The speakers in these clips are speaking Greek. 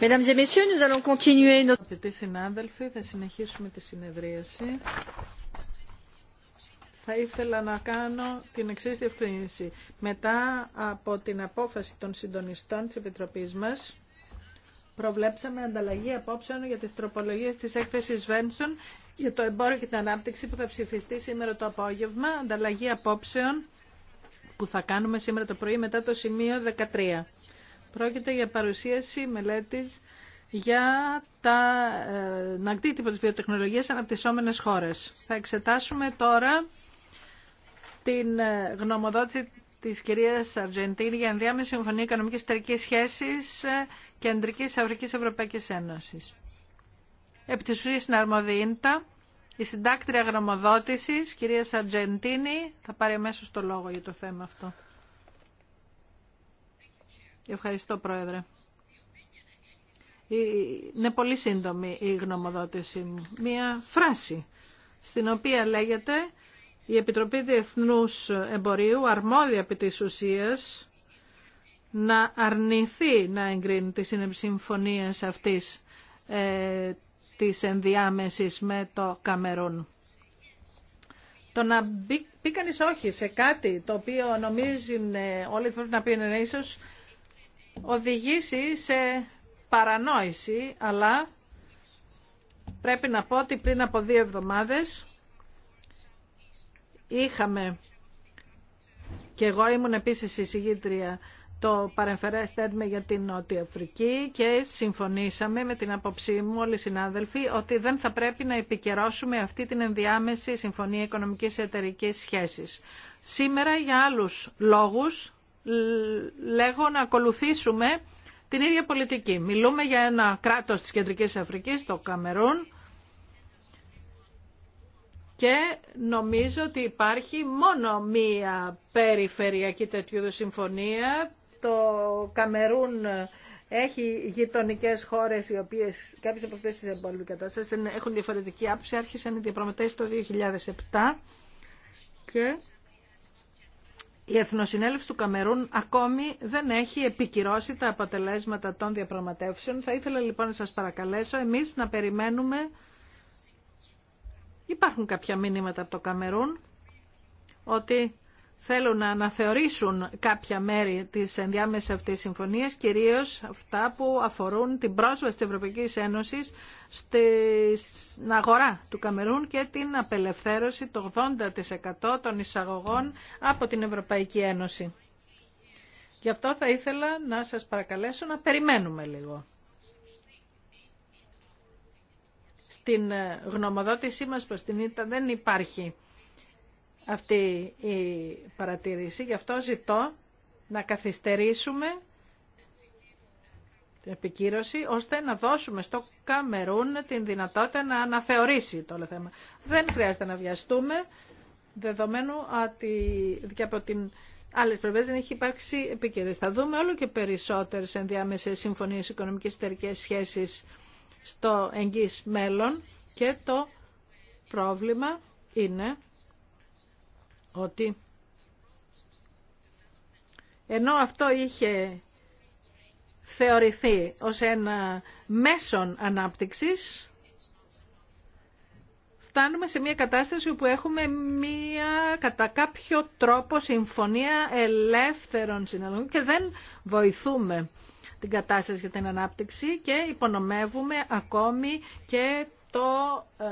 Mesdames et messieurs, θα συνεχίσουμε Θα ήθελα να κάνω την εξή διευκρίνηση. Μετά από την απόφαση των συντονιστών της Επιτροπής μας, προβλέψαμε ανταλλαγή απόψεων για τις τροπολογίες της έκθεσης Βένσον για το εμπόριο και την ανάπτυξη που θα ψηφιστεί σήμερα το απόγευμα, ανταλλαγή απόψεων που θα κάνουμε σήμερα το πρωί μετά το σημείο 13. Πρόκειται για παρουσίαση μελέτης για τα ε, τη της βιοτεχνολογίας αναπτυσσόμενες χώρες. Θα εξετάσουμε τώρα την ε, γνωμοδότηση της κυρίας Αργεντίνη για ενδιάμεση συμφωνία οικονομικής εταιρικής σχέσης ε, Κεντρικής Αφρικής Ευρωπαϊκής Ένωσης. Επί της ουσίας είναι η συντάκτρια γραμμοδότησης, κυρία Σαρτζεντίνη, θα πάρει αμέσω το λόγο για το θέμα αυτό. Ευχαριστώ, Πρόεδρε. Είναι πολύ σύντομη η γνωμοδότησή μου. Μία φράση στην οποία λέγεται η Επιτροπή Διεθνούς Εμπορίου αρμόδια επί της ουσίας να αρνηθεί να εγκρίνει τις συμφωνίες αυτής ε, της ενδιάμεσης με το Καμερούν. Το να μπει, μπει κανείς όχι σε κάτι το οποίο νομίζουν ε, όλοι πρέπει να πει είναι ίσως οδηγήσει σε παρανόηση, αλλά πρέπει να πω ότι πριν από δύο εβδομάδες είχαμε και εγώ ήμουν επίσης εισηγήτρια το παρεμφερές με για την Νότια Αφρική και συμφωνήσαμε με την απόψή μου όλοι οι συνάδελφοι ότι δεν θα πρέπει να επικαιρώσουμε αυτή την ενδιάμεση Συμφωνία Οικονομικής Εταιρικής Σχέσης. Σήμερα για άλλους λόγους λέγω να ακολουθήσουμε την ίδια πολιτική. Μιλούμε για ένα κράτος της Κεντρικής Αφρικής, το Καμερούν, και νομίζω ότι υπάρχει μόνο μία περιφερειακή τέτοιου συμφωνία το Καμερούν έχει γειτονικέ χώρε οι οποίε κάποιε από αυτέ τι έχουν διαφορετική άποψη. Άρχισαν οι διαπραγματεύσει το 2007 και η Εθνοσυνέλευση του Καμερούν ακόμη δεν έχει επικυρώσει τα αποτελέσματα των διαπραγματεύσεων. Θα ήθελα λοιπόν να σας παρακαλέσω εμείς να περιμένουμε. Υπάρχουν κάποια μήνυματα από το Καμερούν ότι θέλουν να αναθεωρήσουν κάποια μέρη της ενδιάμεσης αυτής συμφωνίας, κυρίως αυτά που αφορούν την πρόσβαση της Ευρωπαϊκής Ένωσης στην αγορά του Καμερούν και την απελευθέρωση το 80% των εισαγωγών από την Ευρωπαϊκή Ένωση. Γι' αυτό θα ήθελα να σας παρακαλέσω να περιμένουμε λίγο. Στην γνωμοδότησή μας προς την ΙΤΑ δεν υπάρχει αυτή η παρατηρήση. Γι' αυτό ζητώ να καθυστερήσουμε την επικύρωση, ώστε να δώσουμε στο Καμερούν την δυνατότητα να αναθεωρήσει το όλο θέμα. Δεν χρειάζεται να βιαστούμε, δεδομένου ότι και από την άλλες πλευρά δεν έχει υπάρξει επικύρωση. Θα δούμε όλο και περισσότερες ενδιάμεσες συμφωνίες οικονομικές εταιρικέ σχέσεις στο εγγύς μέλλον και το πρόβλημα είναι ότι ενώ αυτό είχε θεωρηθεί ως ένα μέσον ανάπτυξης, φτάνουμε σε μια κατάσταση όπου έχουμε μια κατά κάποιο τρόπο συμφωνία ελεύθερων συναλλαγών και δεν βοηθούμε την κατάσταση για την ανάπτυξη και υπονομεύουμε ακόμη και το ε,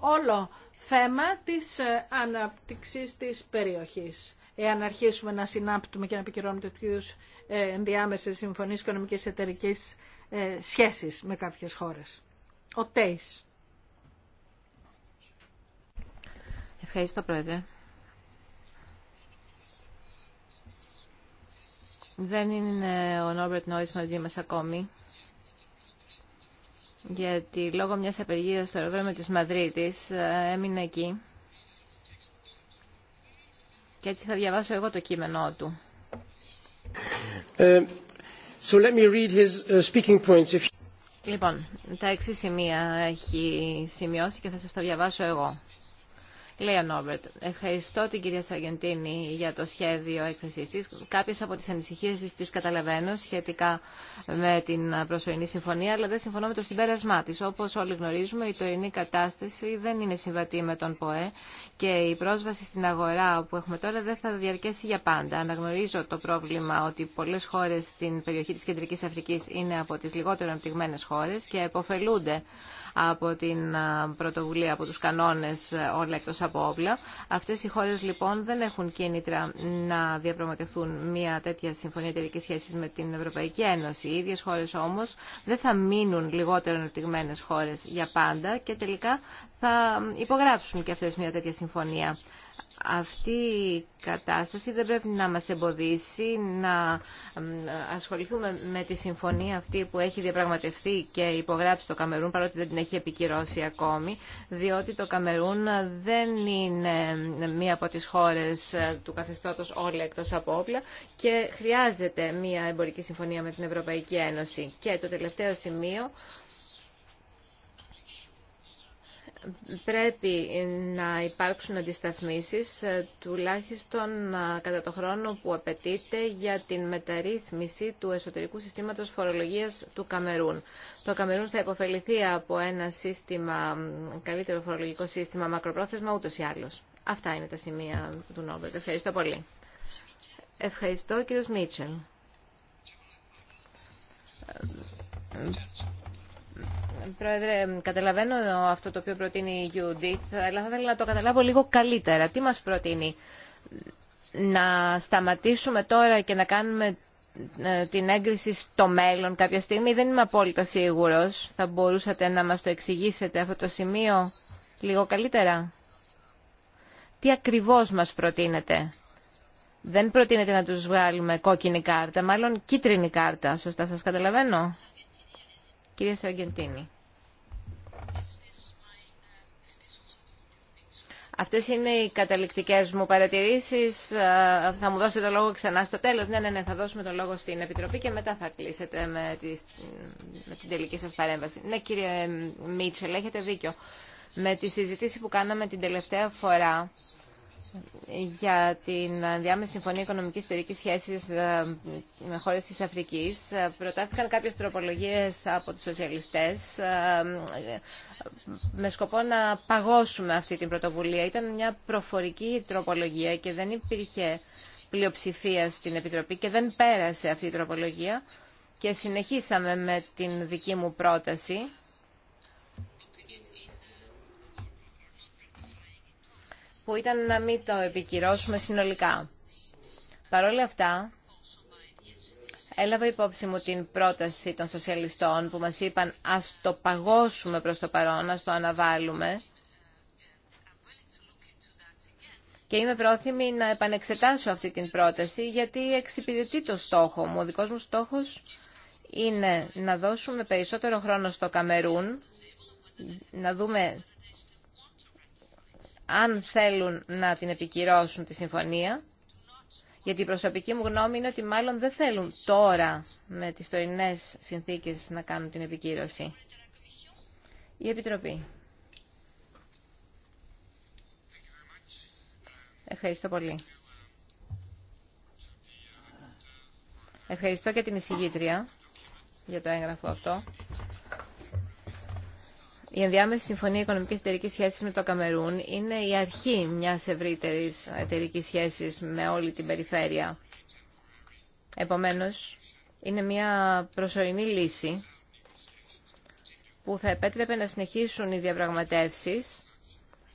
όλο θέμα της ε, αναπτυξής της περιοχής. Εάν αρχίσουμε να συνάπτουμε και να επικυρώνουμε τέτοιους ε, ενδιάμεσες συμφωνίες οικονομικής εταιρικής ε, σχέσεις με κάποιες χώρες. Ο ΤΕΙΣ. Ευχαριστώ, Πρόεδρε. Δεν είναι ο Νόρμπερτ Νόης μαζί μας ακόμη γιατί λόγω μιας απεργίας στο αεροδρόμιο της Μαδρίτης ε, έμεινε εκεί και έτσι θα διαβάσω εγώ το κείμενό του. Λοιπόν, τα έξι σημεία έχει σημειώσει και θα σας τα διαβάσω εγώ. Λέει Νόμπερτ, ευχαριστώ την κυρία Σαργεντίνη για το σχέδιο έκθεσή τη. Κάποιε από τι ανησυχίε τη καταλαβαίνω σχετικά με την προσωρινή συμφωνία, αλλά δεν συμφωνώ με το συμπέρασμά τη. Όπω όλοι γνωρίζουμε, η τωρινή κατάσταση δεν είναι συμβατή με τον ΠΟΕ και η πρόσβαση στην αγορά που έχουμε τώρα δεν θα διαρκέσει για πάντα. Αναγνωρίζω το πρόβλημα ότι πολλέ χώρε στην περιοχή τη Κεντρική Αφρική είναι από τι λιγότερο αναπτυγμένε χώρε και επωφελούνται από την πρωτοβουλία, από του κανόνε όλα από Αυτές οι χώρε λοιπόν δεν έχουν κίνητρα να διαπραγματευτούν μια τέτοια συμφωνία εταιρική σχέση με την Ευρωπαϊκή Ένωση. Οι ιδιε χώρε όμω δεν θα μείνουν λιγότερο ανεπτυγμένες χώρε για πάντα και τελικά θα υπογράψουν και αυτέ μια τέτοια συμφωνία αυτή η κατάσταση δεν πρέπει να μας εμποδίσει να ασχοληθούμε με τη συμφωνία αυτή που έχει διαπραγματευτεί και υπογράψει το Καμερούν παρότι δεν την έχει επικυρώσει ακόμη διότι το Καμερούν δεν είναι μία από τις χώρες ε, του καθεστώτος όλα εκτός από όπλα και χρειάζεται μία εμπορική συμφωνία με την Ευρωπαϊκή Ένωση. Και το τελευταίο σημείο πρέπει να υπάρξουν αντισταθμίσεις ε, τουλάχιστον ε, κατά το χρόνο που απαιτείται για την μεταρρύθμιση του εσωτερικού συστήματος φορολογίας του Καμερούν. Το Καμερούν θα υποφεληθεί από ένα σύστημα, καλύτερο φορολογικό σύστημα μακροπρόθεσμα ούτως ή άλλως. Αυτά είναι τα σημεία του Νόμπελ. Ευχαριστώ πολύ. Ευχαριστώ κύριος Μίτσελ. Πρόεδρε, καταλαβαίνω αυτό το οποίο προτείνει η Judith, αλλά θα ήθελα να το καταλάβω λίγο καλύτερα. Τι μας προτείνει να σταματήσουμε τώρα και να κάνουμε ε, την έγκριση στο μέλλον κάποια στιγμή. Δεν είμαι απόλυτα σίγουρος. Θα μπορούσατε να μας το εξηγήσετε αυτό το σημείο λίγο καλύτερα. Τι ακριβώς μας προτείνετε. Δεν προτείνετε να τους βγάλουμε κόκκινη κάρτα, μάλλον κίτρινη κάρτα. Σωστά σας καταλαβαίνω. Κυρία Σαργεντίνη. Αυτές είναι οι καταληκτικές μου παρατηρήσεις. Ε, θα μου δώσετε το λόγο ξανά στο τέλος. Ναι, ναι, ναι, θα δώσουμε το λόγο στην Επιτροπή και μετά θα κλείσετε με, τις, με την τελική σας παρέμβαση. Ναι, κύριε Μίτσελ, έχετε δίκιο. Με τη συζήτηση που κάναμε την τελευταία φορά, για την διάμεση συμφωνία οικονομικής εταιρικής σχέσης ε, με χώρες της Αφρικής. Ε, προτάθηκαν κάποιες τροπολογίες από τους σοσιαλιστές ε, με σκοπό να παγώσουμε αυτή την πρωτοβουλία. Ήταν μια προφορική τροπολογία και δεν υπήρχε πλειοψηφία στην Επιτροπή και δεν πέρασε αυτή η τροπολογία και συνεχίσαμε με την δική μου πρόταση που ήταν να μην το επικυρώσουμε συνολικά. Παρ' όλα αυτά, έλαβα υπόψη μου την πρόταση των σοσιαλιστών που μας είπαν ας το παγώσουμε προς το παρόν, ας το αναβάλουμε και είμαι πρόθυμη να επανεξετάσω αυτή την πρόταση γιατί εξυπηρετεί το στόχο μου. Ο δικός μου στόχος είναι να δώσουμε περισσότερο χρόνο στο Καμερούν, να δούμε αν θέλουν να την επικυρώσουν τη συμφωνία, γιατί η προσωπική μου γνώμη είναι ότι μάλλον δεν θέλουν τώρα με τις τωρινές συνθήκες να κάνουν την επικύρωση. Η Επιτροπή. Ευχαριστώ πολύ. Ευχαριστώ και την εισηγήτρια για το έγγραφο αυτό. Η ενδιάμεση συμφωνία οικονομική εταιρική σχέση με το Καμερούν είναι η αρχή μια ευρύτερη εταιρική σχέση με όλη την περιφέρεια. Επομένω, είναι μια προσωρινή λύση που θα επέτρεπε να συνεχίσουν οι διαπραγματεύσει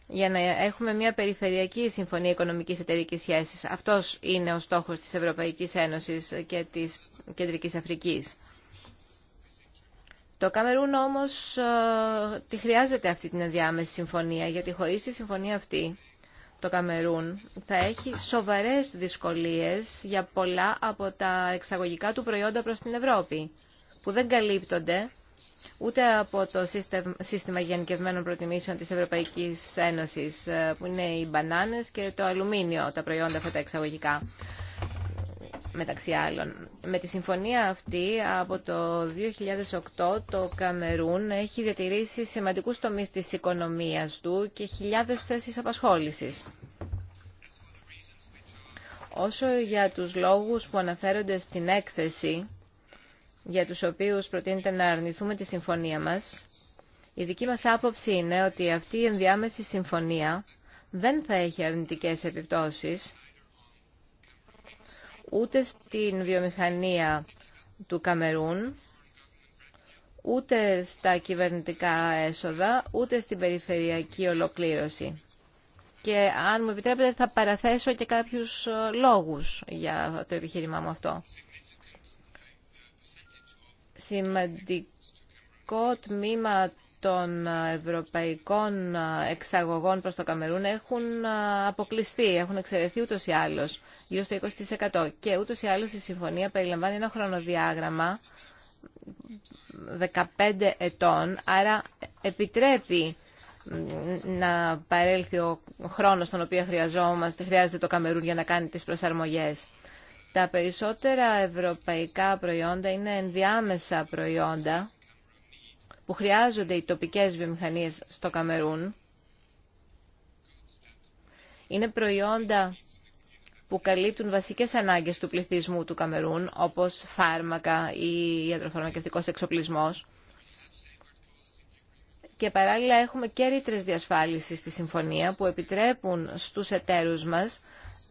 για να έχουμε μια περιφερειακή συμφωνία οικονομική εταιρική σχέση. Αυτός είναι ο στόχο τη Ευρωπαϊκή Ένωση και τη Κεντρική Αφρική. Το Καμερούν όμως ε, τη χρειάζεται αυτή την ενδιάμεση συμφωνία, γιατί χωρίς τη συμφωνία αυτή το Καμερούν θα έχει σοβαρές δυσκολίες για πολλά από τα εξαγωγικά του προϊόντα προς την Ευρώπη, που δεν καλύπτονται ούτε από το σύστημα γενικευμένων προτιμήσεων της Ευρωπαϊκής Ένωσης, ε, που είναι οι μπανάνες και το αλουμίνιο, τα προϊόντα αυτά τα εξαγωγικά μεταξύ Με τη συμφωνία αυτή από το 2008 το Καμερούν έχει διατηρήσει σημαντικούς τομείς της οικονομίας του και χιλιάδες θέσεις απασχόλησης. Όσο για τους λόγους που αναφέρονται στην έκθεση, για τους οποίους προτείνεται να αρνηθούμε τη συμφωνία μας, η δική μας άποψη είναι ότι αυτή η ενδιάμεση συμφωνία δεν θα έχει αρνητικές επιπτώσεις ούτε στην βιομηχανία του Καμερούν, ούτε στα κυβερνητικά έσοδα, ούτε στην περιφερειακή ολοκλήρωση. Και αν μου επιτρέπετε θα παραθέσω και κάποιους ε, λόγους για το επιχείρημά μου αυτό. Σημαντικό τμήμα των ευρωπαϊκών εξαγωγών προς το Καμερούν έχουν ε, αποκλειστεί, έχουν εξαιρεθεί ούτως ή άλλως γύρω στο 20%. Και ούτως ή άλλως η συμφωνία περιλαμβάνει ένα χρονοδιάγραμμα 15 ετών, άρα επιτρέπει να παρέλθει ο χρόνος τον οποίο χρειαζόμαστε, χρειάζεται το Καμερούν για να κάνει τις προσαρμογές. Τα περισσότερα ευρωπαϊκά προϊόντα είναι ενδιάμεσα προϊόντα που χρειάζονται οι τοπικές βιομηχανίες στο Καμερούν. Είναι προϊόντα που καλύπτουν βασικές ανάγκες του πληθυσμού του Καμερούν, όπως φάρμακα ή ιατροφαρμακευτικός εξοπλισμός. Και παράλληλα έχουμε και ρήτρες διασφάλισης στη συμφωνία που επιτρέπουν στους εταίρους μας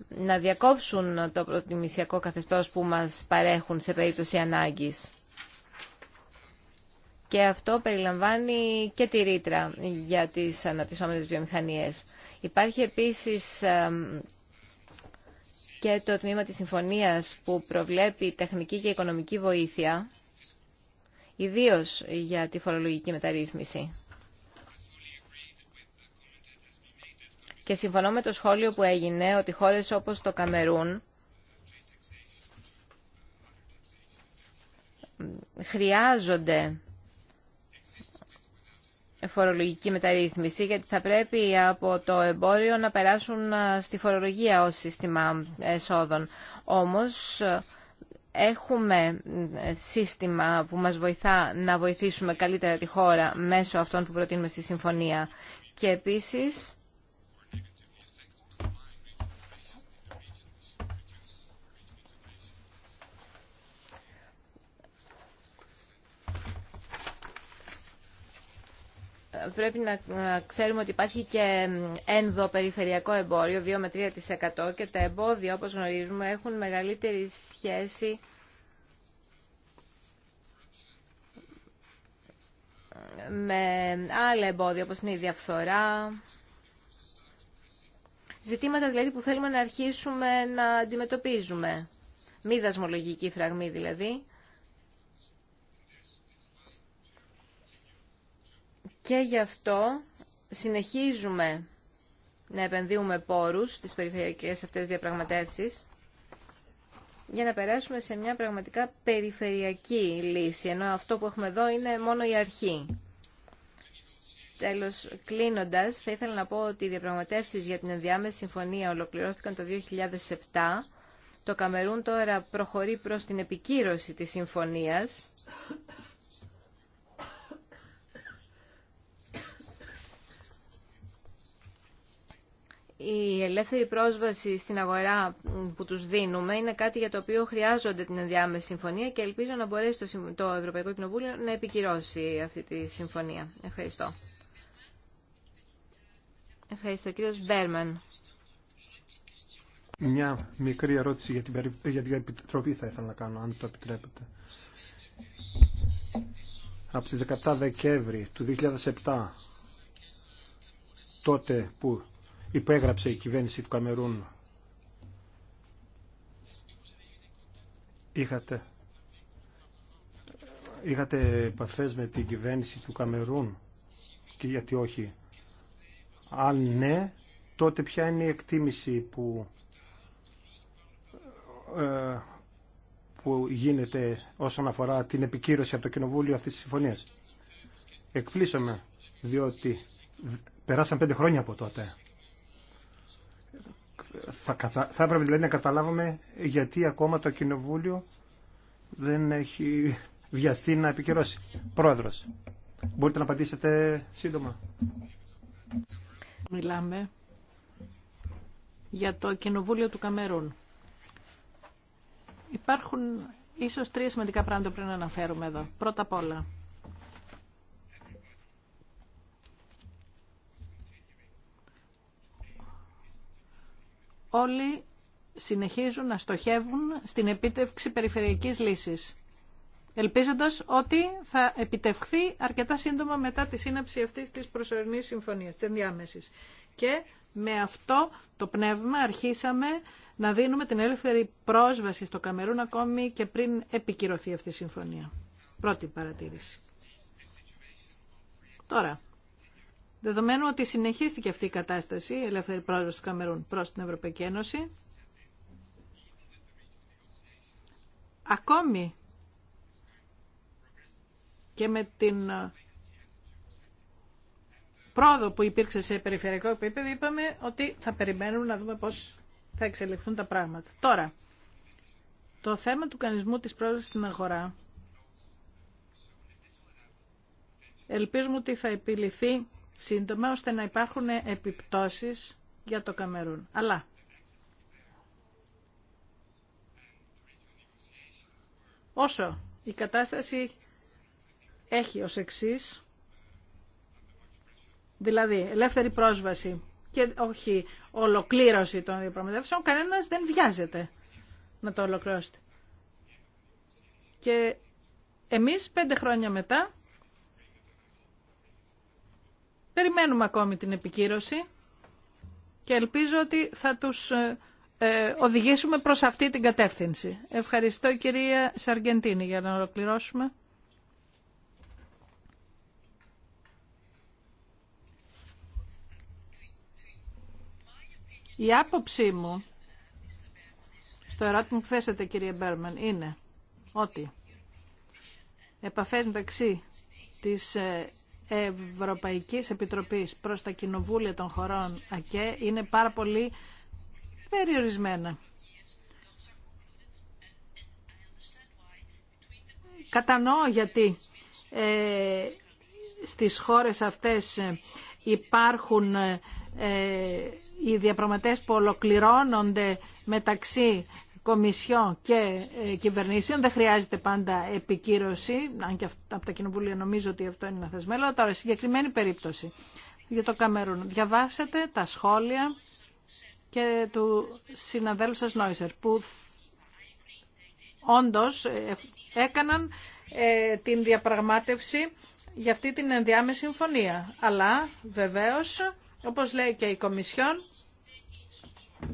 να διακόψουν το προτιμησιακό καθεστώς που μας παρέχουν σε περίπτωση ανάγκης. Και αυτό περιλαμβάνει και τη ρήτρα για τις αναπτυσσόμενες βιομηχανίες. Υπάρχει επίσης ε, και το τμήμα της συμφωνίας που προβλέπει τεχνική και οικονομική βοήθεια, ιδίως για τη φορολογική μεταρρύθμιση. Και συμφωνώ με το σχόλιο που έγινε ότι χώρες όπως το Καμερούν χρειάζονται φορολογική μεταρρύθμιση, γιατί θα πρέπει από το εμπόριο να περάσουν ε, στη φορολογία ως σύστημα ε, εσόδων. Όμως, ε, έχουμε σύστημα που μας βοηθά να βοηθήσουμε καλύτερα τη χώρα μέσω αυτών που προτείνουμε στη Συμφωνία. Και επίσης, πρέπει να ξέρουμε ότι υπάρχει και ενδοπεριφερειακό εμπόριο, 2 με 3% και τα εμπόδια, όπως γνωρίζουμε, έχουν μεγαλύτερη σχέση με άλλα εμπόδια, όπως είναι η διαφθορά. Ζητήματα δηλαδή που θέλουμε να αρχίσουμε να αντιμετωπίζουμε. Μη δασμολογική φραγμή δηλαδή. Και γι' αυτό συνεχίζουμε να επενδύουμε πόρους στις περιφερειακές αυτές διαπραγματεύσεις για να περάσουμε σε μια πραγματικά περιφερειακή λύση, ενώ αυτό που έχουμε εδώ είναι μόνο η αρχή. Τέλος, κλείνοντας, θα ήθελα να πω ότι οι διαπραγματεύσεις για την ενδιάμεση συμφωνία ολοκληρώθηκαν το 2007. Το Καμερούν τώρα προχωρεί προς την επικύρωση της συμφωνίας Η ελεύθερη πρόσβαση στην αγορά που τους δίνουμε είναι κάτι για το οποίο χρειάζονται την ενδιάμεση συμφωνία και ελπίζω να μπορέσει το Ευρωπαϊκό Κοινοβούλιο να επικυρώσει αυτή τη συμφωνία. Ευχαριστώ. Ευχαριστώ. Κύριος Μπέρμαν. Μια μικρή ερώτηση για την, για την Επιτροπή θα ήθελα να κάνω, αν το επιτρέπετε. Από τις 17 Δεκέμβρη του 2007, τότε που υπέγραψε η κυβέρνηση του Καμερούν. Είχατε, είχατε επαφές με την κυβέρνηση του Καμερούν και γιατί όχι. Αν ναι, τότε ποια είναι η εκτίμηση που, ε, που γίνεται όσον αφορά την επικύρωση από το Κοινοβούλιο αυτής της συμφωνίας. Εκπλήσωμε, διότι περάσαν πέντε χρόνια από τότε θα, θα έπρεπε δηλαδή να καταλάβουμε γιατί ακόμα το Κοινοβούλιο δεν έχει βιαστεί να επικυρώσει. Πρόεδρος, μπορείτε να απαντήσετε σύντομα. Μιλάμε για το Κοινοβούλιο του Καμερούν. Υπάρχουν ίσως τρία σημαντικά πράγματα πριν να αναφέρουμε εδώ. Πρώτα απ' όλα, όλοι συνεχίζουν να στοχεύουν στην επίτευξη περιφερειακής λύσης, ελπίζοντας ότι θα επιτευχθεί αρκετά σύντομα μετά τη σύναψη αυτής της προσωρινής συμφωνίας, της ενδιάμεσης. Και με αυτό το πνεύμα αρχίσαμε να δίνουμε την ελεύθερη πρόσβαση στο Καμερούν ακόμη και πριν επικυρωθεί αυτή η συμφωνία. Πρώτη παρατήρηση. Τώρα, Δεδομένου ότι συνεχίστηκε αυτή η κατάσταση, η ελεύθερη πρόεδρος του Καμερούν προς την Ευρωπαϊκή Ένωση, ακόμη και με την ε, πρόοδο που υπήρξε σε περιφερειακό επίπεδο, είπαμε ότι θα περιμένουμε να δούμε πώς θα εξελιχθούν τα πράγματα. Τώρα, το θέμα του κανισμού της πρόοδος στην αγορά, ελπίζουμε ότι θα επιληθεί σύντομα ώστε να υπάρχουν επιπτώσεις για το Καμερούν. Αλλά όσο η κατάσταση έχει ως εξής, δηλαδή ελεύθερη πρόσβαση και όχι ολοκλήρωση των διαπραγματεύσεων, κανένας δεν βιάζεται να το ολοκληρώσετε. Και εμείς πέντε χρόνια μετά Περιμένουμε ακόμη την επικύρωση και ελπίζω ότι θα τους ε, ε, οδηγήσουμε προς αυτή την κατεύθυνση. Ευχαριστώ κυρία Σαργεντίνη για να ολοκληρώσουμε. Η άποψή μου στο ερώτημα που θέσατε κυρία Μπέρμαν είναι ότι επαφές μεταξύ της ε, Ευρωπαϊκής Επιτροπής προς τα κοινοβούλια των χωρών ΑΚΕ είναι πάρα πολύ περιορισμένα. Κατανοώ γιατί ε, στις χώρες αυτές ε, υπάρχουν ε, ε, οι διαπραγματεύσεις που ολοκληρώνονται μεταξύ Κομισιόν και ε, κυβερνήσεων. Δεν χρειάζεται πάντα επικύρωση, αν και από τα κοινοβούλια νομίζω ότι αυτό είναι ένα θεσμένο. Τώρα, συγκεκριμένη περίπτωση για το Καμερούν. Διαβάσετε τα σχόλια και του συναδέλφου σας Νόισερ, που όντως ε, έκαναν ε, την διαπραγμάτευση για αυτή την ενδιάμεση συμφωνία. Αλλά, βεβαίως, όπως λέει και η Κομισιόν,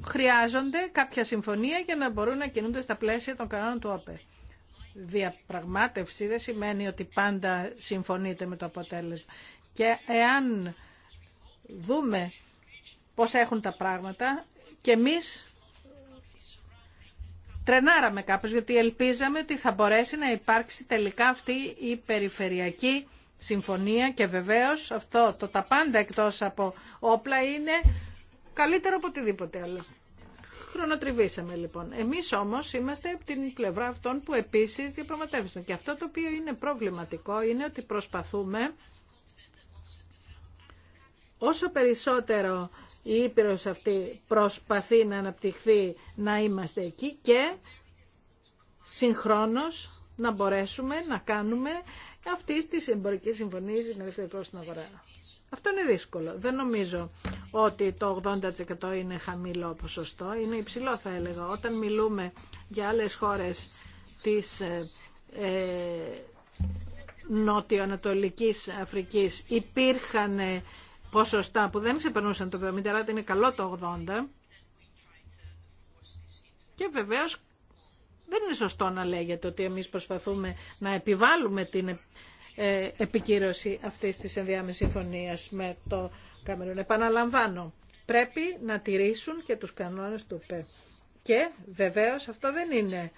χρειάζονται κάποια συμφωνία για να μπορούν να κινούνται στα πλαίσια των κανόνων του ΟΠΕ. Διαπραγμάτευση δεν σημαίνει ότι πάντα συμφωνείτε με το αποτέλεσμα. Και εάν δούμε πώς έχουν τα πράγματα και εμείς τρενάραμε κάπως γιατί ελπίζαμε ότι θα μπορέσει να υπάρξει τελικά αυτή η περιφερειακή συμφωνία και βεβαίως αυτό το τα πάντα εκτός από όπλα είναι Καλύτερα από οτιδήποτε άλλο. Χρονοτριβήσαμε λοιπόν. Εμείς όμως είμαστε από την πλευρά αυτών που επίσης διαπραγματεύσουν. Και αυτό το οποίο είναι προβληματικό είναι ότι προσπαθούμε όσο περισσότερο η Ήπειρος αυτή προσπαθεί να αναπτυχθεί να είμαστε εκεί και συγχρόνως να μπορέσουμε να κάνουμε αυτή τη εμπορική συμφωνία με ελευθερικό στην αγορά. Αυτό είναι δύσκολο. Δεν νομίζω ότι το 80% είναι χαμηλό ποσοστό. Είναι υψηλό θα έλεγα. Όταν μιλούμε για άλλε χώρες της ε, ε, νότιο-ανατολικής Αφρικής υπήρχαν ε, ποσοστά που δεν ξεπερνούσαν το 70, αλλά είναι καλό το 80. Και βεβαίως δεν είναι σωστό να λέγεται ότι εμείς προσπαθούμε να επιβάλλουμε την ε, επικύρωση αυτής της ενδιάμεσης συμφωνίας με το Καμερούν. Επαναλαμβάνω, πρέπει να τηρήσουν και τους κανόνες του ΠΕ. Και βεβαίως αυτό δεν είναι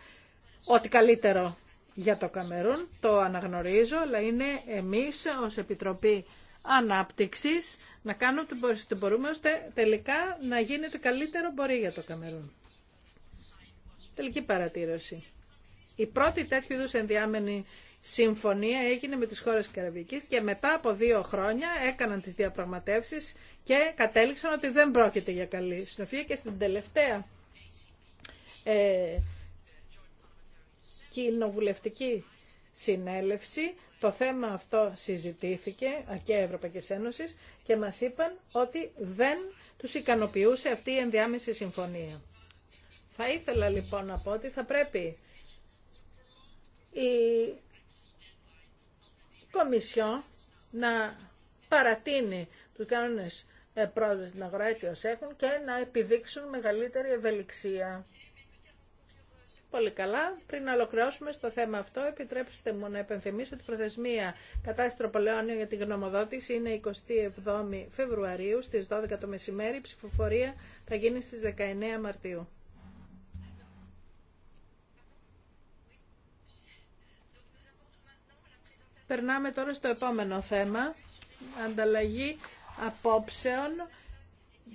ό,τι καλύτερο για το Καμερούν, το αναγνωρίζω, αλλά είναι εμείς ως Επιτροπή Ανάπτυξης να κάνουμε ό,τι μπορούμε ώστε τελικά να γίνεται καλύτερο μπορεί για το Καμερούν. Τελική παρατήρωση. Η πρώτη τέτοιου είδου ενδιάμενη συμφωνία έγινε με τις χώρες Καραβικής και μετά από δύο χρόνια έκαναν τις διαπραγματεύσεις και κατέληξαν ότι δεν πρόκειται για καλή συνοφία και στην τελευταία ε, κοινοβουλευτική συνέλευση το θέμα αυτό συζητήθηκε και Ευρωπαϊκή Ένωσης και μας είπαν ότι δεν τους ικανοποιούσε αυτή η ενδιάμεση συμφωνία. Θα ήθελα λοιπόν να πω ότι θα πρέπει η Κομισιό να παρατείνει τους κανόνες ε, πρόσβαση στην αγορά έτσι ως έχουν και να επιδείξουν μεγαλύτερη ευελιξία. Πολύ καλά. Πριν να ολοκληρώσουμε στο θέμα αυτό, επιτρέψτε μου να επενθυμίσω ότι η προθεσμία κατάσταση τροπολεόνιων για την γνωμοδότηση είναι 27 Φεβρουαρίου στις 12 το μεσημέρι. Η ψηφοφορία θα γίνει στις 19 Μαρτίου. Περνάμε τώρα στο επόμενο θέμα, ανταλλαγή απόψεων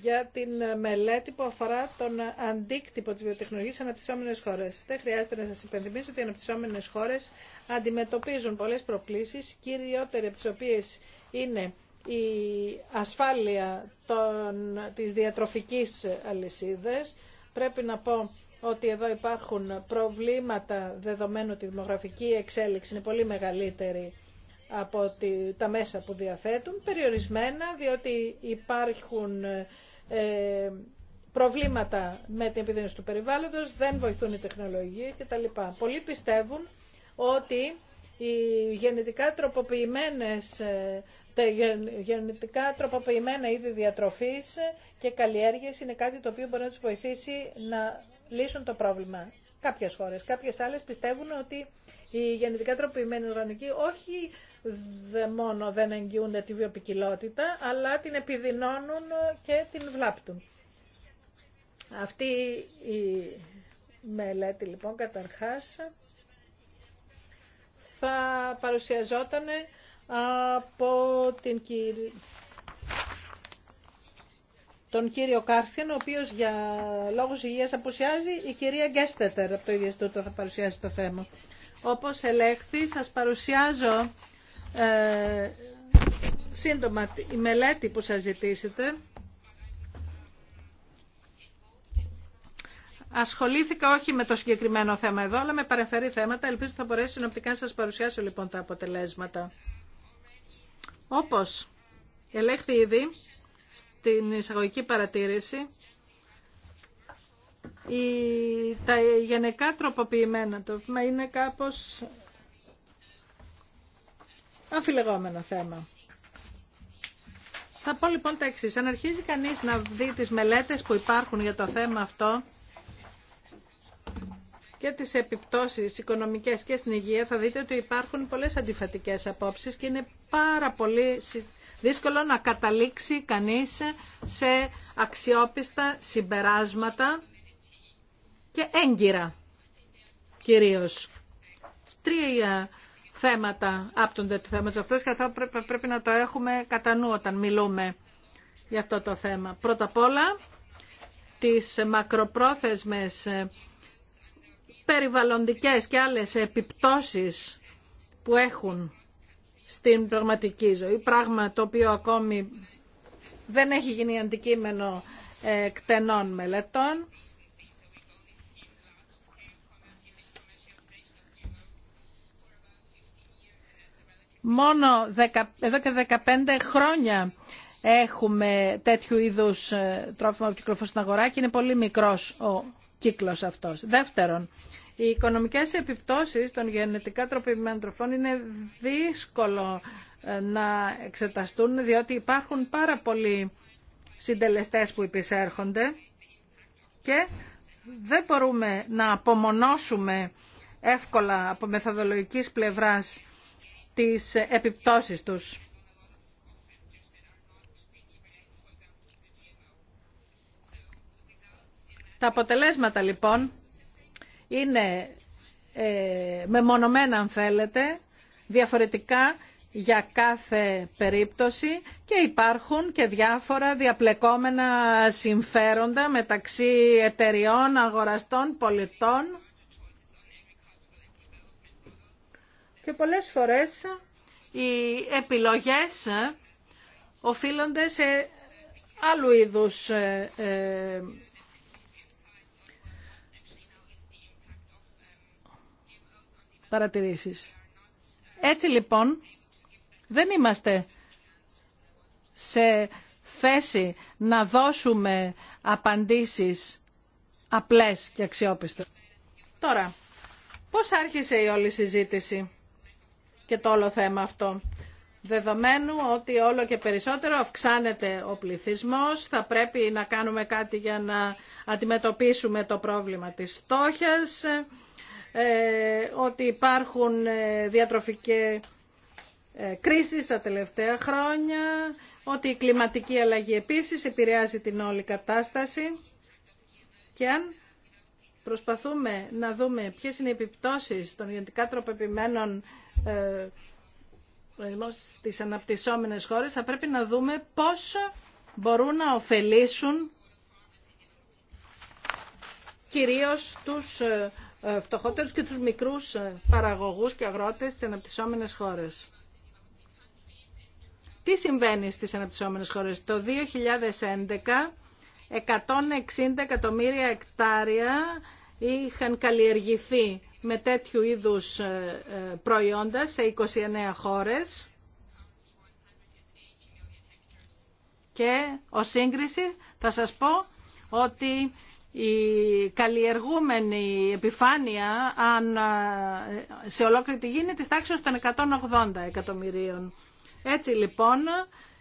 για την μελέτη που αφορά τον αντίκτυπο της βιοτεχνολογίας σε αναπτυσσόμενες χώρες. Δεν χρειάζεται να σας υπενθυμίσω ότι οι αναπτυσσόμενες χώρες αντιμετωπίζουν πολλές προκλήσεις, κυριότερη από τις οποίες είναι η ασφάλεια των, της διατροφικής αλυσίδας. Πρέπει να πω ότι εδώ υπάρχουν προβλήματα δεδομένου ότι η δημογραφική εξέλιξη είναι πολύ μεγαλύτερη από τα μέσα που διαθέτουν, περιορισμένα διότι υπάρχουν ε, προβλήματα με την επιδείνωση του περιβάλλοντος, δεν βοηθούν οι τεχνολογίες κτλ. Πολλοί πιστεύουν ότι οι γενετικά τροποποιημένες ε, τα γενετικά τροποποιημένα είδη διατροφής και καλλιέργειες είναι κάτι το οποίο μπορεί να τους βοηθήσει να λύσουν το πρόβλημα. Κάποιες χώρες, κάποιες άλλες πιστεύουν ότι οι γενετικά τροποποιημένοι οργανικοί όχι δε μόνο δεν εγγυούνται τη βιοπικιλότητα, αλλά την επιδεινώνουν και την βλάπτουν. Αυτή η μελέτη λοιπόν καταρχάς θα παρουσιαζόταν από την τον κύριο Κάρσιν, ο οποίο για λόγους υγείας απουσιάζει, η κυρία Γκέστετερ από το ίδιο θα παρουσιάσει το θέμα. Όπως ελέγχθη, σας παρουσιάζω ε, σύντομα η μελέτη που σας ζητήσετε. Ασχολήθηκα όχι με το συγκεκριμένο θέμα εδώ, αλλά με παρεμφερεί θέματα. Ελπίζω ότι θα μπορέσω συνοπτικά να σας παρουσιάσω λοιπόν τα αποτελέσματα. Όπως ελέγχθη ήδη στην εισαγωγική παρατήρηση, η, τα γενικά τροποποιημένα τρόφιμα είναι κάπως αμφιλεγόμενο θέμα. Θα πω λοιπόν τα εξή. Αν αρχίζει κανείς να δει τις μελέτες που υπάρχουν για το θέμα αυτό και τις επιπτώσεις οικονομικές και στην υγεία, θα δείτε ότι υπάρχουν πολλές αντιφατικές απόψεις και είναι πάρα πολύ δύσκολο να καταλήξει κανείς σε αξιόπιστα συμπεράσματα και έγκυρα κυρίως. Τρία θέματα άπτονται του θέματος αυτός και αυτό πρέπει να το έχουμε κατά νου όταν μιλούμε για αυτό το θέμα. Πρώτα απ' όλα, τις μακροπρόθεσμες ε, περιβαλλοντικές και άλλες επιπτώσεις που έχουν στην πραγματική ζωή, πράγμα το οποίο ακόμη δεν έχει γίνει αντικείμενο ε, εκτενών μελετών Μόνο εδώ και 15 χρόνια έχουμε τέτοιου είδους ε, τρόφιμα που κυκλοφορούν στην αγορά και είναι πολύ μικρός ο κύκλος αυτός. Δεύτερον, οι οικονομικές επιπτώσεις των γενετικά τροποποιημένων τροφών είναι δύσκολο ε, να εξεταστούν διότι υπάρχουν πάρα πολλοί συντελεστές που υπησέρχονται και δεν μπορούμε να απομονώσουμε εύκολα από μεθοδολογικής πλευράς τις επιπτώσεις τους. Τα αποτελέσματα λοιπόν είναι ε, μεμονωμένα αν θέλετε, διαφορετικά για κάθε περίπτωση και υπάρχουν και διάφορα διαπλεκόμενα συμφέροντα μεταξύ εταιριών, αγοραστών, πολιτών Και πολλές φορές οι επιλογές οφείλονται σε άλλου είδους ε, ε, παρατηρήσεις. Έτσι λοιπόν δεν είμαστε σε θέση να δώσουμε απαντήσεις απλές και αξιόπιστες. Τώρα, πώς άρχισε η όλη συζήτηση και το όλο θέμα αυτό. Δεδομένου ότι όλο και περισσότερο αυξάνεται ο πληθυσμός, θα πρέπει να κάνουμε κάτι για να αντιμετωπίσουμε το πρόβλημα της φτώχειας, ε, ότι υπάρχουν ε, διατροφικές ε, κρίσεις τα τελευταία χρόνια, ότι η κλιματική αλλαγή επίσης επηρεάζει την όλη κατάσταση και αν προσπαθούμε να δούμε ποιες είναι οι επιπτώσεις των γενικά τροποποιημένων στις ε, αναπτυσσόμενες χώρες θα πρέπει να δούμε πώς μπορούν να ωφελήσουν κυρίως τους ε, ε, φτωχότερους και τους μικρούς παραγωγούς και αγρότες στις αναπτυσσόμενες χώρες. Τι συμβαίνει στις αναπτυσσόμενες χώρες. Το 2011 160 εκατομμύρια εκτάρια είχαν καλλιεργηθεί με τέτοιου είδους ε, ε, προϊόντα σε 29 χώρες και ως σύγκριση θα σας πω ότι η καλλιεργούμενη επιφάνεια αν ε, σε ολόκληρη τη γη είναι της τάξης των 180 εκατομμυρίων. Έτσι λοιπόν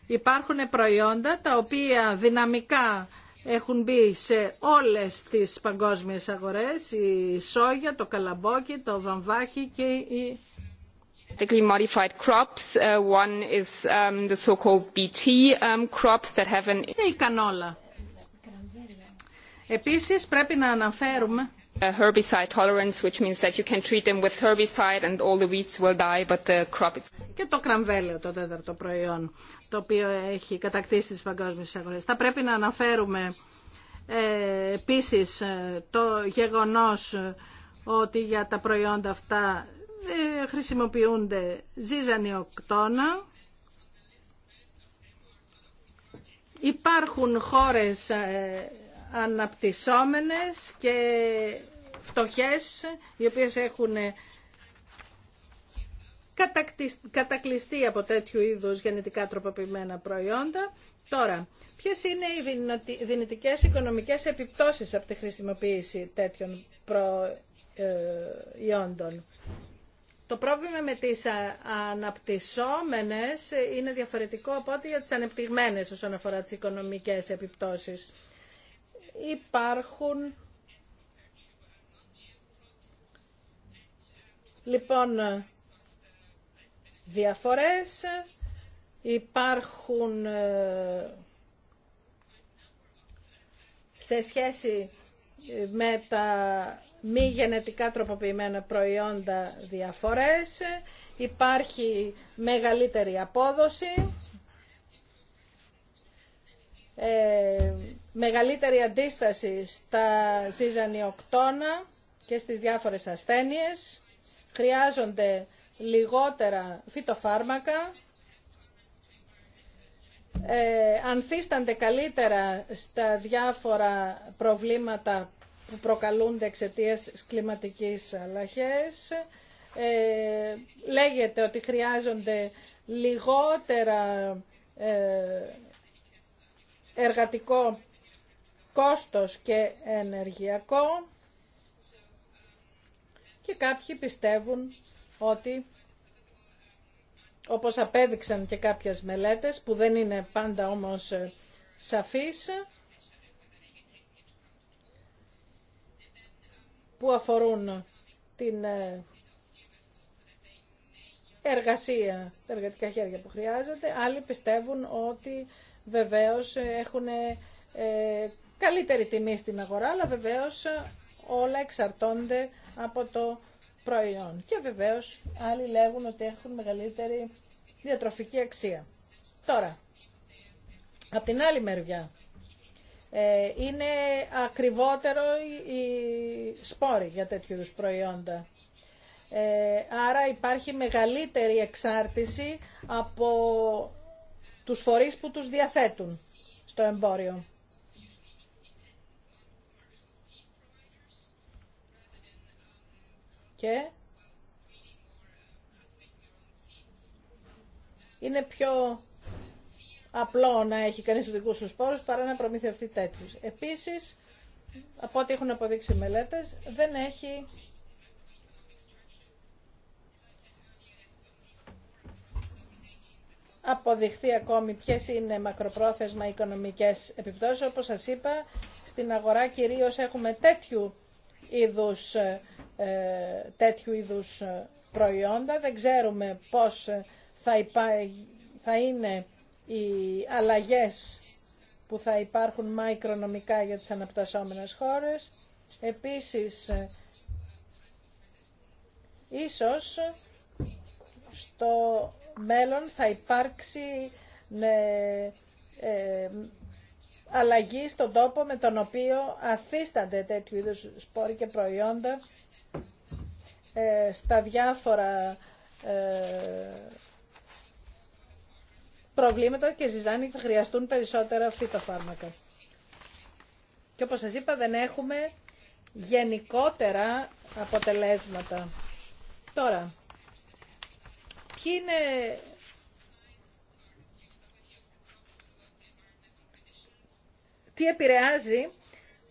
υπάρχουν προϊόντα τα οποία δυναμικά έχουν μπει σε όλες τις παγκόσμιες αγορές, η σόγια, το καλαμπόκι, το βαμβάκι και η... modified crops. Uh, one is um, the so-called BT um, crops that have an... κανόλα. Επίσης πρέπει να αναφέρουμε herbicide tolerance, which means that you can treat them with herbicide and all the weeds will die, but the Και το κραμβέλαιο, το τέταρτο προϊόν, το οποίο έχει κατακτήσει τις παγκόσμιες αγορές. Θα πρέπει να αναφέρουμε ε, επίσης ε, το γεγονός ότι για τα προϊόντα αυτά ε, χρησιμοποιούνται οκτώνα. Υπάρχουν χώρες ε, αναπτυσσόμενες και φτωχές, οι οποίες έχουν κατακλειστεί από τέτοιου είδους γενετικά τροποποιημένα προϊόντα. Τώρα, ποιες είναι οι δυνητικές οικονομικές επιπτώσεις από τη χρησιμοποίηση τέτοιων προϊόντων. Ε, Το πρόβλημα με τις αναπτυσσόμενες είναι διαφορετικό από ό,τι για τις ανεπτυγμένες όσον αφορά τις οικονομικές επιπτώσεις υπάρχουν λοιπόν διαφορές, υπάρχουν ε, σε σχέση ε, με τα μη γενετικά τροποποιημένα προϊόντα διαφορές, υπάρχει μεγαλύτερη απόδοση. Ε, μεγαλύτερη αντίσταση στα ζυζανιοκτώνα και στις διάφορες ασθένειες. Χρειάζονται λιγότερα φυτοφάρμακα. Ε, ανθίστανται καλύτερα στα διάφορα προβλήματα που προκαλούνται εξαιτία της κλιματικής αλλαγής. Ε, λέγεται ότι χρειάζονται λιγότερα ε, εργατικό κόστος και ενεργειακό και κάποιοι πιστεύουν ότι όπως απέδειξαν και κάποιες μελέτες που δεν είναι πάντα όμως σαφείς που αφορούν την ε, εργασία, τα εργατικά χέρια που χρειάζεται. Άλλοι πιστεύουν ότι βεβαίως ε, έχουν ε, καλύτερη τιμή στην αγορά, αλλά βεβαίως ε, όλα εξαρτώνται από το προϊόν. Και βεβαίως άλλοι λέγουν ότι έχουν μεγαλύτερη διατροφική αξία. Τώρα, από την άλλη μεριά, είναι ακριβότερο οι σπόροι για τέτοιου προϊόντα. άρα υπάρχει μεγαλύτερη εξάρτηση από τους φορείς που τους διαθέτουν στο εμπόριο. Και είναι πιο απλό να έχει κανείς του δικού σπόρους παρά να προμηθευτεί τέτοιους. Επίσης, από ό,τι έχουν αποδείξει οι μελέτες, δεν έχει αποδειχθεί ακόμη ποιες είναι μακροπρόθεσμα οικονομικές επιπτώσεις. Όπως σας είπα, στην αγορά κυρίως έχουμε τέτοιου είδους, ε, είδους ε, προϊόντα. Δεν ξέρουμε πώς ε, θα, θα είναι οι αλλαγές που θα υπάρχουν μακρονομικά για τις αναπτυσσόμενες χώρες. Επίσης, ίσως στο μέλλον θα υπάρξει ναι, ε, αλλαγή στον τόπο με τον οποίο αθίστανται τέτοιου είδους σπόροι και προϊόντα ε, στα διάφορα ε, προβλήματα και ζυζάνι θα χρειαστούν περισσότερα φυτοφάρμακα. Και όπως σας είπα δεν έχουμε γενικότερα αποτελέσματα. Τώρα, ποιοι τι επηρεάζει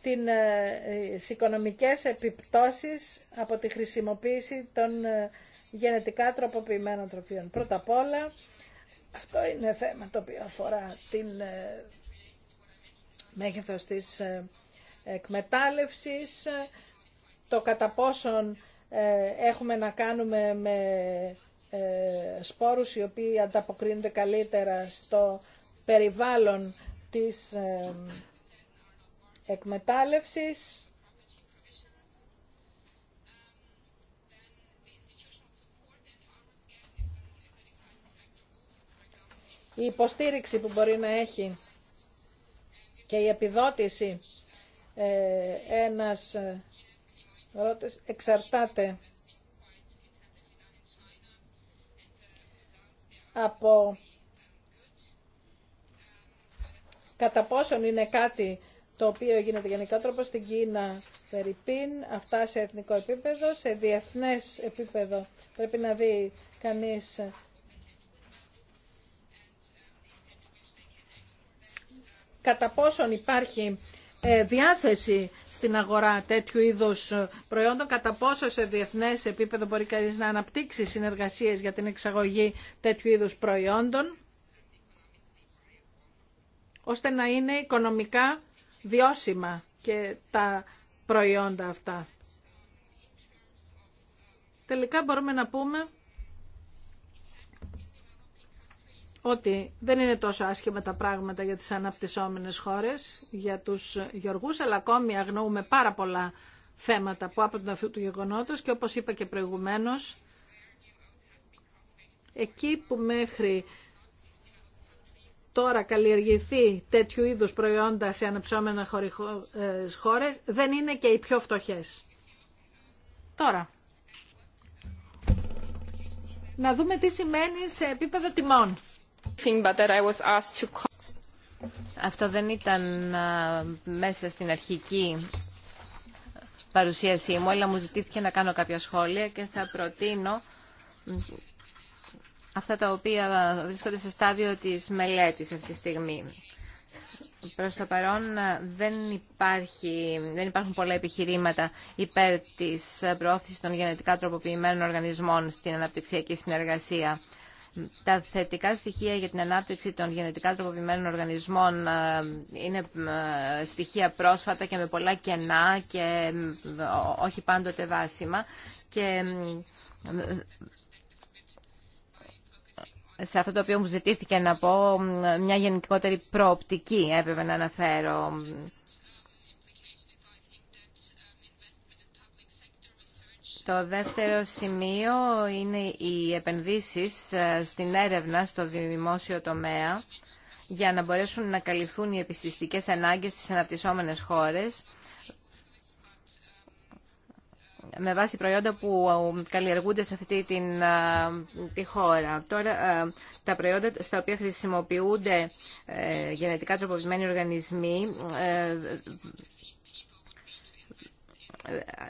την ε, οικονομικές επιπτώσεις από τη χρησιμοποίηση των ε, γενετικά τροποποιημένων τροφίων. Πρώτα απ' όλα, αυτό είναι θέμα το οποίο αφορά την ε, μέγεθος της εκμετάλλευσης, το κατά πόσον έχουμε να κάνουμε με ε, σπόρους οι οποίοι ανταποκρίνονται καλύτερα στο περιβάλλον της ε, εκμετάλλευσης. Η υποστήριξη που μπορεί να έχει και η επιδότηση ε, ένας ρώτες εξαρτάται από κατά πόσον είναι κάτι το οποίο γίνεται γενικά τρόπο στην Κίνα περιπίν, αυτά σε εθνικό επίπεδο, σε διεθνές επίπεδο πρέπει να δει κανείς κατά πόσον υπάρχει ε, διάθεση στην αγορά τέτοιου είδους προϊόντων, κατά πόσο σε διεθνές επίπεδο μπορεί κανείς να αναπτύξει συνεργασίες για την εξαγωγή τέτοιου είδους προϊόντων, ώστε να είναι οικονομικά βιώσιμα και τα προϊόντα αυτά. Τελικά μπορούμε να πούμε ότι δεν είναι τόσο άσχημα τα πράγματα για τις αναπτυσσόμενες χώρες, για τους γεωργούς, αλλά ακόμη αγνοούμε πάρα πολλά θέματα που από τον αφού του γεγονότος και όπως είπα και προηγουμένως, εκεί που μέχρι τώρα καλλιεργηθεί τέτοιου είδους προϊόντα σε αναπτυσσόμενες χώρες δεν είναι και οι πιο φτωχές. Τώρα, να δούμε τι σημαίνει σε επίπεδο τιμών. Αυτό δεν ήταν μέσα στην αρχική παρουσίασή μου, αλλά μου ζητήθηκε να κάνω κάποια σχόλια και θα προτείνω αυτά τα οποία βρίσκονται σε στάδιο της μελέτης αυτή τη στιγμή. Προς το παρόν δεν, υπάρχει, δεν υπάρχουν πολλά επιχειρήματα υπέρ της προώθησης των γενετικά τροποποιημένων οργανισμών στην αναπτυξιακή συνεργασία. Τα θετικά στοιχεία για την ανάπτυξη των γενετικά τροποποιημένων οργανισμών ε, είναι ε, στοιχεία πρόσφατα και με πολλά κενά και όχι πάντοτε βάσιμα. Και σε αυτό το οποίο μου ζητήθηκε να πω, μια γενικότερη προοπτική έπρεπε να αναφέρω Το δεύτερο σημείο είναι οι επενδύσεις ε, στην έρευνα στο δημόσιο τομέα για να μπορέσουν να καλυφθούν οι επιστηστικές ανάγκες στις αναπτυσσόμενες χώρες με βάση προϊόντα που καλλιεργούνται σε αυτή την, ε, τη χώρα. Τώρα, ε, τα προϊόντα στα οποία χρησιμοποιούνται γενετικά τροποποιημένοι οργανισμοί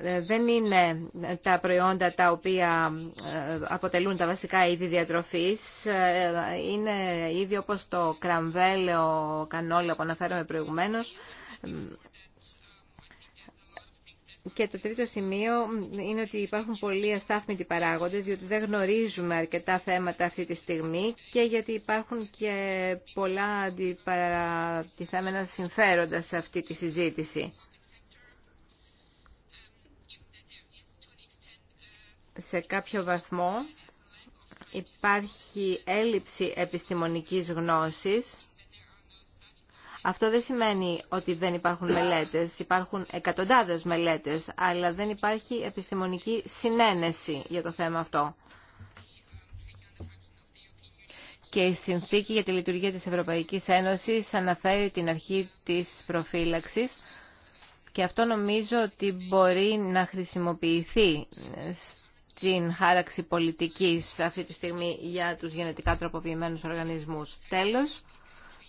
ε, δεν είναι τα προϊόντα τα οποία ε, αποτελούν τα βασικά είδη διατροφής. Ε, είναι είδη όπως το κραμβέλαιο κανόλα που αναφέραμε προηγουμένως. Και το τρίτο σημείο είναι ότι υπάρχουν πολλοί αστάθμητοι παράγοντες, διότι δεν γνωρίζουμε αρκετά θέματα αυτή τη στιγμή και γιατί υπάρχουν και πολλά αντιπαρατηθέμενα συμφέροντα σε αυτή τη συζήτηση. σε κάποιο βαθμό υπάρχει έλλειψη επιστημονικής γνώσης. Αυτό δεν σημαίνει ότι δεν υπάρχουν μελέτες. Υπάρχουν εκατοντάδες μελέτες, αλλά δεν υπάρχει επιστημονική συνένεση για το θέμα αυτό. Και η Συνθήκη για τη Λειτουργία της Ευρωπαϊκής Ένωσης αναφέρει την αρχή της προφύλαξης και αυτό νομίζω ότι μπορεί να χρησιμοποιηθεί την χάραξη πολιτικής αυτή τη στιγμή για τους γενετικά τροποποιημένους οργανισμούς. Τέλος,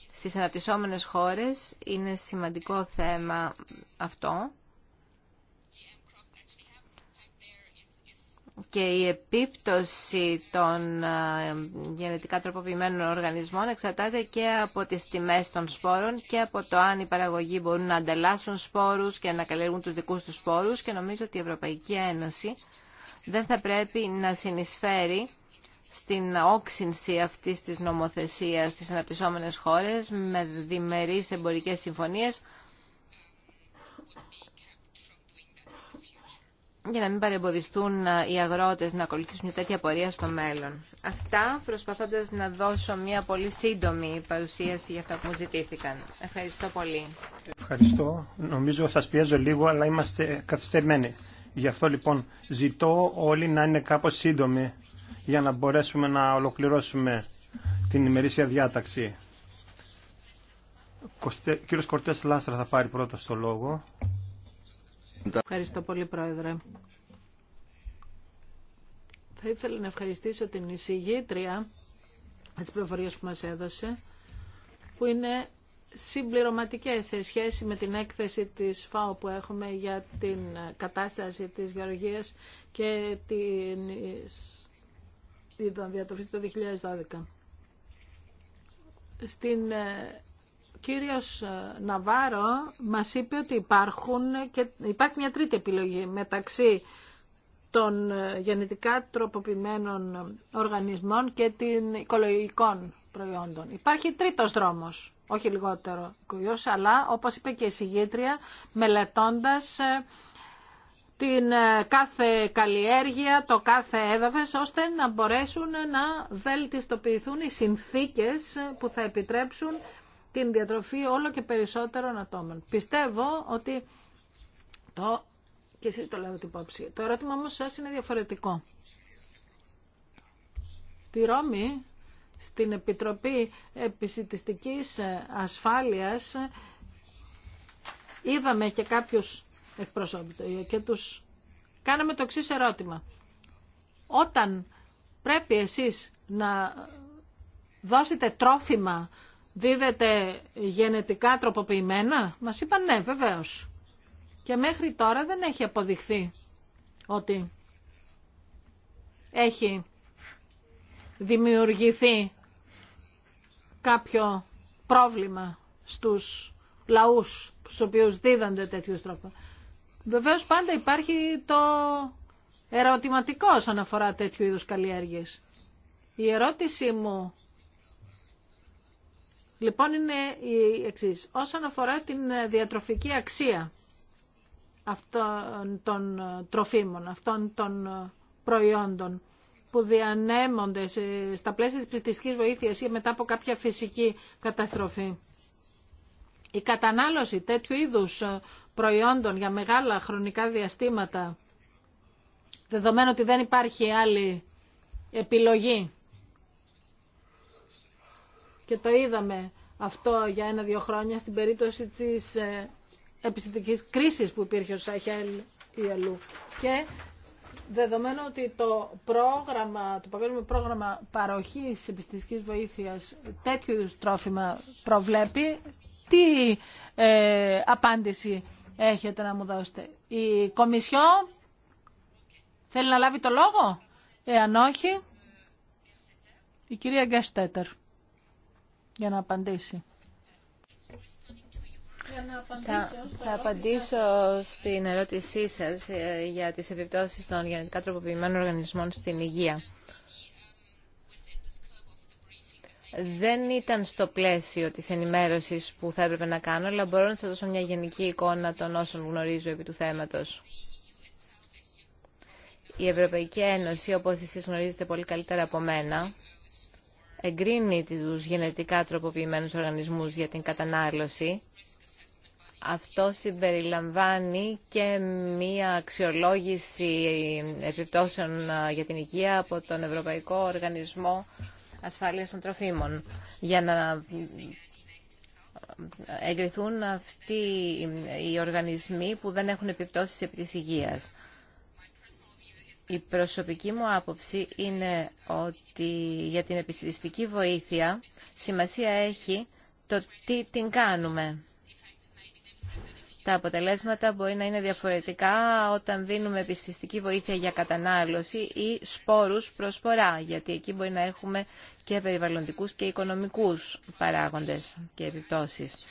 στις αναπτυσσόμενες χώρες είναι σημαντικό θέμα αυτό και η επίπτωση των ε, γενετικά τροποποιημένων οργανισμών εξαρτάται και από τις τιμές των σπόρων και από το αν οι παραγωγοί μπορούν να ανταλλάσσουν σπόρους και να καλλιεργούν τους δικούς τους σπόρους και νομίζω ότι η Ευρωπαϊκή Ένωση δεν θα πρέπει να συνεισφέρει στην όξυνση αυτής της νομοθεσίας στις αναπτυσσόμενες χώρες με διμερείς εμπορικές συμφωνίες για να μην παρεμποδιστούν οι αγρότες να ακολουθήσουν μια τέτοια πορεία στο μέλλον. Αυτά προσπαθώντας να δώσω μια πολύ σύντομη παρουσίαση για αυτά που μου ζητήθηκαν. Ευχαριστώ πολύ. Ευχαριστώ. Νομίζω θα πιέζω λίγο, αλλά είμαστε καθυστερημένοι. Γι' αυτό λοιπόν ζητώ όλοι να είναι κάπως σύντομοι για να μπορέσουμε να ολοκληρώσουμε την ημερήσια διάταξη. Κωστέ, κύριος Κορτές Λάστρα θα πάρει πρώτος το λόγο. Ευχαριστώ πολύ Πρόεδρε. Θα ήθελα να ευχαριστήσω την εισηγήτρια της προφορία που μας έδωσε, που είναι Συμπληρωματικέ σε σχέση με την έκθεση της ΦΑΟ που έχουμε για την κατάσταση της γεωργία και την διατροφή το 2012. Στην ε, κύριος ε, Ναβάρο μας είπε ότι υπάρχουν και υπάρχει μια τρίτη επιλογή μεταξύ των ε, γενετικά τροποποιημένων οργανισμών και την οικολογικών προϊόντων. Υπάρχει τρίτος δρόμος, όχι λιγότερο κυρίως, αλλά όπως είπε και η συγγήτρια, μελετώντας ε, την ε, κάθε καλλιέργεια, το κάθε έδαφες, ώστε να μπορέσουν να βελτιστοποιηθούν οι συνθήκες που θα επιτρέψουν την διατροφή όλο και περισσότερων ατόμων. Πιστεύω ότι το... και εσείς το την υπόψη. Το ερώτημα όμως σας είναι διαφορετικό. Τη Ρώμη στην Επιτροπή Επισητιστικής Ασφάλειας είδαμε και κάποιους εκπροσώπητες και τους κάναμε το εξή ερώτημα. Όταν πρέπει εσείς να δώσετε τρόφιμα, δίδετε γενετικά τροποποιημένα, μας είπαν ναι βεβαίως. Και μέχρι τώρα δεν έχει αποδειχθεί ότι έχει δημιουργηθεί κάποιο πρόβλημα στους λαούς στους οποίους δίδανται τέτοιους τρόπους. Βεβαίως πάντα υπάρχει το ερωτηματικό όσον αφορά τέτοιου είδους καλλιέργειες. Η ερώτησή μου λοιπόν είναι η εξής. Όσον αφορά την διατροφική αξία αυτών των τροφίμων, αυτών των προϊόντων, που διανέμονται στα πλαίσια της πληθυστικής βοήθειας ή μετά από κάποια φυσική καταστροφή. Η κατανάλωση τέτοιου είδους ε, προϊόντων για μεγάλα χρονικά διαστήματα, δεδομένου ότι δεν υπάρχει άλλη επιλογή, και το είδαμε αυτό για ένα-δύο χρόνια στην περίπτωση της ε, επιστημικής κρίσης που υπήρχε ο Σαχέλ ή αλλού. Δεδομένου ότι το πρόγραμμα, το παγκόσμιο πρόγραμμα παροχής επιστημικής βοήθειας τέτοιου τρόφιμα προβλέπει, τι ε, απάντηση έχετε να μου δώσετε. Η Κομισιό θέλει να λάβει το λόγο, εάν όχι, η κυρία Γκέστέτερ για να απαντήσει. Θα, απαντήσω στην ερώτησή σας ε, για τις επιπτώσεις των γενετικά τροποποιημένων οργανισμών στην υγεία. Δεν ήταν στο πλαίσιο της ενημέρωσης που θα έπρεπε να κάνω, αλλά μπορώ να σας δώσω μια γενική εικόνα των όσων γνωρίζω επί του θέματος. Η Ευρωπαϊκή Ένωση, όπως εσείς γνωρίζετε πολύ καλύτερα από μένα, εγκρίνει τους γενετικά τροποποιημένους οργανισμούς για την κατανάλωση αυτό συμπεριλαμβάνει και μία αξιολόγηση επιπτώσεων ε, για την υγεία από τον Ευρωπαϊκό Οργανισμό Ασφάλειας των Τροφίμων για να ε, εγκριθούν αυτοί οι οργανισμοί που δεν έχουν επιπτώσεις επί της υγείας. Η προσωπική μου άποψη είναι ότι για την επιστημιστική βοήθεια σημασία έχει το τι την κάνουμε. Τα αποτελέσματα μπορεί να είναι διαφορετικά όταν δίνουμε επιστηστική βοήθεια για κατανάλωση ή σπόρους προσφορά, γιατί εκεί μπορεί να έχουμε και περιβαλλοντικούς και οικονομικούς παράγοντες και επιπτώσεις.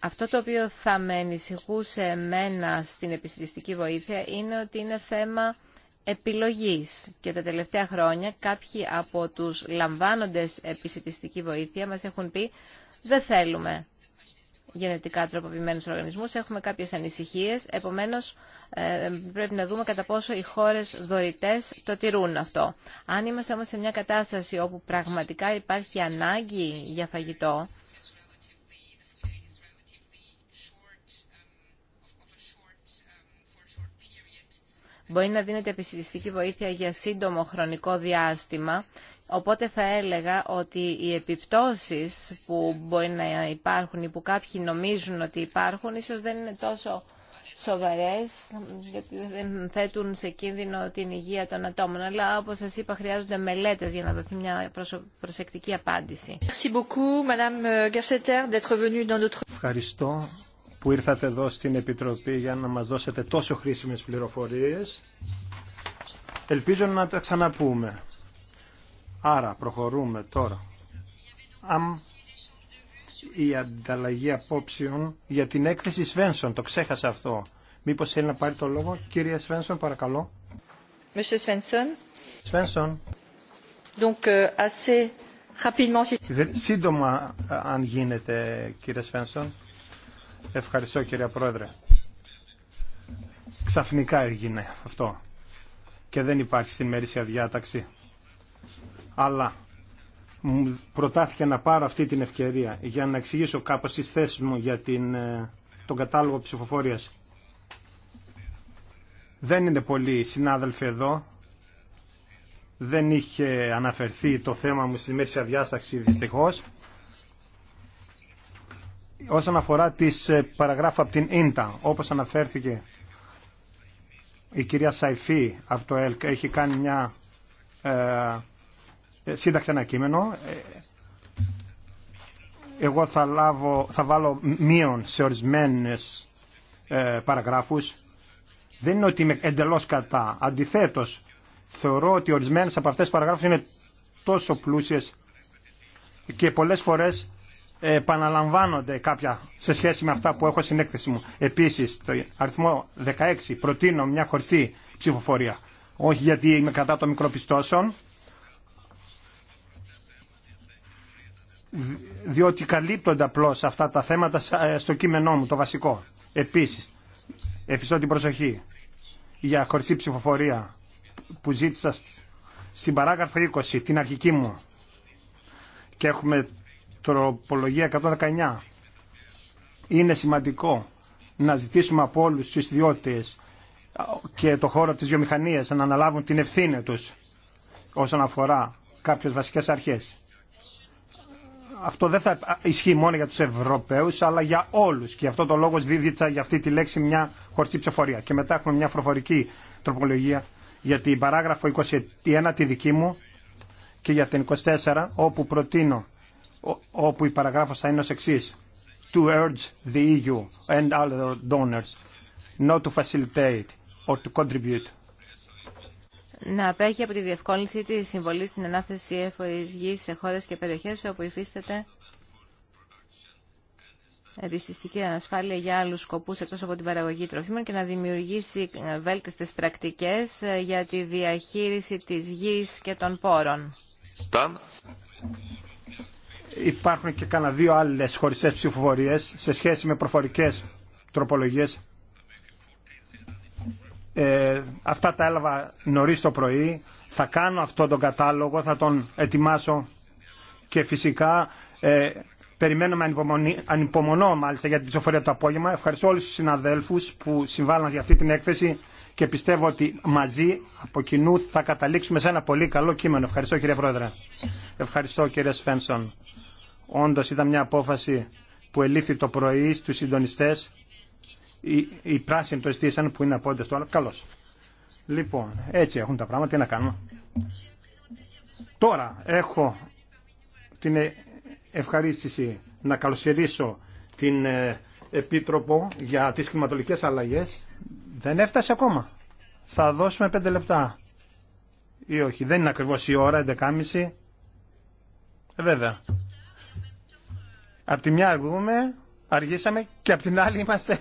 Αυτό το οποίο θα με ενησυχούσε εμένα στην επιστηστική βοήθεια είναι ότι είναι θέμα επιλογής και τα τελευταία χρόνια κάποιοι από τους λαμβάνοντες επιστηστική βοήθεια μας έχουν πει δεν θέλουμε γενετικά τροποποιημένους οργανισμούς. Έχουμε κάποιες ανησυχίες, επομένως ε, πρέπει να δούμε κατά πόσο οι χώρες δωρητές το τηρούν αυτό. Αν είμαστε όμως σε μια κατάσταση όπου πραγματικά υπάρχει ανάγκη για φαγητό, μπορεί να δίνεται επιστημιστική βοήθεια για σύντομο χρονικό διάστημα Οπότε θα έλεγα ότι οι επιπτώσεις που μπορεί να υπάρχουν ή που κάποιοι νομίζουν ότι υπάρχουν ίσως δεν είναι τόσο σοβαρές γιατί δεν θέτουν σε κίνδυνο την υγεία των ατόμων. Αλλά όπως σας είπα χρειάζονται μελέτες για να δοθεί μια προσεκτική απάντηση. Ευχαριστώ που ήρθατε εδώ στην Επιτροπή για να μας δώσετε τόσο χρήσιμες πληροφορίες. Ελπίζω να τα ξαναπούμε. Άρα προχωρούμε τώρα. Αμ, η ανταλλαγή απόψεων για την έκθεση Σβένσον, το ξέχασα αυτό. Μήπως θέλει να πάρει το λόγο. Κύριε Σβένσον, παρακαλώ. Σβένσον. Σβένσον. Euh, σύντομα, αν γίνεται, κύριε Σβένσον. Ευχαριστώ, κύριε Πρόεδρε. Ξαφνικά έγινε αυτό. Και δεν υπάρχει στην μερίσια διάταξη αλλά μου προτάθηκε να πάρω αυτή την ευκαιρία για να εξηγήσω κάπως τις θέσεις μου για την, ε, τον κατάλογο ψηφοφορίας. Δεν είναι πολλοί συνάδελφοι εδώ. Δεν είχε αναφερθεί το θέμα μου στη μέση διάσταξη δυστυχώς. Όσον αφορά τις ε, παραγράφου από την ίντα, όπως αναφέρθηκε η κυρία Σαϊφή από το ΕΛΚ, έχει κάνει μια ε, ε, σύνταξε ένα κείμενο. Ε, εγώ θα, λάβω, θα βάλω μείον σε ορισμένες ε, παραγράφους. Δεν είναι ότι είμαι εντελώς κατά. Αντιθέτως, θεωρώ ότι ορισμένες από αυτές τις παραγράφους είναι τόσο πλούσιες και πολλές φορές επαναλαμβάνονται κάποια σε σχέση με αυτά που έχω στην έκθεση μου. Επίσης, το αριθμό 16 προτείνω μια χωριστή ψηφοφορία. Όχι γιατί είμαι κατά των μικροπιστώσεων, διότι καλύπτονται απλώ αυτά τα θέματα ε, στο κείμενό μου, το βασικό. Επίσης, εφιστώ την προσοχή για χωριστή ψηφοφορία που ζήτησα στην παράγραφο 20, την αρχική μου. Και έχουμε τροπολογία 119. Είναι σημαντικό να ζητήσουμε από όλου του ιδιώτε και το χώρο της βιομηχανία να αναλάβουν την ευθύνη τους όσον αφορά κάποιες βασικές αρχές αυτό δεν θα ισχύει μόνο για τους Ευρωπαίους αλλά για όλους και αυτό το λόγο σδίδιτσα για αυτή τη λέξη μια χωριστή ψηφορία. Και μετά έχουμε μια προφορική τροπολογία για την παράγραφο 21 τη δική μου και για την 24 όπου προτείνω όπου η παραγράφος θα είναι ως εξής to urge the EU and other donors not to facilitate or to contribute να απέχει από τη διευκόλυνση τη συμβολή στην ανάθεση εφορη γη σε χώρε και περιοχέ, όπου υφίσταται επιστηστική ανασφάλεια για άλλου σκοπούς εκτός από την παραγωγή τροφίμων και να δημιουργήσει βέλτιστες πρακτικές για τη διαχείριση τη γη και των πόρων. Υπάρχουν και κάνα δύο άλλες χωριστέ ψηφοφορίε σε σχέση με προφορικέ τροπολογίε. Ε, αυτά τα έλαβα νωρίς το πρωί. Θα κάνω αυτό τον κατάλογο, θα τον ετοιμάσω και φυσικά ε, περιμένουμε ανυπομονώ μάλιστα για την ψηφοφορία του απόγευμα. Ευχαριστώ όλους τους συναδέλφους που συμβάλλαν για αυτή την έκθεση και πιστεύω ότι μαζί από κοινού θα καταλήξουμε σε ένα πολύ καλό κείμενο. Ευχαριστώ κύριε Πρόεδρε. Ευχαριστώ κύριε Σφένσον. Όντως ήταν μια απόφαση που ελήφθη το πρωί στους συντονιστές οι, πράσινοι το εστίασαν που είναι απόντε στο άλλο. Καλώ. Λοιπόν, έτσι έχουν τα πράγματα. Τι να κάνουμε. Τώρα έχω την ε, ευχαρίστηση να καλωσορίσω την ε, Επίτροπο για τις κλιματολογικές αλλαγές. Δεν έφτασε ακόμα. Θα δώσουμε πέντε λεπτά. Ή όχι. Δεν είναι ακριβώς η ώρα, 11.30. Ε, βέβαια. Απ' τη μια αργούμε, αργήσαμε και απ' την άλλη είμαστε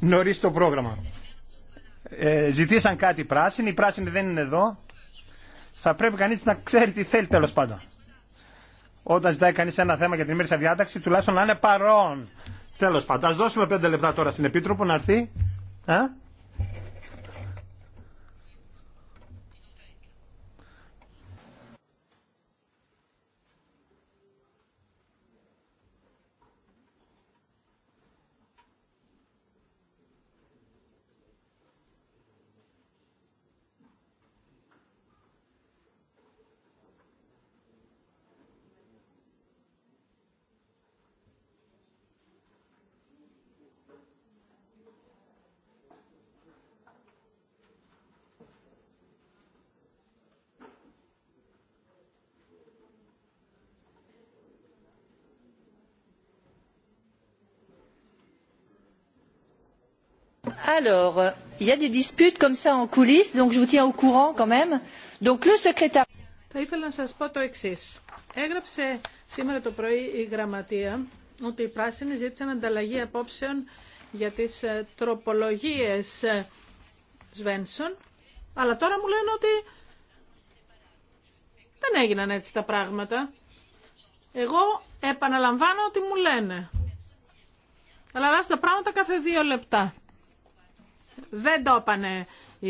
νωρί το πρόγραμμα. Ε, ζητήσαν κάτι πράσινοι, οι πράσινοι δεν είναι εδώ. Θα πρέπει κανεί να ξέρει τι θέλει τέλο πάντων. Όταν ζητάει κανεί ένα θέμα για την ημέρησα διάταξη, τουλάχιστον να είναι παρόν. Τέλο πάντων, α δώσουμε πέντε λεπτά τώρα στην Επίτροπο να έρθει. Ε? Alors, il y a des disputes comme ça en Θα ήθελα να σας πω το εξή. Έγραψε σήμερα το πρωί η γραμματεία ότι οι πράσινοι ζήτησαν ανταλλαγή απόψεων για τις ε, τροπολογίες ε, Σβένσον, αλλά τώρα μου λένε ότι δεν έγιναν έτσι τα πράγματα. Εγώ επαναλαμβάνω ότι μου λένε. Αλλά αλλάζουν τα πράγματα κάθε δύο λεπτά. Δεν το έπανε,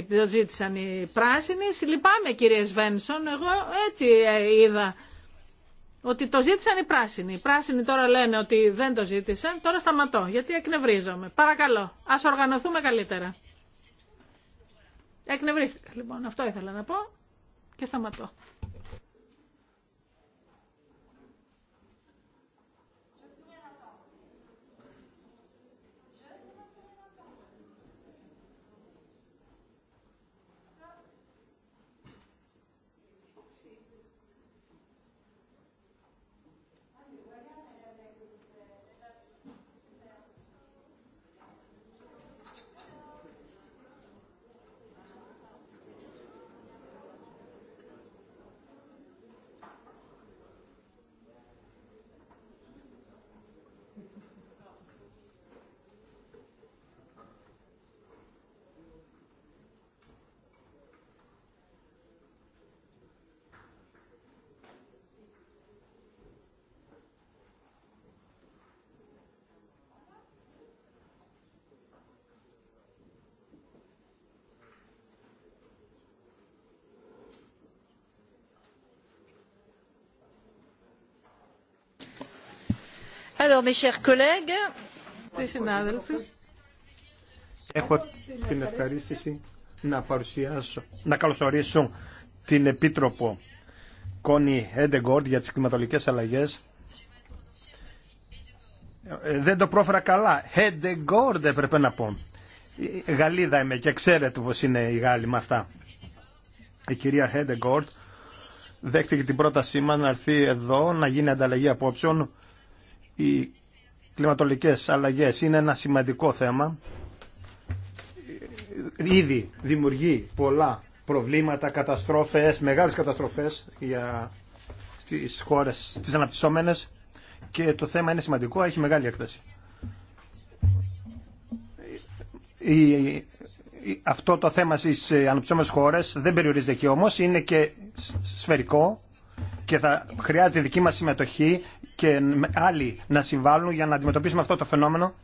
το ζήτησαν οι πράσινοι. Λυπάμαι κύριε Σβένσον, εγώ έτσι ε, είδα ότι το ζήτησαν οι πράσινοι. Οι πράσινοι τώρα λένε ότι δεν το ζήτησαν, τώρα σταματώ γιατί εκνευρίζομαι. Παρακαλώ, ας οργανωθούμε καλύτερα. Εκνευρίστηκα λοιπόν, αυτό ήθελα να πω και σταματώ. Έχω την ευχαρίστηση να παρουσιάσω, να καλωσορίσω την Επίτροπο Κόνι Έντεγκορντ για τις κλιματολογικές αλλαγές. Ε, δεν το πρόφερα καλά. Έντεγκορντ έπρεπε να πω. Γαλλίδα είμαι και ξέρετε πως είναι οι Γάλλοι με αυτά. Η κυρία Έντεγκορντ δέχτηκε την πρότασή μας να έρθει εδώ να γίνει ανταλλαγή απόψεων οι κλιματολογικές αλλαγές είναι ένα σημαντικό θέμα. Ήδη δημιουργεί πολλά προβλήματα, καταστροφές, μεγάλες καταστροφές για τις χώρες, τις αναπτυσσόμενες και το θέμα είναι σημαντικό, έχει μεγάλη έκταση. αυτό το θέμα στις ε, αναπτυσσόμενες χώρες δεν περιορίζεται εκεί όμως, είναι και σφαιρικό και θα χρειάζεται δική μας συμμετοχή και άλλοι να συμβάλλουν για να αντιμετωπίσουμε αυτό το φαινόμενο,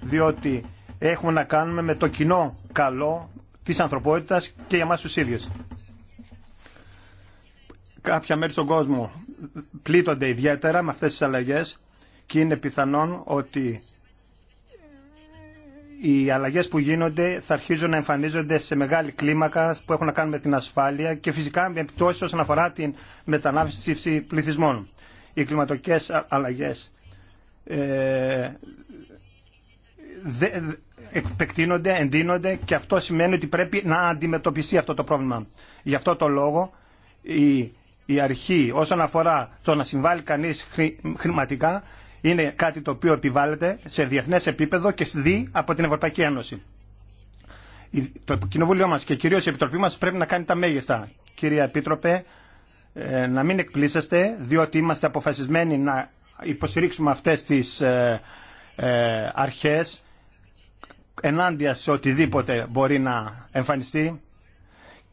διότι έχουμε να κάνουμε με το κοινό καλό της ανθρωπότητας και για μας τους ίδιους. Κάποια μέρη στον κόσμο πλήττονται ιδιαίτερα με αυτές τις αλλαγές και είναι πιθανόν ότι οι αλλαγές που γίνονται θα αρχίζουν να εμφανίζονται σε μεγάλη κλίμακα που έχουν να κάνουν με την ασφάλεια και φυσικά με επιπτώσεις όσον αφορά την μετανάστευση πληθυσμών οι κλιματικές αλλαγές ε, δε, επεκτείνονται, εντείνονται και αυτό σημαίνει ότι πρέπει να αντιμετωπιστεί αυτό το πρόβλημα. Γι' αυτό το λόγο η, η αρχή όσον αφορά το να συμβάλλει κανείς χρηματικά είναι κάτι το οποίο επιβάλλεται σε διεθνές επίπεδο και δι από την Ευρωπαϊκή Ένωση. Το Κοινοβούλιο μας και κυρίως η Επιτροπή μας πρέπει να κάνει τα μέγιστα. Κυρία Επίτροπε, ε, να μην εκπλήσεστε, διότι είμαστε αποφασισμένοι να υποστηρίξουμε αυτές τις ε, ε, αρχές ενάντια σε οτιδήποτε μπορεί να εμφανιστεί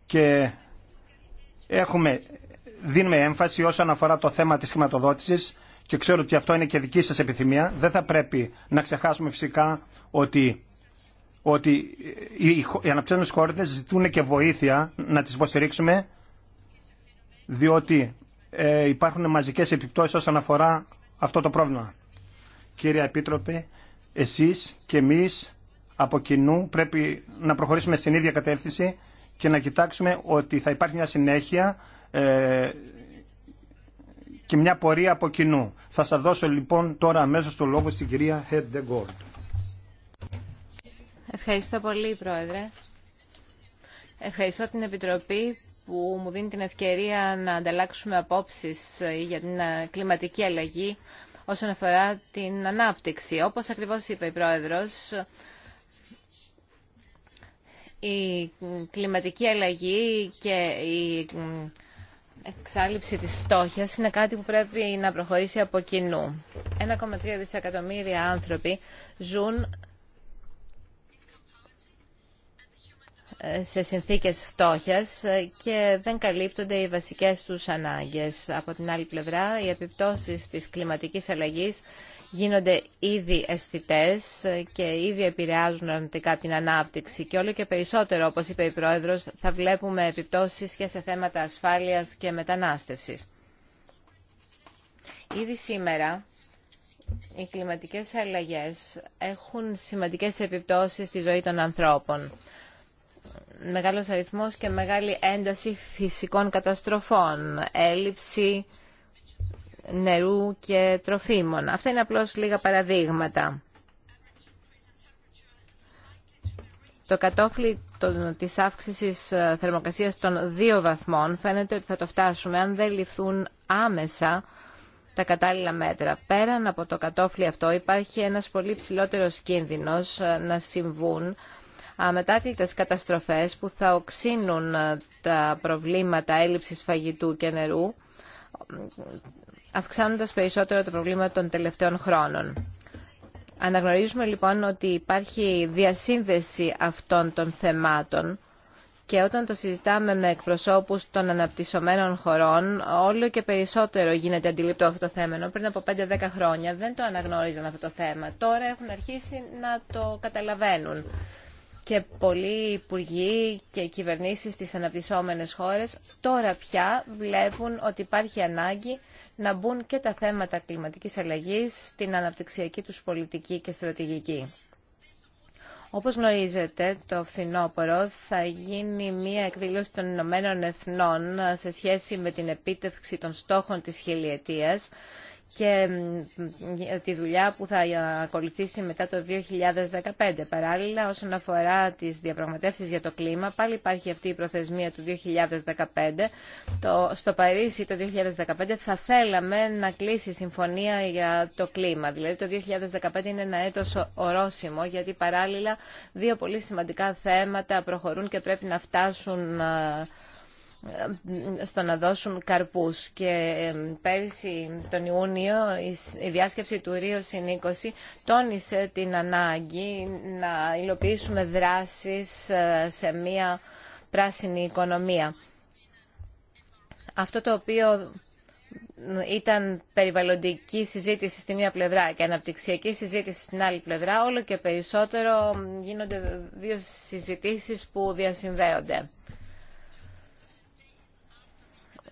και έχουμε, δίνουμε έμφαση όσον αφορά το θέμα της χρηματοδότησης και ξέρω ότι αυτό είναι και δική σας επιθυμία. Δεν θα πρέπει να ξεχάσουμε φυσικά ότι, ότι οι, οι χώρε χώρες ζητούν και βοήθεια να τις υποστηρίξουμε διότι ε, υπάρχουν μαζικές επιπτώσεις όσον αφορά αυτό το πρόβλημα. Κύριε Επίτροπε, εσείς και εμείς από κοινού πρέπει να προχωρήσουμε στην ίδια κατεύθυνση και να κοιτάξουμε ότι θα υπάρχει μια συνέχεια ε, και μια πορεία από κοινού. Θα σας δώσω λοιπόν τώρα αμέσως το λόγο στην κυρία Head Ευχαριστώ πολύ, Πρόεδρε. Ευχαριστώ την Επιτροπή που μου δίνει την ευκαιρία να ανταλλάξουμε απόψεις ε, για την ε, κλιματική αλλαγή όσον αφορά την ανάπτυξη. Όπως ακριβώς είπε η Πρόεδρος, η κλιματική αλλαγή και η εξάλληψη της φτώχειας είναι κάτι που πρέπει να προχωρήσει από κοινού. 1,3 δισεκατομμύρια άνθρωποι ζουν σε συνθήκες φτώχειας ε, και δεν καλύπτονται οι βασικές τους ανάγκες. Από την άλλη πλευρά, οι επιπτώσεις της κλιματικής αλλαγής γίνονται ήδη αισθητέ ε, και ήδη επηρεάζουν αρνητικά την ανάπτυξη και όλο και περισσότερο, όπως είπε η Πρόεδρος, θα βλέπουμε επιπτώσεις και σε θέματα ασφάλειας και μετανάστευσης. Ήδη σήμερα οι κλιματικές αλλαγές έχουν σημαντικές επιπτώσεις στη ζωή των ανθρώπων μεγάλος αριθμός και μεγάλη ένταση φυσικών καταστροφών, έλλειψη νερού και τροφίμων. Αυτά είναι απλώς λίγα παραδείγματα. Το κατόφλι της αύξησης ε, θερμοκρασίας των δύο βαθμών φαίνεται ότι θα το φτάσουμε αν δεν ληφθούν άμεσα τα κατάλληλα μέτρα. Πέραν από το κατόφλι αυτό υπάρχει ένας πολύ ψηλότερος κίνδυνος ε, να συμβούν αμετάκλητες καταστροφές που θα οξύνουν ε, τα προβλήματα έλλειψης φαγητού και νερού, αυξάνοντας περισσότερο τα προβλήματα των τελευταίων χρόνων. Αναγνωρίζουμε λοιπόν ότι υπάρχει διασύνδεση αυτών των θεμάτων και όταν το συζητάμε με εκπροσώπους των αναπτυσσομένων χωρών, όλο και περισσότερο γίνεται αντιληπτό αυτό το θέμα. Ενώ πριν από 5-10 χρόνια δεν το αναγνώριζαν αυτό το θέμα. Τώρα έχουν αρχίσει να το καταλαβαίνουν και πολλοί υπουργοί και κυβερνήσεις στις αναπτυσσόμενες χώρες τώρα πια βλέπουν ότι υπάρχει ανάγκη να μπουν και τα θέματα κλιματικής αλλαγής στην αναπτυξιακή τους πολιτική και στρατηγική. Όπως γνωρίζετε, το φθινόπωρο θα γίνει μία εκδήλωση των Ηνωμένων Εθνών σε σχέση με την επίτευξη των στόχων της χιλιετίας και τη δουλειά που θα ακολουθήσει μετά το 2015. Παράλληλα, όσον αφορά τις διαπραγματεύσεις για το κλίμα, πάλι υπάρχει αυτή η προθεσμία του 2015. Το, στο Παρίσι το 2015 θα θέλαμε να κλείσει συμφωνία για το κλίμα. Δηλαδή το 2015 είναι ένα έτος ορόσημο, γιατί παράλληλα δύο πολύ σημαντικά θέματα προχωρούν και πρέπει να φτάσουν στο να δώσουν καρπούς και πέρυσι τον Ιούνιο η διάσκεψη του Ρίο 20 τόνισε την ανάγκη να υλοποιήσουμε δράσεις ε, σε μια πράσινη οικονομία. Αυτό το οποίο ήταν περιβαλλοντική συζήτηση στη μία πλευρά και αναπτυξιακή συζήτηση στην άλλη πλευρά, όλο και περισσότερο γίνονται δύο συζητήσεις που διασυνδέονται.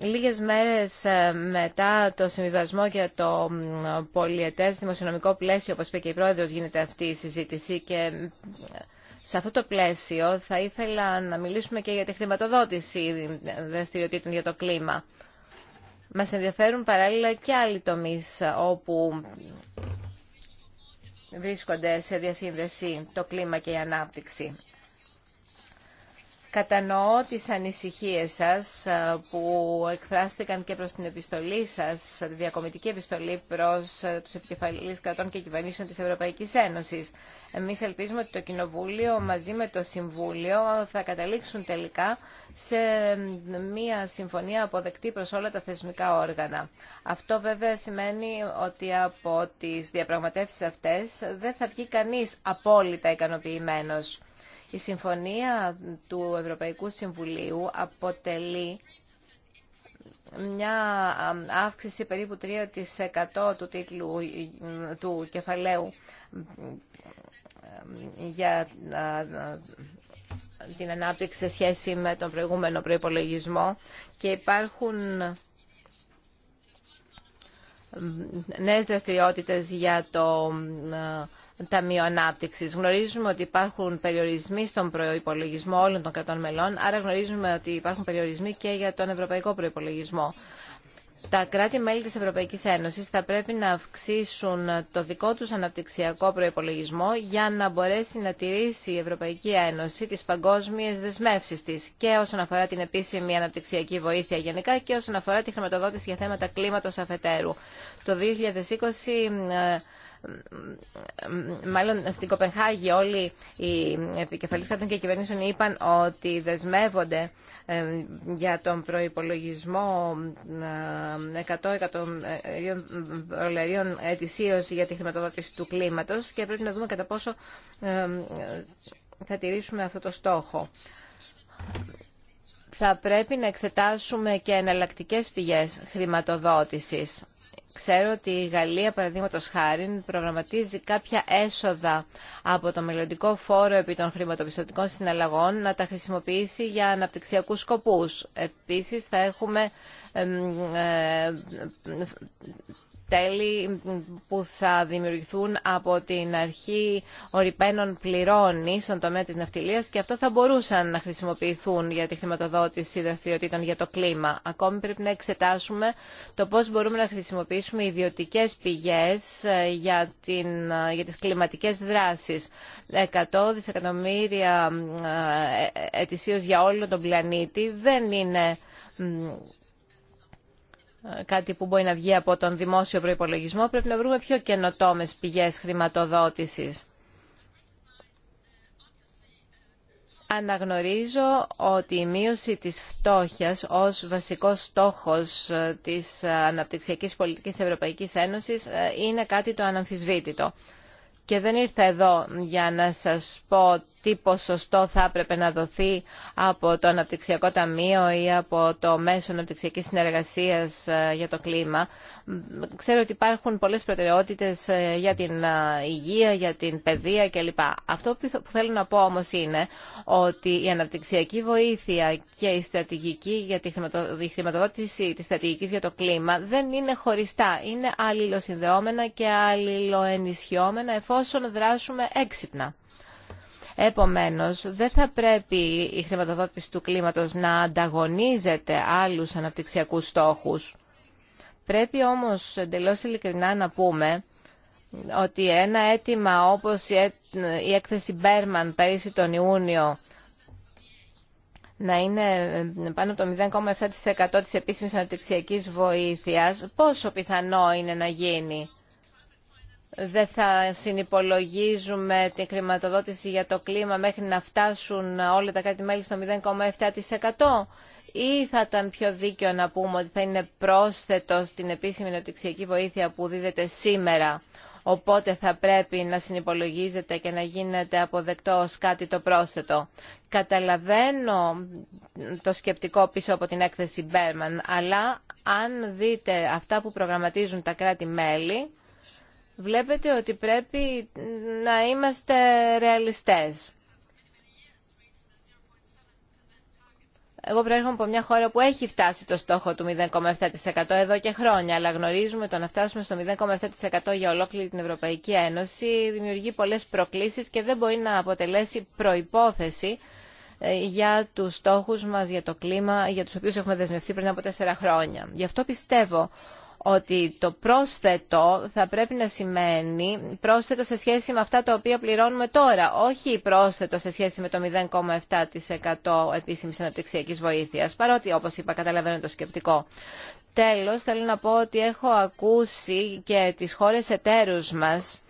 Λίγες μέρες ε, μετά το συμβιβασμό για το πολιετές δημοσιονομικό πλαίσιο, όπως είπε και η Πρόεδρος, γίνεται αυτή η συζήτηση και ε, σε αυτό το πλαίσιο θα ήθελα να μιλήσουμε και για τη χρηματοδότηση δραστηριοτήτων για το κλίμα. Μας ενδιαφέρουν παράλληλα και άλλοι τομείς όπου βρίσκονται σε διασύνδεση το κλίμα και η ανάπτυξη. Κατανοώ τις ανησυχίες σας ε, που εκφράστηκαν και προς την επιστολή σας, τη διακομιτική επιστολή προς ε, τους επικεφαλής κρατών και κυβερνήσεων της Ευρωπαϊκής Ένωσης. Εμείς ελπίζουμε ότι το Κοινοβούλιο μαζί με το Συμβούλιο θα καταλήξουν τελικά σε μια συμφωνία αποδεκτή προς όλα τα θεσμικά όργανα. Αυτό βέβαια σημαίνει ότι από τις διαπραγματεύσεις αυτές δεν θα βγει κανείς απόλυτα ικανοποιημένος. Η συμφωνία του Ευρωπαϊκού Συμβουλίου αποτελεί μια αύξηση περίπου 3% του τίτλου ε, του κεφαλαίου ε, για ε, την ανάπτυξη σε σχέση με τον προηγούμενο προϋπολογισμό και υπάρχουν νέες δραστηριότητες για το Ταμείο Ανάπτυξη. Γνωρίζουμε ότι υπάρχουν περιορισμοί στον προπολογισμό όλων των κρατών μελών, άρα γνωρίζουμε ότι υπάρχουν περιορισμοί και για τον ευρωπαϊκό προπολογισμό. Τα κράτη-μέλη της Ευρωπαϊκής Ένωσης θα πρέπει να αυξήσουν το δικό τους αναπτυξιακό προϋπολογισμό για να μπορέσει να τηρήσει η Ευρωπαϊκή Ένωση τις παγκόσμιες δεσμεύσεις της και όσον αφορά την επίσημη αναπτυξιακή βοήθεια γενικά και όσον αφορά τη χρηματοδότηση για θέματα κλίματος αφετέρου. Το 2020 μάλλον στην Κοπενχάγη όλοι οι επικεφαλής κρατών και κυβερνήσεων είπαν ότι δεσμεύονται ε, για τον προϋπολογισμό 100 ε, εκατομμυρίων δολαρίων ετησίως για τη χρηματοδότηση του κλίματος και πρέπει να δούμε κατά πόσο ε, θα τηρήσουμε αυτό το στόχο. Θα πρέπει να εξετάσουμε και εναλλακτικές πηγές χρηματοδότησης Ξέρω ότι η Γαλλία, παραδείγματος χάρη, προγραμματίζει κάποια έσοδα από το μελλοντικό φόρο επί των χρηματοπιστωτικών συναλλαγών να τα χρησιμοποιήσει για αναπτυξιακούς σκοπούς. Επίσης, θα έχουμε ε, τέλη που θα δημιουργηθούν από την αρχή ορυπαίνων πληρώνει στον τομέα της ναυτιλίας και αυτό θα μπορούσαν να χρησιμοποιηθούν για τη χρηματοδότηση δραστηριοτήτων για το κλίμα. Ακόμη πρέπει να εξετάσουμε το πώς μπορούμε να χρησιμοποιήσουμε ιδιωτικές πηγές ε, για, την, ε, για τις κλιματικές δράσεις. 100 δισεκατομμύρια ε, ετησίως για όλο τον πλανήτη δεν είναι κάτι που μπορεί να βγει από τον δημόσιο προϋπολογισμό, πρέπει να βρούμε πιο καινοτόμες πηγές χρηματοδότησης. Αναγνωρίζω ότι η μείωση της φτώχειας ως βασικός στόχος της αναπτυξιακής πολιτικής της Ευρωπαϊκής Ένωσης ε, είναι κάτι το αναμφισβήτητο. Και δεν ήρθα εδώ για να σας πω τι ποσοστό θα έπρεπε να δοθεί από το Αναπτυξιακό Ταμείο ή από το Μέσο Αναπτυξιακής Συνεργασίας ε, για το κλίμα. Ξέρω ότι υπάρχουν πολλές προτεραιότητες ε, για την ε, υγεία, για την παιδεία κλπ. Αυτό που θέλω να πω όμως είναι ότι η αναπτυξιακή βοήθεια και η στρατηγική για τη χρηματοδότηση της στρατηγικής για το κλίμα δεν είναι χωριστά. Είναι αλληλοσυνδεόμενα και αλληλοενισχυόμενα εφόσον δράσουμε έξυπνα. Επομένως, δεν θα πρέπει η χρηματοδότηση του κλίματος να ανταγωνίζεται άλλους αναπτυξιακούς στόχους. Πρέπει όμως εντελώς ειλικρινά να πούμε ότι ένα αίτημα όπως η έκθεση Μπέρμαν πέρυσι τον Ιούνιο να είναι ε, πάνω από το 0,7% της επίσημης αναπτυξιακής βοήθειας, πόσο πιθανό είναι να γίνει δεν θα συνυπολογίζουμε την χρηματοδότηση για το κλίμα μέχρι να φτάσουν όλα τα κράτη-μέλη στο 0,7% ή θα ήταν πιο δίκαιο να πούμε ότι θα είναι πρόσθετο στην επίσημη νοτιξιακή βοήθεια που δίδεται σήμερα. Οπότε θα πρέπει να συνυπολογίζεται και να γίνεται αποδεκτό ως κάτι το πρόσθετο. Καταλαβαίνω το σκεπτικό πίσω από την έκθεση Μπέρμαν, αλλά αν δείτε αυτά που προγραμματίζουν τα κράτη-μέλη, Βλέπετε ότι πρέπει να είμαστε ρεαλιστές. Εγώ προέρχομαι από μια χώρα που έχει φτάσει το στόχο του 0,7% εδώ και χρόνια, αλλά γνωρίζουμε το να φτάσουμε στο 0,7% για ολόκληρη την Ευρωπαϊκή Ένωση δημιουργεί πολλές προκλήσεις και δεν μπορεί να αποτελέσει προϋπόθεση ε, για τους στόχους μας, για το κλίμα, για τους οποίους έχουμε δεσμευτεί πριν από τέσσερα χρόνια. Γι' αυτό πιστεύω ότι το πρόσθετο θα πρέπει να σημαίνει πρόσθετο σε σχέση με αυτά τα οποία πληρώνουμε τώρα, όχι πρόσθετο σε σχέση με το 0,7% επίσημης αναπτυξιακή βοήθειας, παρότι όπως είπα καταλαβαίνω το σκεπτικό. Τέλος, θέλω να πω ότι έχω ακούσει και τις χώρες εταίρους μας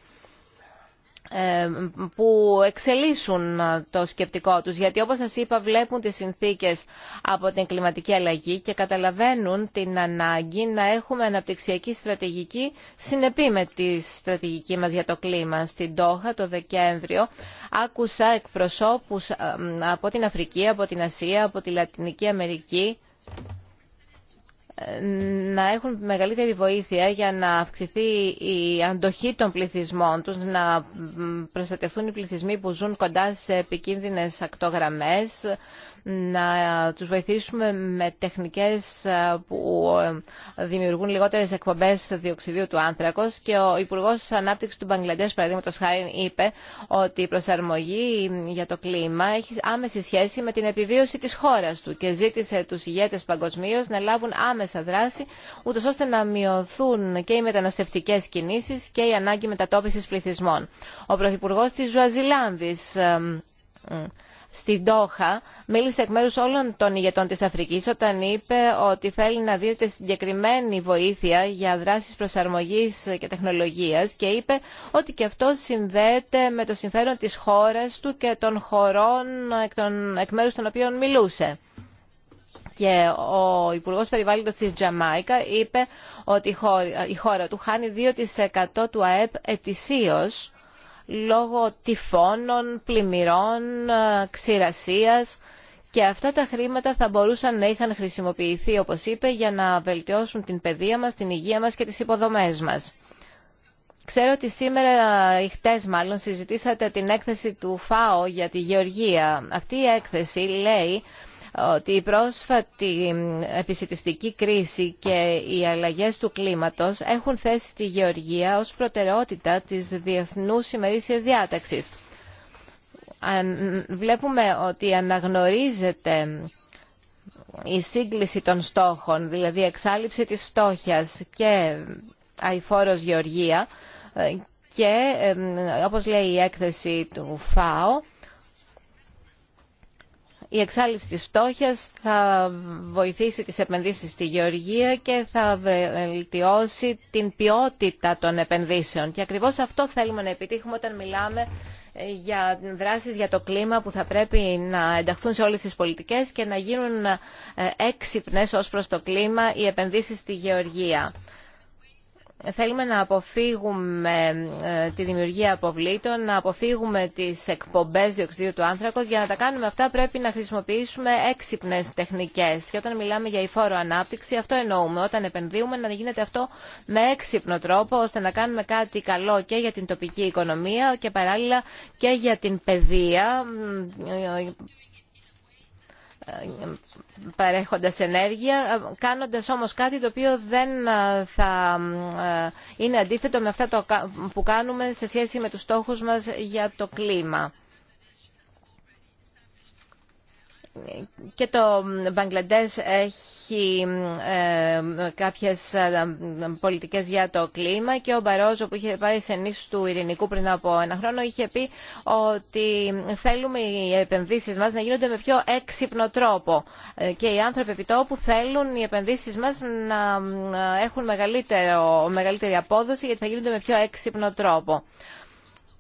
ε, που εξελίσσουν ε, το σκεπτικό τους γιατί όπως σας είπα βλέπουν τις συνθήκες από την κλιματική αλλαγή και καταλαβαίνουν την ανάγκη να έχουμε αναπτυξιακή στρατηγική συνεπή με τη στρατηγική μας για το κλίμα. Στην Τόχα το Δεκέμβριο άκουσα εκπροσώπους ε, από την Αφρική, από την Ασία, από τη Λατινική Αμερική να έχουν μεγαλύτερη βοήθεια για να αυξηθεί η αντοχή των πληθυσμών τους, να προστατευτούν οι πληθυσμοί που ζουν κοντά σε επικίνδυνες ακτογραμμές, να τους βοηθήσουμε με τεχνικές ε, που ε, δημιουργούν λιγότερες εκπομπές διοξιδίου του άνθρακος και ο Υπουργός Ανάπτυξης του Μπαγκλαντές, παραδείγματος χάρη, είπε ότι η προσαρμογή για το κλίμα έχει άμεση σχέση με την επιβίωση της χώρας του και ζήτησε τους ηγέτες παγκοσμίω να λάβουν άμεσα δράση ούτως ώστε να μειωθούν και οι μεταναστευτικές κινήσεις και η ανάγκη μετατόπισης πληθυσμών. Ο Πρωθυπουργός της Ζουαζιλάνδης ε, στην Τόχα μίλησε εκ μέρους όλων των ηγετών της Αφρικής όταν είπε ότι θέλει να δίνεται συγκεκριμένη βοήθεια για δράσεις προσαρμογής και τεχνολογίας και είπε ότι και αυτό συνδέεται με το συμφέρον της χώρας του και των χωρών εκ, των, εκ μέρους των οποίων μιλούσε και ο Υπουργό Περιβάλλοντος της Τζαμάικα είπε ότι η χώρα, η χώρα του χάνει 2% του ΑΕΠ ετησίως λόγω τυφώνων, πλημμυρών, ε, ξηρασίας και αυτά τα χρήματα θα μπορούσαν να είχαν χρησιμοποιηθεί, όπως είπε, για να βελτιώσουν την παιδεία μας, την υγεία μας και τις υποδομές μας. Ξέρω ότι σήμερα ε, ή μάλλον συζητήσατε την έκθεση του ΦΑΟ για τη Γεωργία. Αυτή η έκθεση λέει ότι η πρόσφατη επισητιστική κρίση και οι αλλαγές του κλίματος έχουν θέσει τη γεωργία ως προτεραιότητα της διεθνούς ημερήσιας διάταξης. Βλέπουμε ότι αναγνωρίζεται η σύγκληση των στόχων, δηλαδή εξάλληψη της φτώχειας και αηφόρος γεωργία ε, και ε, όπως λέει η έκθεση του ΦΑΟ η εξάλληψη της φτώχειας θα βοηθήσει τις επενδύσεις στη γεωργία και θα βελτιώσει την ποιότητα των επενδύσεων. Και ακριβώς αυτό θέλουμε να επιτύχουμε όταν μιλάμε ε, για δράσεις για το κλίμα που θα πρέπει να ενταχθούν σε όλες τις πολιτικές και να γίνουν ε, έξυπνες ως προς το κλίμα οι επενδύσεις στη γεωργία. Θέλουμε να αποφύγουμε ε, τη δημιουργία αποβλήτων, να αποφύγουμε τις εκπομπές διοξιδίου του άνθρακος. Για να τα κάνουμε αυτά πρέπει να χρησιμοποιήσουμε έξυπνες τεχνικές. Και όταν μιλάμε για υφόρο ανάπτυξη, αυτό εννοούμε. Όταν επενδύουμε να γίνεται αυτό με έξυπνο τρόπο, ώστε να κάνουμε κάτι καλό και για την τοπική οικονομία και παράλληλα και για την παιδεία παρέχοντας ενέργεια, κάνοντας όμως κάτι το οποίο δεν ε, θα ε, είναι αντίθετο με αυτά που κάνουμε σε σχέση με τους στόχους μας για το κλίμα. και το Μπαγκλαντές έχει ε, κάποιες ε, πολιτικές για το κλίμα και ο Μπαρόζο που είχε πάει σε νήσους του Ειρηνικού πριν από ένα χρόνο είχε πει ότι θέλουμε οι επενδύσεις μας να γίνονται με πιο έξυπνο τρόπο ε, και οι άνθρωποι επιτόπου θέλουν οι επενδύσεις μας να έχουν μεγαλύτερη απόδοση γιατί θα γίνονται με πιο έξυπνο τρόπο.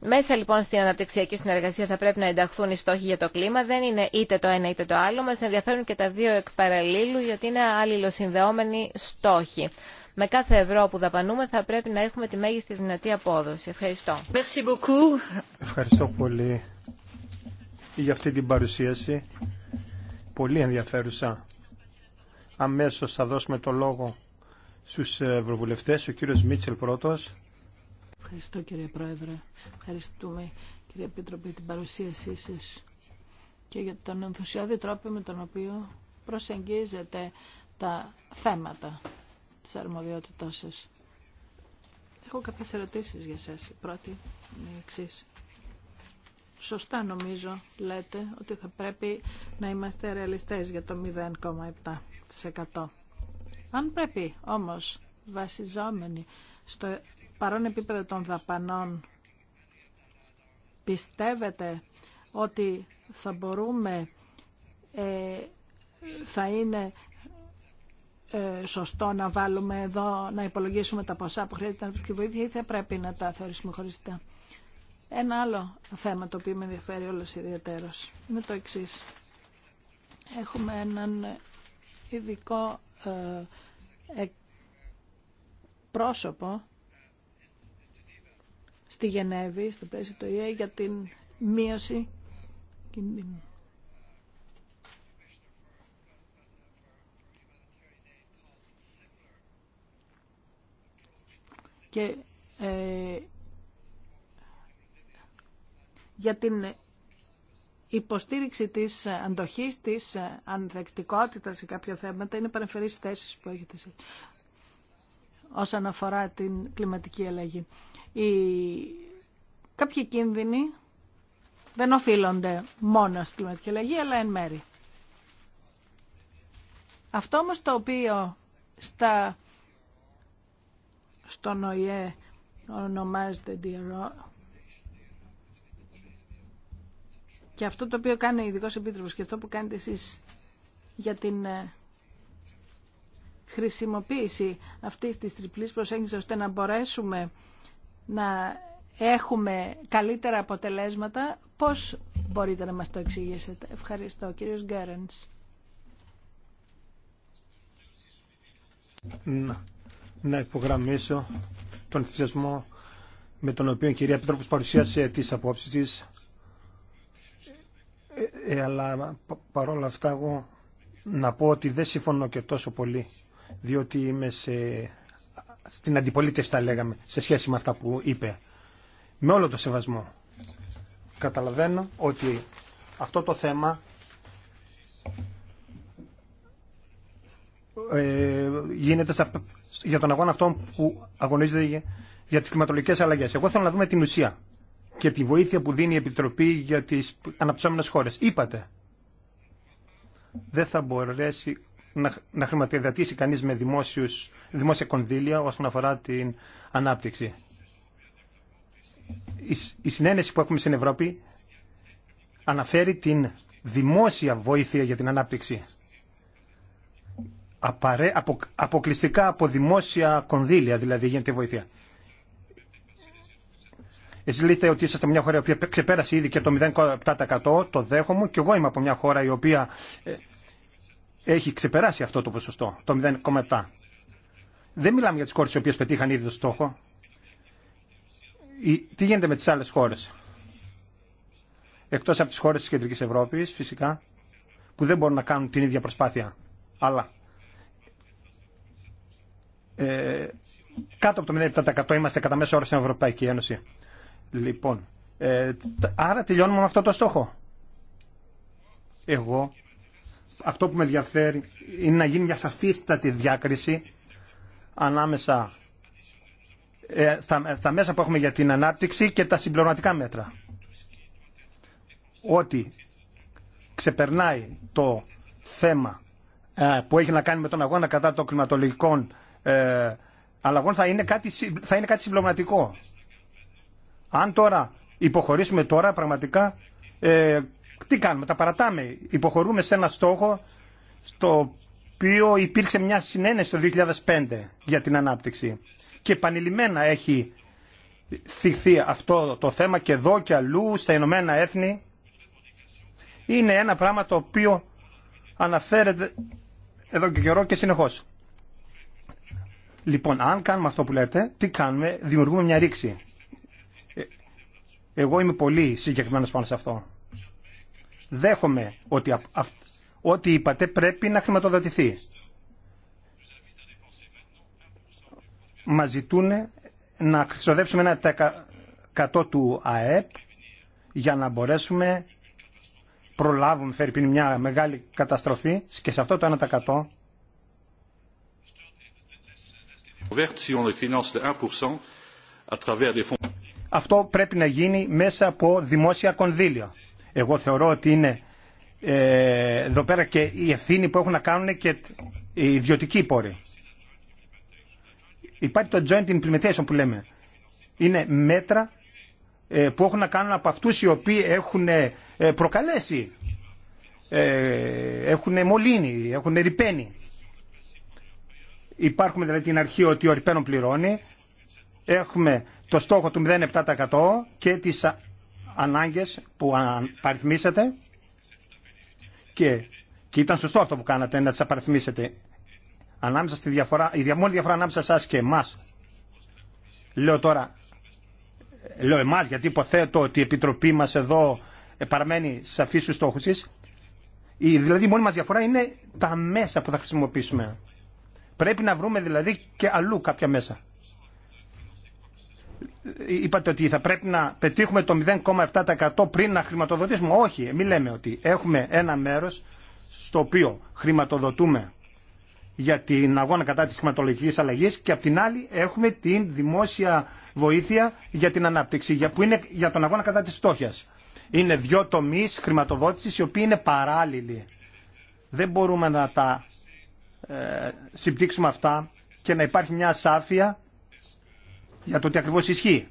Μέσα λοιπόν στην αναπτυξιακή συνεργασία θα πρέπει να ενταχθούν οι στόχοι για το κλίμα. Δεν είναι είτε το ένα είτε το άλλο. μα ενδιαφέρουν και τα δύο εκ παραλλήλου γιατί είναι αλληλοσυνδεόμενοι στόχοι. Με κάθε ευρώ που δαπανούμε θα πρέπει να έχουμε τη μέγιστη δυνατή απόδοση. Ευχαριστώ. Ευχαριστώ πολύ για αυτή την παρουσίαση. Πολύ ενδιαφέρουσα. Αμέσως θα δώσουμε το λόγο στους ευρωβουλευτές. Ο κύριος Μίτσελ πρώτος. Ευχαριστώ κύριε Πρόεδρε. Ευχαριστούμε κύριε για την παρουσίασή σας και για τον ενθουσιώδη τρόπο με τον οποίο προσεγγίζετε τα θέματα της αρμοδιότητάς σας. Έχω κάποιες ερωτήσεις για σας. Η πρώτη είναι η εξής. Σωστά νομίζω λέτε ότι θα πρέπει να είμαστε ρεαλιστές για το 0,7%. Αν πρέπει όμως βασιζόμενοι στο παρόν επίπεδο των δαπανών πιστεύετε ότι θα μπορούμε ε, θα είναι ε, σωστό να βάλουμε εδώ, να υπολογίσουμε τα ποσά που χρειάζεται να βοήθεια ή θα πρέπει να τα θεωρήσουμε χωριστά. Ένα άλλο θέμα το οποίο με ενδιαφέρει όλος ιδιαίτερος είναι το εξή. Έχουμε έναν ειδικό ε, πρόσωπο στη Γενέβη, στο πλαίσιο του ΙΕ, για την μείωση κινδύνου. Και ε, για την υποστήριξη της αντοχής, της ανθεκτικότητας σε κάποια θέματα είναι παρεμφερείς θέσεις που έχετε όσον αφορά την κλιματική αλλαγή οι... κάποιοι κίνδυνοι δεν οφείλονται μόνο στην κλιματική αλλαγή, αλλά εν μέρη. Αυτό όμω το οποίο στα... στον ονομάζεται DRO, και αυτό το οποίο κάνει ο ειδικό επίτροπο και αυτό που κάνετε εσεί για την ε, χρησιμοποίηση αυτής της τριπλής προσέγγισης ώστε να μπορέσουμε να έχουμε καλύτερα αποτελέσματα. Πώς μπορείτε να μας το εξηγήσετε. Ευχαριστώ. Κύριος Γκέρενς. Να, να υπογραμμίσω τον θυσιασμό με τον οποίο η κυρία Πέτροπος παρουσίασε τις απόψεις της. Ε, ε αλλά παρόλα αυτά εγώ να πω ότι δεν συμφωνώ και τόσο πολύ διότι είμαι σε στην αντιπολίτευση τα λέγαμε σε σχέση με αυτά που είπε. Με όλο το σεβασμό. Καταλαβαίνω ότι αυτό το θέμα ε, γίνεται για τον αγώνα αυτόν που αγωνίζεται για τις κλιματολογικές αλλαγές. Εγώ θέλω να δούμε την ουσία και τη βοήθεια που δίνει η Επιτροπή για τις αναπτυσσόμενες χώρες. Είπατε, δεν θα μπορέσει να χρηματοδοτήσει κανείς με δημόσιους, δημόσια κονδύλια όσον αφορά την ανάπτυξη. Η συνένεση που έχουμε στην Ευρώπη αναφέρει την δημόσια βοήθεια για την ανάπτυξη. απο, αποκλειστικά από δημόσια κονδύλια δηλαδή γίνεται βοήθεια. Εσείς λέτε ότι είσαστε μια χώρα η οποία ξεπέρασε ήδη και το 0,7% το δέχομαι και εγώ είμαι από μια χώρα η οποία ε, έχει ξεπεράσει αυτό το ποσοστό, το 0,7. Δεν μιλάμε για τις χώρες οι οποίες πετύχαν ήδη το στόχο. Τι γίνεται με τις άλλες χώρες. Εκτός από τις χώρες της Κεντρικής Ευρώπης, φυσικά, που δεν μπορούν να κάνουν την ίδια προσπάθεια. Αλλά ε, κάτω από το 0,7% είμαστε κατά μέσο όρο στην Ευρωπαϊκή Ένωση. Λοιπόν, ε, άρα τελειώνουμε με αυτό το στόχο. Εγώ αυτό που με ενδιαφέρει είναι να γίνει μια σαφίστατη διάκριση ανάμεσα ε, στα, μέσα που έχουμε για την ανάπτυξη και τα συμπληρωματικά μέτρα. Ότι ξεπερνάει το θέμα ε, που έχει να κάνει με τον αγώνα κατά των κλιματολογικών ε, αλλαγών θα είναι κάτι, θα είναι κάτι συμπληρωματικό. Αν τώρα υποχωρήσουμε τώρα πραγματικά τι κάνουμε, τα παρατάμε. Υποχωρούμε σε ένα στόχο στο οποίο υπήρξε μια συνένεση το 2005 για την ανάπτυξη. Και επανειλημμένα έχει θυχθεί αυτό το θέμα και εδώ και αλλού στα Ηνωμένα Έθνη. Είναι ένα πράγμα το οποίο αναφέρεται εδώ και καιρό και συνεχώς. Λοιπόν, αν κάνουμε αυτό που λέτε, τι κάνουμε, δημιουργούμε μια ρήξη. Ε, εγώ είμαι πολύ συγκεκριμένος πάνω σε αυτό. Δέχομαι ότι, ότι είπατε πρέπει να χρηματοδοτηθεί. Μα ζητούν να χρησιμοποιήσουμε ένα 100 του ΑΕΠ για να μπορέσουμε προλάβουμε φέρει μια μεγάλη καταστροφή και σε αυτό το 1% αυτό πρέπει να γίνει μέσα από δημόσια κονδύλια. Εγώ θεωρώ ότι είναι ε, εδώ πέρα και η ευθύνη που έχουν να κάνουν και οι ιδιωτικοί πόροι. Υπάρχει το joint implementation που λέμε. Είναι μέτρα ε, που έχουν να κάνουν από αυτούς οι οποίοι έχουν ε, προκαλέσει, ε, έχουν μολύνει, έχουν ρηπαίνει. Υπάρχουμε δηλαδή την αρχή ότι ο ρηπαίνων πληρώνει. Έχουμε το στόχο του 0,7% και τις ανάγκες που απαριθμίσατε και, και ήταν σωστό αυτό που κάνατε να τις απαριθμίσετε ανάμεσα στη διαφορά, η μόνη διαφορά ανάμεσα σας και εμάς λέω τώρα λέω εμάς γιατί υποθέτω ότι η Επιτροπή μας εδώ ε, παραμένει σαφή στους στόχους της η, δηλαδή η μόνη μας διαφορά είναι τα μέσα που θα χρησιμοποιήσουμε πρέπει να βρούμε δηλαδή και αλλού κάποια μέσα είπατε ότι θα πρέπει να πετύχουμε το 0,7% πριν να χρηματοδοτήσουμε. Όχι, μην λέμε ότι έχουμε ένα μέρος στο οποίο χρηματοδοτούμε για την αγώνα κατά της χρηματολογικής αλλαγής και απ' την άλλη έχουμε την δημόσια βοήθεια για την ανάπτυξη που είναι για τον αγώνα κατά της φτώχειας. Είναι δυο τομείς χρηματοδότησης οι οποίοι είναι παράλληλοι. Δεν μπορούμε να τα ε, συμπτύξουμε αυτά και να υπάρχει μια σάφια για το τι ακριβώς ισχύει.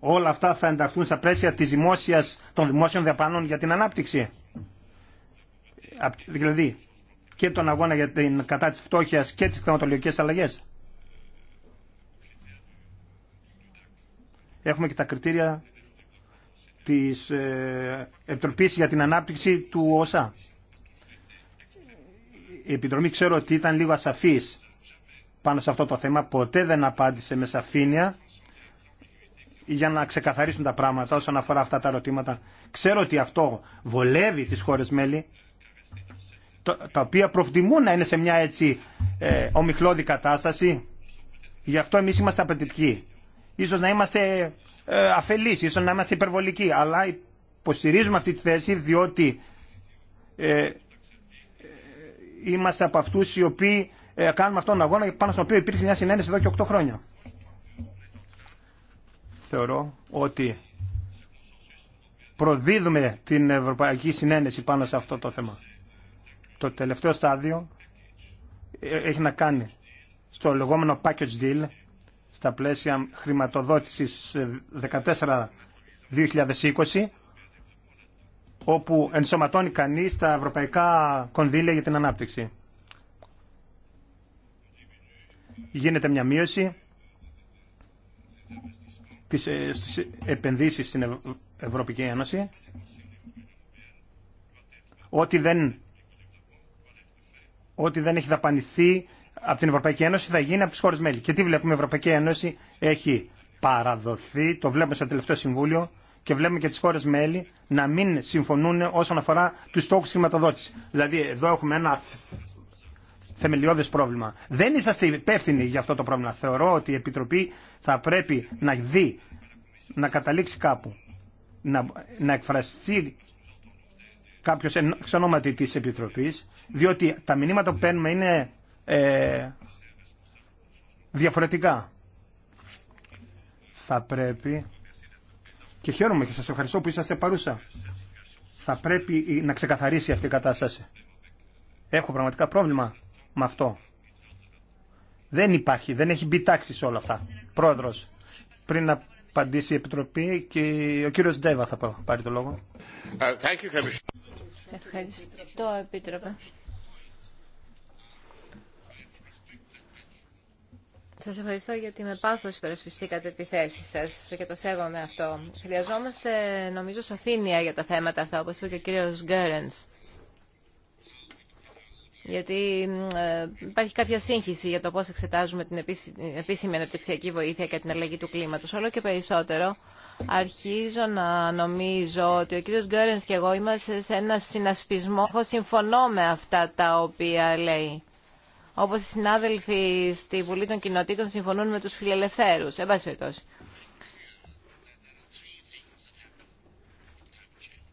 Όλα αυτά θα ενταχθούν στα πλαίσια της δημόσιας, των δημόσιων διαπάνων για την ανάπτυξη. Δηλαδή και τον αγώνα για την κατά της φτώχειας και τις κλιματολογικές αλλαγές. Έχουμε και τα κριτήρια της ε, Επιτροπής για την Ανάπτυξη του ΟΣΑ. Η ξέρω ότι ήταν λίγο ασαφής πάνω σε αυτό το θέμα ποτέ δεν απάντησε με σαφήνεια για να ξεκαθαρίσουν τα πράγματα όσον αφορά αυτά τα ερωτήματα. Ξέρω ότι αυτό βολεύει τις χώρες μέλη, τα οποία προφτιμούν να είναι σε μια έτσι ε, ομιχλώδη κατάσταση. Γι' αυτό εμείς είμαστε απαιτητικοί. Ίσως να είμαστε ε, αφελείς, ίσως να είμαστε υπερβολικοί, αλλά υποστηρίζουμε αυτή τη θέση διότι ε, ε είμαστε από αυτούς οι οποίοι ε, κάνουμε αυτόν τον αγώνα πάνω στον οποίο υπήρξε μια συνένεση εδώ και 8 χρόνια. Θεωρώ ότι προδίδουμε την Ευρωπαϊκή Συνένεση πάνω σε αυτό το θέμα. Το τελευταίο στάδιο ε, έχει να κάνει στο λεγόμενο package deal στα πλαίσια χρηματοδότησης 14-2020 ε, όπου ενσωματώνει κανείς τα ευρωπαϊκά κονδύλια για την ανάπτυξη γίνεται μια μείωση τις, ε, στις επενδύσεις στην Ευρωπαϊκή Ένωση ότι δεν, ότι δεν έχει δαπανηθεί από την Ευρωπαϊκή Ένωση θα γίνει από τις χώρες μέλη. Και τι βλέπουμε, η Ευρωπαϊκή Ένωση έχει παραδοθεί, το βλέπουμε στο τελευταίο συμβούλιο και βλέπουμε και τις χώρες μέλη να μην συμφωνούν όσον αφορά τους στόχους χρηματοδότηση. Δηλαδή εδώ έχουμε ένα θεμελιώδε πρόβλημα. Δεν είσαστε υπεύθυνοι για αυτό το πρόβλημα. Θεωρώ ότι η Επιτροπή θα πρέπει να δει, να καταλήξει κάπου, να, να εκφραστεί κάποιο εξ ονόματι της Επιτροπής, διότι τα μηνύματα που παίρνουμε είναι ε, διαφορετικά. Θα πρέπει, και χαίρομαι και σας ευχαριστώ που είσαστε παρούσα, θα πρέπει να ξεκαθαρίσει αυτή η κατάσταση. Έχω πραγματικά πρόβλημα με αυτό. Δεν υπάρχει, δεν έχει μπει τάξη σε όλα αυτά. Πρόεδρος, πριν να απαντήσει η Επιτροπή και ο κύριος Ντέβα θα πάρει το λόγο. Ευχαριστώ, Επίτροπε. Σας ευχαριστώ γιατί με πάθος υπερασπιστήκατε τη θέση σας και το σέβομαι αυτό. Χρειαζόμαστε, νομίζω, σαφήνεια για τα θέματα αυτά, όπως είπε και ο κύριος Γκέρενς γιατί ε, υπάρχει κάποια σύγχυση για το πώς εξετάζουμε την επίσημη αναπτυξιακή βοήθεια και την αλλαγή του κλίματος. Όλο και περισσότερο αρχίζω να νομίζω ότι ο κύριος Γκέρενς και εγώ είμαστε σε ένα συνασπισμό. Εγώ συμφωνώ με αυτά τα οποία λέει. Όπως οι συνάδελφοι στη Βουλή των Κοινοτήτων συμφωνούν με τους φιλελευθέρους. Εν πάση περιπτώσει.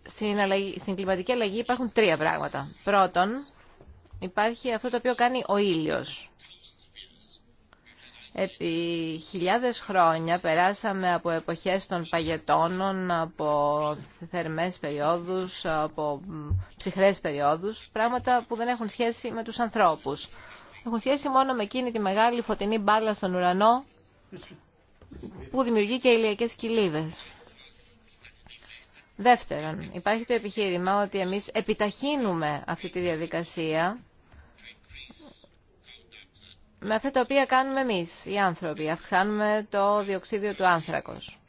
Στην, αλλαγή, στην κλιματική αλλαγή υπάρχουν τρία πράγματα. Πρώτον, Υπάρχει αυτό το οποίο κάνει ο ήλιος. Επί χιλιάδες χρόνια περάσαμε από εποχές των παγετώνων, από θερμές περιόδους, από ψυχρές περιόδους, πράγματα που δεν έχουν σχέση με τους ανθρώπους. Έχουν σχέση μόνο με εκείνη τη μεγάλη φωτεινή μπάλα στον ουρανό που δημιουργεί και ηλιακές κοιλίδες. Δεύτερον, υπάρχει το επιχείρημα ότι εμείς επιταχύνουμε αυτή τη διαδικασία με αυτά τα οποία κάνουμε εμείς, οι άνθρωποι. Αυξάνουμε το διοξίδιο του άνθρακος.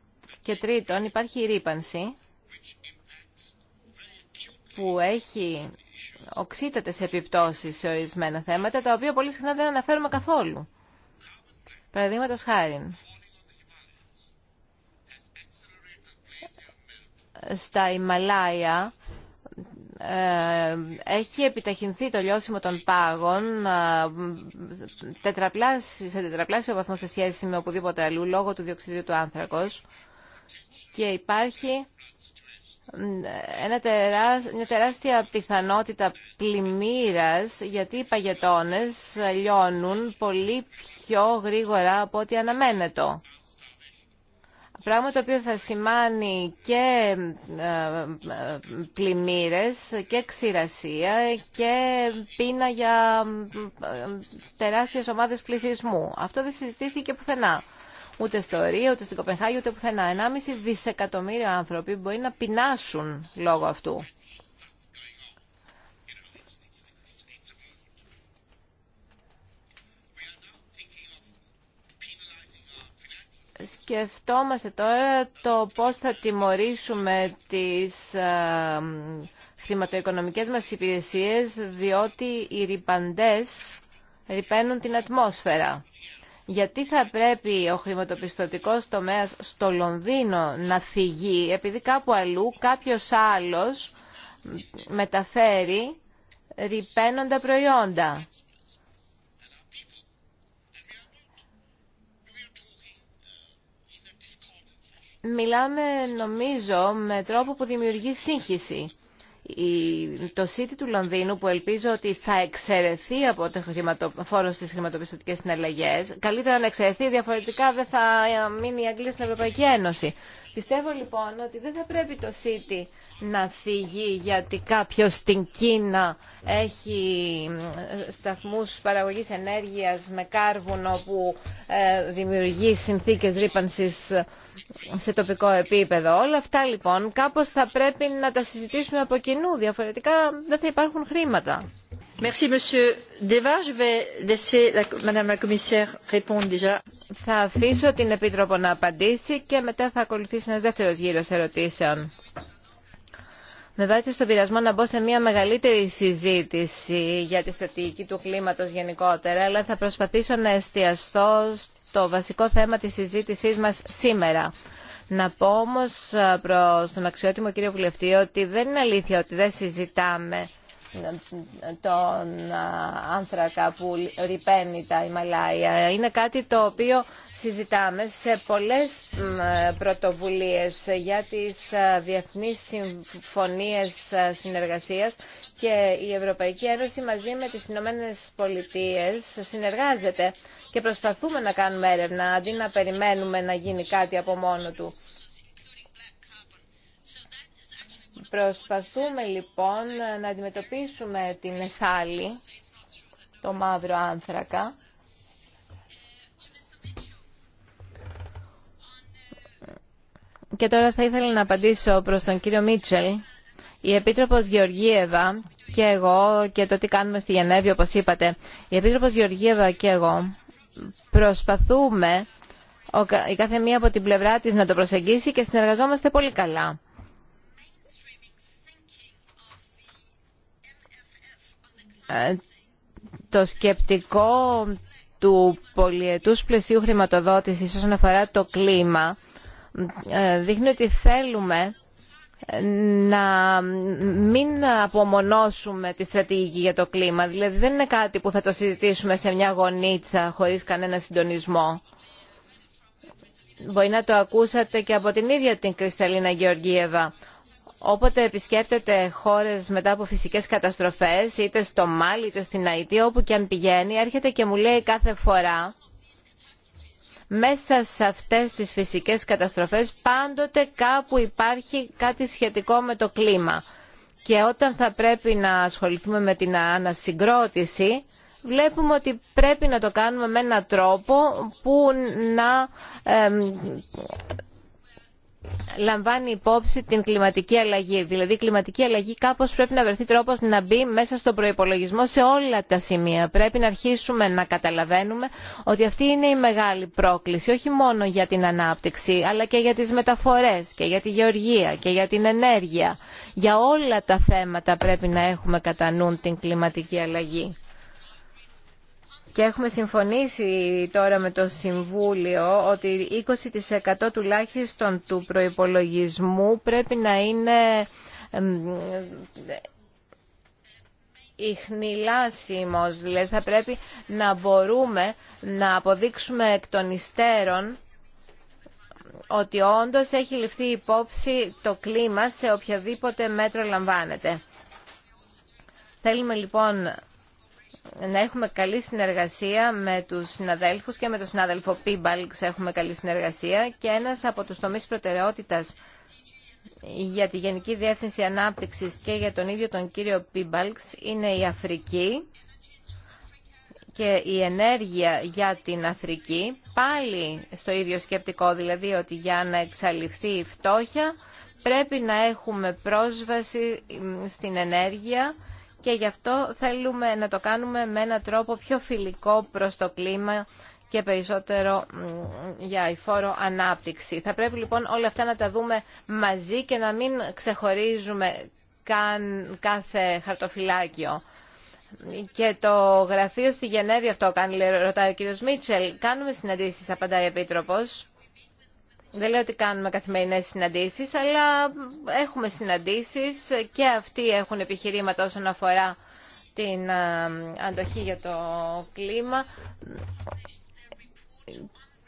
Και τρίτον, υπάρχει η ρήπανση που έχει οξύτατες επιπτώσεις σε ορισμένα θέματα, τα οποία πολύ συχνά δεν αναφέρουμε καθόλου. Παραδείγματος χάρη, στα Ιμαλάια ε, έχει επιταχυνθεί το λιώσιμο των πάγων ε, τετραπλάσιο, σε τετραπλάσιο βαθμό σε σχέση με οπουδήποτε αλλού λόγω του διοξιδίου του άνθρακος και υπάρχει ε, ένα μια τεράστια πιθανότητα πλημμύρας γιατί οι παγετώνες λιώνουν πολύ πιο γρήγορα από ό,τι αναμένετο. Πράγμα το οποίο θα σημάνει και ε, ε, πλημμύρες και ξηρασία και πείνα για ε, τεράστιες ομάδες πληθυσμού. Αυτό δεν συζητήθηκε πουθενά. Ούτε στο Ρίο, ούτε στην Κοπενχάγη, ούτε πουθενά. 1,5 δισεκατομμύριο άνθρωποι μπορεί να πεινάσουν λόγω αυτού. Σκεφτόμαστε τώρα το πώς θα τιμωρήσουμε τις ε, χρηματοοικονομικές μας υπηρεσίες, διότι οι ρηπαντές ρηπαίνουν την ατμόσφαιρα. Γιατί θα πρέπει ο χρηματοπιστωτικός τομέας στο Λονδίνο να φυγεί, επειδή κάπου αλλού κάποιος άλλος μεταφέρει ρηπαίνοντα προϊόντα. μιλάμε νομίζω με τρόπο που δημιουργεί σύγχυση. Το City του Λονδίνου που ελπίζω ότι θα εξαιρεθεί από το φόρο στις χρηματοπιστωτικές συναλλαγές, καλύτερα να εξαιρεθεί διαφορετικά δεν θα μείνει η Αγγλία στην Ευρωπαϊκή Ένωση. Πιστεύω λοιπόν ότι δεν θα πρέπει το City να φύγει γιατί κάποιος στην Κίνα έχει σταθμούς παραγωγής ενέργειας με κάρβουνο που ε, δημιουργεί συνθήκες ρήπανσης σε τοπικό επίπεδο. Όλα αυτά λοιπόν κάπως θα πρέπει να τα συζητήσουμε από κοινού, διαφορετικά δεν θα υπάρχουν χρήματα. Θα αφήσω την Επίτροπο να απαντήσει και μετά θα ακολουθήσει ένας δεύτερος γύρος ερωτήσεων με βάση στον πειρασμό να μπω σε μια μεγαλύτερη συζήτηση για τη στρατηγική του κλίματος γενικότερα, αλλά θα προσπαθήσω να εστιαστώ στο βασικό θέμα της συζήτησής μας σήμερα. Να πω όμως ε, προς τον αξιότιμο κύριο Βουλευτή ότι δεν είναι αλήθεια ότι δεν συζητάμε τον άνθρακα που ρηπαίνει τα Ιμαλάια. Είναι κάτι το οποίο συζητάμε σε πολλές πρωτοβουλίες για τις διεθνείς συμφωνίες συνεργασίας και η Ευρωπαϊκή Ένωση μαζί με τις Ηνωμένε Πολιτείε συνεργάζεται και προσπαθούμε να κάνουμε έρευνα αντί να περιμένουμε να γίνει κάτι από μόνο του. Προσπαθούμε λοιπόν να αντιμετωπίσουμε την εθάλη, το μαύρο άνθρακα. Και τώρα θα ήθελα να απαντήσω προς τον κύριο Μίτσελ. Η Επίτροπος Γεωργίευα και εγώ και το τι κάνουμε στη Γενέβη όπως είπατε. Η Επίτροπος Γεωργίευα και εγώ προσπαθούμε η κάθε μία από την πλευρά της να το προσεγγίσει και συνεργαζόμαστε πολύ καλά. Ε, το σκεπτικό του πολιετούς πλαισίου χρηματοδότησης όσον αφορά το κλίμα ε, δείχνει ότι θέλουμε να μην απομονώσουμε τη στρατηγική για το κλίμα. Δηλαδή δεν είναι κάτι που θα το συζητήσουμε σε μια γωνίτσα χωρίς κανένα συντονισμό. Μπορεί να το ακούσατε και από την ίδια την Κρυσταλίνα Γεωργίευα όποτε επισκέπτεται χώρε μετά από φυσικές καταστροφές είτε στο μάλι είτε στην αϊτή όπου και αν πηγαίνει έρχεται και μου λέει κάθε φορά μέσα σε αυτές τις φυσικές καταστροφές πάντοτε κάπου υπάρχει κάτι σχετικό με το κλίμα και όταν θα πρέπει να ασχοληθούμε με την ανασυγκρότηση βλέπουμε ότι πρέπει να το κάνουμε με έναν τρόπο που να λαμβάνει υπόψη την κλιματική αλλαγή. Δηλαδή η κλιματική αλλαγή κάπως πρέπει να βρεθεί τρόπος να μπει μέσα στον προϋπολογισμό σε όλα τα σημεία. Πρέπει να αρχίσουμε να καταλαβαίνουμε ότι αυτή είναι η μεγάλη πρόκληση όχι μόνο για την ανάπτυξη αλλά και για τις μεταφορές και για τη γεωργία και για την ενέργεια. Για όλα τα θέματα πρέπει να έχουμε κατά νου την κλιματική αλλαγή. Και έχουμε συμφωνήσει τώρα με το Συμβούλιο ότι 20% τουλάχιστον του προϋπολογισμού πρέπει να είναι ιχνηλάσιμος. Δηλαδή θα πρέπει να μπορούμε να αποδείξουμε εκ των υστέρων ότι όντως έχει ληφθεί υπόψη το κλίμα σε οποιαδήποτε μέτρο λαμβάνεται. Θέλουμε λοιπόν να έχουμε καλή συνεργασία με τους συναδέλφους και με τον συνάδελφο Πίμπαλξ έχουμε καλή συνεργασία και ένας από τους τομείς προτεραιότητας για τη Γενική Διεύθυνση Ανάπτυξης και για τον ίδιο τον κύριο Πίμπαλξ είναι η Αφρική και η ενέργεια για την Αφρική πάλι στο ίδιο σκεπτικό δηλαδή ότι για να εξαλειφθεί η φτώχεια πρέπει να έχουμε πρόσβαση στην ενέργεια και γι' αυτό θέλουμε να το κάνουμε με έναν τρόπο πιο φιλικό προς το κλίμα και περισσότερο για φόρο ανάπτυξη. Θα πρέπει λοιπόν όλα αυτά να τα δούμε μαζί και να μην ξεχωρίζουμε καν κάθε χαρτοφυλάκιο. Και το γραφείο στη Γενέβη αυτό κάνει, ρωτάει ο κύριος Μίτσελ. Κάνουμε συναντήσεις, απαντάει η Επίτροπος. Δεν λέω ότι κάνουμε καθημερινές συναντήσεις, αλλά έχουμε συναντήσεις και αυτοί έχουν επιχειρήματα όσον αφορά την ε, αντοχή για το κλίμα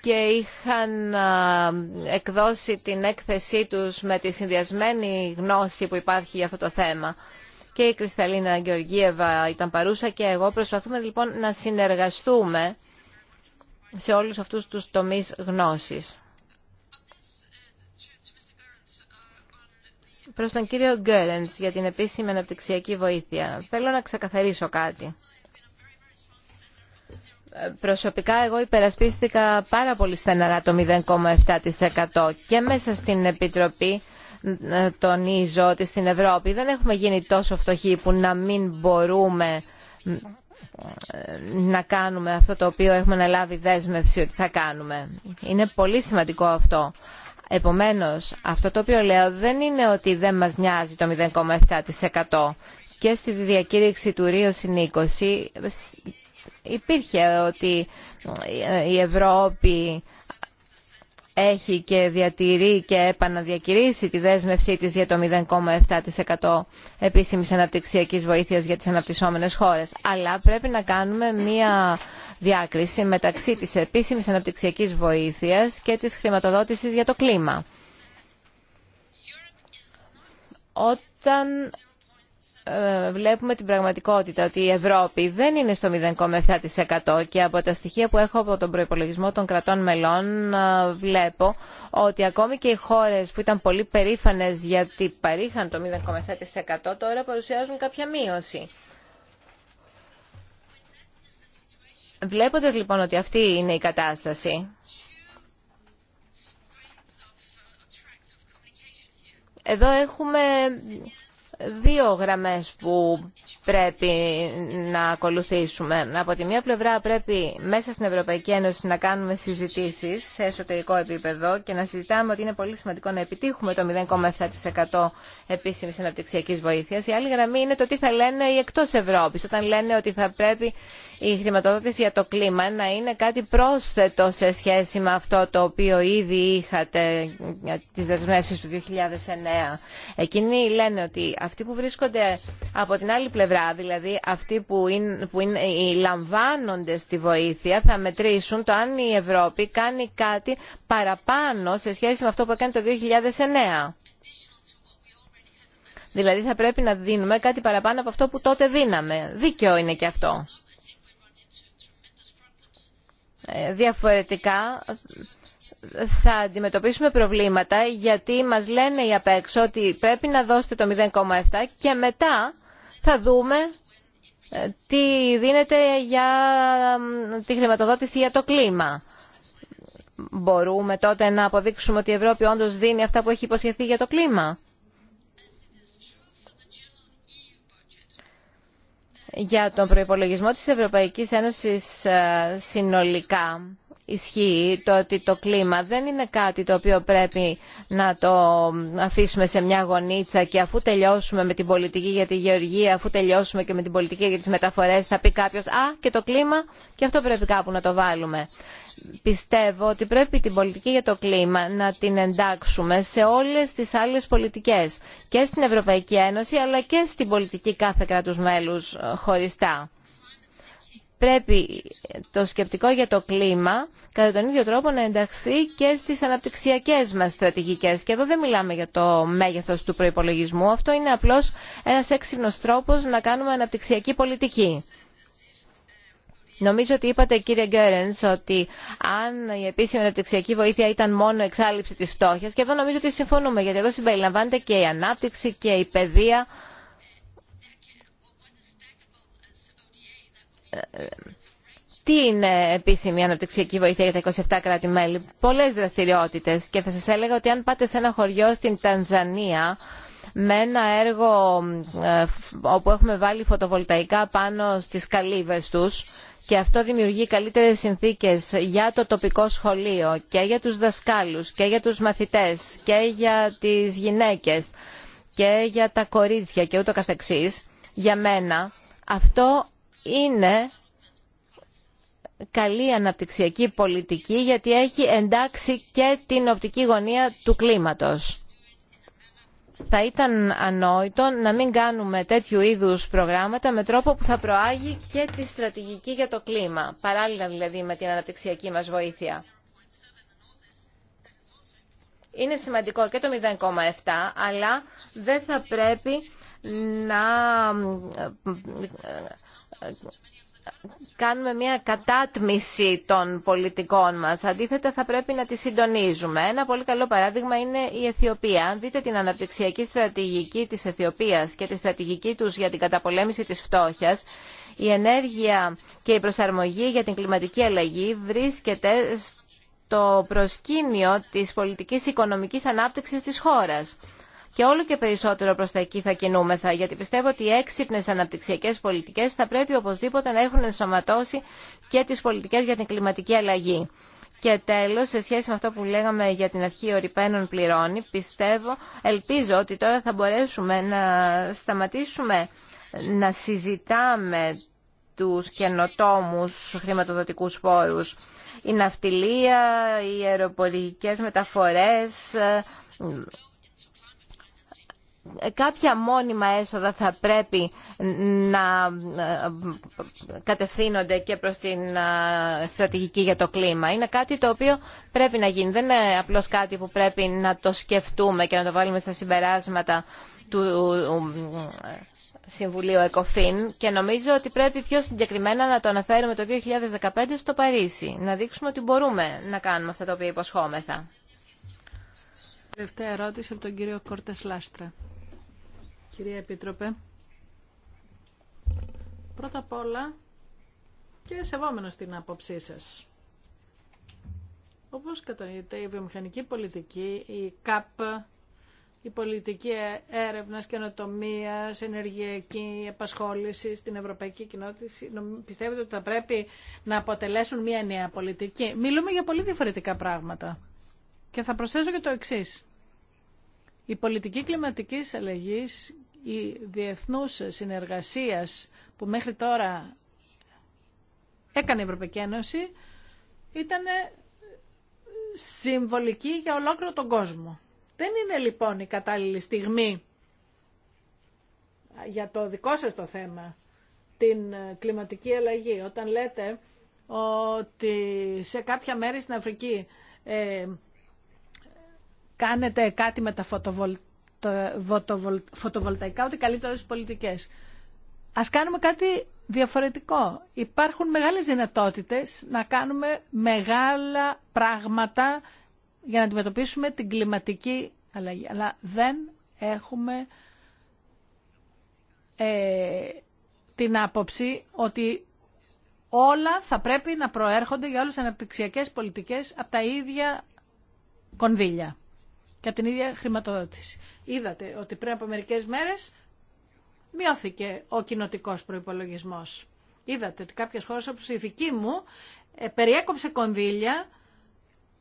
και είχαν ε, εκδώσει την έκθεσή τους με τη συνδυασμένη γνώση που υπάρχει για αυτό το θέμα. Και η Κρυσταλίνα Γεωργίευα ήταν παρούσα και εγώ προσπαθούμε λοιπόν να συνεργαστούμε σε όλους αυτούς τους τομείς γνώσης. Προς τον κύριο Γκέρενς για την επίσημη αναπτυξιακή βοήθεια. Θέλω να ξεκαθαρίσω κάτι. Προσωπικά εγώ υπερασπίστηκα πάρα πολύ στεναρά το 0,7% και μέσα στην Επιτροπή ε, τονίζω ότι στην Ευρώπη δεν έχουμε γίνει τόσο φτωχοί που να μην μπορούμε ε, να κάνουμε αυτό το οποίο έχουμε λάβει δέσμευση ότι θα κάνουμε. Είναι πολύ σημαντικό αυτό. Επομένως, αυτό το οποίο λέω δεν είναι ότι δεν μας νοιάζει το 0,7% και στη διακήρυξη του Ρίο υπήρχε ότι η Ευρώπη έχει και διατηρεί και επαναδιακηρύσει τη δέσμευσή της για το 0,7% επίσημης αναπτυξιακής βοήθειας για τις αναπτυσσόμενες χώρες. Αλλά πρέπει να κάνουμε μία διάκριση μεταξύ της επίσημης αναπτυξιακής βοήθειας και της χρηματοδότησης για το κλίμα. Όταν ε, βλέπουμε την πραγματικότητα ότι η Ευρώπη δεν είναι στο 0,7% και από τα στοιχεία που έχω από τον προϋπολογισμό των κρατών μελών ε, βλέπω ότι ακόμη και οι χώρες που ήταν πολύ περήφανες γιατί παρήχαν το 0,7% τώρα παρουσιάζουν κάποια μείωση. Βλέποντα λοιπόν ότι αυτή είναι η κατάσταση, εδώ έχουμε δύο γραμμές που πρέπει να ακολουθήσουμε. Από τη μία πλευρά πρέπει μέσα στην Ευρωπαϊκή Ένωση να κάνουμε συζητήσεις σε εσωτερικό επίπεδο και να συζητάμε ότι είναι πολύ σημαντικό να επιτύχουμε το 0,7% επίσημης αναπτυξιακής βοήθειας. Η άλλη γραμμή είναι το τι θα λένε οι εκτός Ευρώπης όταν λένε ότι θα πρέπει η χρηματοδότηση για το κλίμα να είναι κάτι πρόσθετο σε σχέση με αυτό το οποίο ήδη είχατε τις δεσμεύσεις του 2009. Εκείνοι λένε ότι αυτοί που βρίσκονται από την άλλη πλευρά, δηλαδή αυτοί που, είναι, που είναι, λαμβάνονται στη βοήθεια, θα μετρήσουν το αν η Ευρώπη κάνει κάτι παραπάνω σε σχέση με αυτό που έκανε το 2009. Δηλαδή θα πρέπει να δίνουμε κάτι παραπάνω από αυτό που τότε δίναμε. Δίκαιο είναι και αυτό. Ε, διαφορετικά θα αντιμετωπίσουμε προβλήματα γιατί μας λένε οι απ' ότι πρέπει να δώσετε το 0,7 και μετά θα δούμε ε, τι δίνεται για τη χρηματοδότηση για το κλίμα. Μπορούμε τότε να αποδείξουμε ότι η Ευρώπη όντως δίνει αυτά που έχει υποσχεθεί για το κλίμα. Για τον προϋπολογισμό της Ευρωπαϊκής Ένωσης ε, συνολικά ισχύει το ότι το κλίμα δεν είναι κάτι το οποίο πρέπει να το αφήσουμε σε μια γωνίτσα και αφού τελειώσουμε με την πολιτική για τη γεωργία, αφού τελειώσουμε και με την πολιτική για τις μεταφορές θα πει κάποιος «Α, και το κλίμα, και αυτό πρέπει κάπου να το βάλουμε». Πιστεύω ότι πρέπει την πολιτική για το κλίμα να την εντάξουμε σε όλες τις άλλες πολιτικές και στην Ευρωπαϊκή Ένωση αλλά και στην πολιτική κάθε κράτους μέλους ε, χωριστά πρέπει το σκεπτικό για το κλίμα κατά τον ίδιο τρόπο να ενταχθεί και στις αναπτυξιακές μας στρατηγικές. Και εδώ δεν μιλάμε για το μέγεθος του προϋπολογισμού. Αυτό είναι απλώς ένας έξυπνος τρόπος να κάνουμε αναπτυξιακή πολιτική. Νομίζω ότι είπατε κύριε Γκέρενς ότι αν η επίσημη αναπτυξιακή βοήθεια ήταν μόνο εξάλληψη της φτώχειας και εδώ νομίζω ότι συμφωνούμε γιατί εδώ συμπεριλαμβάνεται και η ανάπτυξη και η παιδεία τι είναι επίσημη αναπτυξιακή βοήθεια για τα 27 κράτη-μέλη. Πολλές δραστηριότητες και θα σας έλεγα ότι αν πάτε σε ένα χωριό στην Τανζανία με ένα έργο ε, όπου έχουμε βάλει φωτοβολταϊκά πάνω στις καλύβες τους και αυτό δημιουργεί καλύτερες συνθήκες για το τοπικό σχολείο και για τους δασκάλους και για τους μαθητές και για τις γυναίκες και για τα κορίτσια και ούτω καθεξής. Για μένα αυτό είναι καλή αναπτυξιακή πολιτική γιατί έχει εντάξει και την οπτική γωνία του κλίματος. Θα ήταν ανόητο να μην κάνουμε τέτοιου είδους προγράμματα με τρόπο που θα προάγει και τη στρατηγική για το κλίμα, παράλληλα δηλαδή με την αναπτυξιακή μας βοήθεια. Είναι σημαντικό και το 0,7, αλλά δεν θα πρέπει να κάνουμε μια κατάτμιση των πολιτικών μας. Αντίθετα θα πρέπει να τη συντονίζουμε. Ένα πολύ καλό παράδειγμα είναι η Αιθιοπία. Αν δείτε την αναπτυξιακή στρατηγική της Αιθιοπίας και τη στρατηγική τους για την καταπολέμηση της φτώχειας, η ενέργεια και η προσαρμογή για την κλιματική αλλαγή βρίσκεται στο προσκήνιο της πολιτικής οικονομικής ανάπτυξης της χώρας και όλο και περισσότερο προς τα εκεί θα κινούμεθα, γιατί πιστεύω ότι οι έξυπνες αναπτυξιακές πολιτικές θα πρέπει οπωσδήποτε να έχουν ενσωματώσει και τις πολιτικές για την κλιματική αλλαγή. Και τέλο, σε σχέση με αυτό που λέγαμε για την αρχή ορυπαίνων πληρώνει, πιστεύω, ελπίζω ότι τώρα θα μπορέσουμε να σταματήσουμε να συζητάμε τους καινοτόμους χρηματοδοτικούς πόρους. Η ναυτιλία, οι αεροπορικές μεταφορές, κάποια μόνιμα έσοδα θα πρέπει να ε, κατευθύνονται και προς την ε, στρατηγική για το κλίμα. Είναι κάτι το οποίο πρέπει να γίνει. Δεν είναι απλώς κάτι που πρέπει να το σκεφτούμε και να το βάλουμε στα συμπεράσματα του ε, Συμβουλίου ΕΚΟΦΗΝ και νομίζω ότι πρέπει πιο συγκεκριμένα να το αναφέρουμε το 2015 στο Παρίσι. Να δείξουμε ότι μπορούμε να κάνουμε αυτά τα οποία υποσχόμεθα. Τελευταία ερώτηση από τον κύριο Κόρτες Λάστρα κυρία Επίτροπε. Πρώτα απ' όλα και σεβόμενος την άποψή σας. Όπως κατανοείτε, η βιομηχανική πολιτική, η ΚΑΠ, η πολιτική έρευνας, καινοτομίας, ενεργειακή επασχόληση στην ευρωπαϊκή κοινότητα, πιστεύετε ότι θα πρέπει να αποτελέσουν μια νέα πολιτική. Μιλούμε για πολύ διαφορετικά πράγματα. Και θα προσθέσω και το εξής. Η πολιτική κλιματικής αλλαγής η διεθνούς συνεργασίας που μέχρι τώρα έκανε η Ευρωπαϊκή Ένωση ήταν συμβολική για ολόκληρο τον κόσμο. Δεν είναι λοιπόν η κατάλληλη στιγμή για το δικό σας το θέμα, την κλιματική αλλαγή. Όταν λέτε ότι σε κάποια μέρη στην Αφρική ε, κάνετε κάτι με τα φωτοβολταϊκά, φωτοβολταϊκά ούτε καλύτερες πολιτικές. Ας κάνουμε κάτι διαφορετικό. Υπάρχουν μεγάλες δυνατότητες να κάνουμε μεγάλα πράγματα για να αντιμετωπίσουμε την κλιματική αλλαγή. Αλλά δεν έχουμε ε, την άποψη ότι όλα θα πρέπει να προέρχονται για όλες τις αναπτυξιακές πολιτικές από τα ίδια κονδύλια και από την ίδια χρηματοδότηση. Είδατε ότι πριν από μερικέ μέρε μειώθηκε ο κοινοτικό προπολογισμό. Είδατε ότι κάποιε χώρε όπω η δική μου ε, περιέκοψε κονδύλια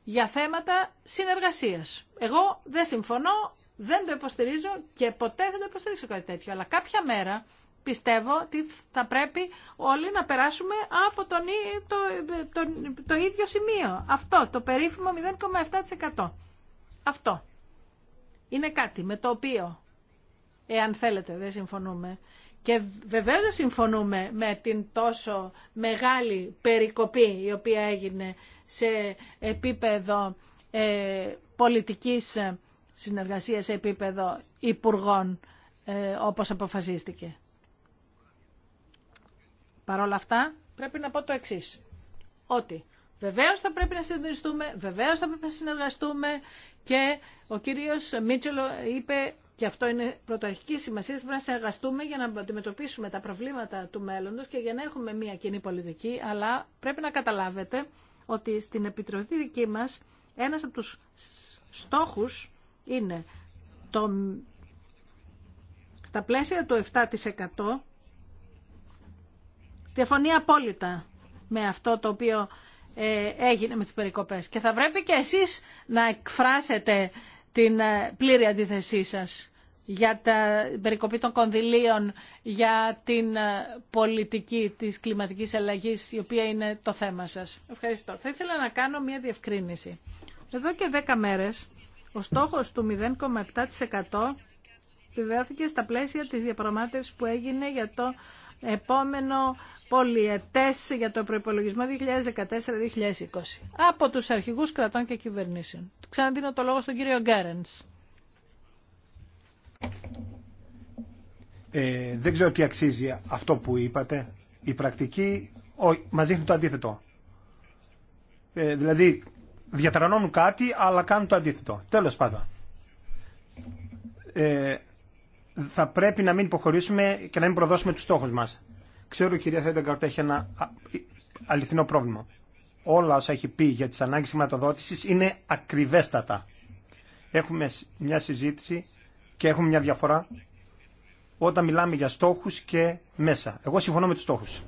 για θέματα συνεργασία. Εγώ δεν συμφωνώ, δεν το υποστηρίζω και ποτέ δεν το υποστηρίζω κάτι τέτοιο. Αλλά κάποια μέρα πιστεύω ότι θα πρέπει όλοι να περάσουμε από τον, το, το, το ίδιο σημείο. Αυτό, το περίφημο 0,7%. Αυτό είναι κάτι με το οποίο, εάν θέλετε, δεν συμφωνούμε. Και βεβαίως συμφωνούμε με την τόσο μεγάλη περικοπή η οποία έγινε σε επίπεδο ε, πολιτικής συνεργασίας, σε επίπεδο υπουργών, ε, όπως αποφασίστηκε. Παρ' όλα αυτά, πρέπει να πω το εξής, ότι Βεβαίω θα πρέπει να συνδυαστούμε, βεβαίω θα πρέπει να συνεργαστούμε και ο κύριο Μίτσελο είπε, και αυτό είναι πρωτοαρχική σημασία, θα πρέπει να συνεργαστούμε για να αντιμετωπίσουμε τα προβλήματα του μέλλοντο και για να έχουμε μια κοινή πολιτική. Αλλά πρέπει να καταλάβετε ότι στην επιτροπή δική μα ένα από του στόχου είναι στα πλαίσια του 7% διαφωνεί απόλυτα με αυτό το οποίο ε, έγινε με τις περικοπές. Και θα πρέπει και εσείς να εκφράσετε την ε, πλήρη αντίθεσή σας για τα περικοπή των κονδυλίων, για την ε, πολιτική της κλιματικής αλλαγής, η οποία είναι το θέμα σας. Ευχαριστώ. Θα ήθελα να κάνω μια διευκρίνηση. Εδώ και 10 μέρες, ο στόχος του 0,7% επιβεβαιώθηκε στα πλαίσια της διαπραγμάτευσης που έγινε για το επόμενο πολιετές για το προϋπολογισμό 2014-2020 από τους αρχηγούς κρατών και κυβερνήσεων. Ξαναδίνω το λόγο στον κύριο Γκάρενς. Ε, δεν ξέρω τι αξίζει αυτό που είπατε. Η πρακτική ό, μας δείχνει το αντίθετο. Ε, δηλαδή διατρανώνουν κάτι αλλά κάνουν το αντίθετο. Τέλος πάντων. Ε, θα πρέπει να μην υποχωρήσουμε και να μην προδώσουμε τους στόχους μας. Ξέρω η κυρία ότι έχει ένα αληθινό πρόβλημα. Όλα όσα έχει πει για τις ανάγκε χρηματοδότηση είναι ακριβέστατα. Έχουμε μια συζήτηση και έχουμε μια διαφορά όταν μιλάμε για στόχους και μέσα. Εγώ συμφωνώ με τους στόχους.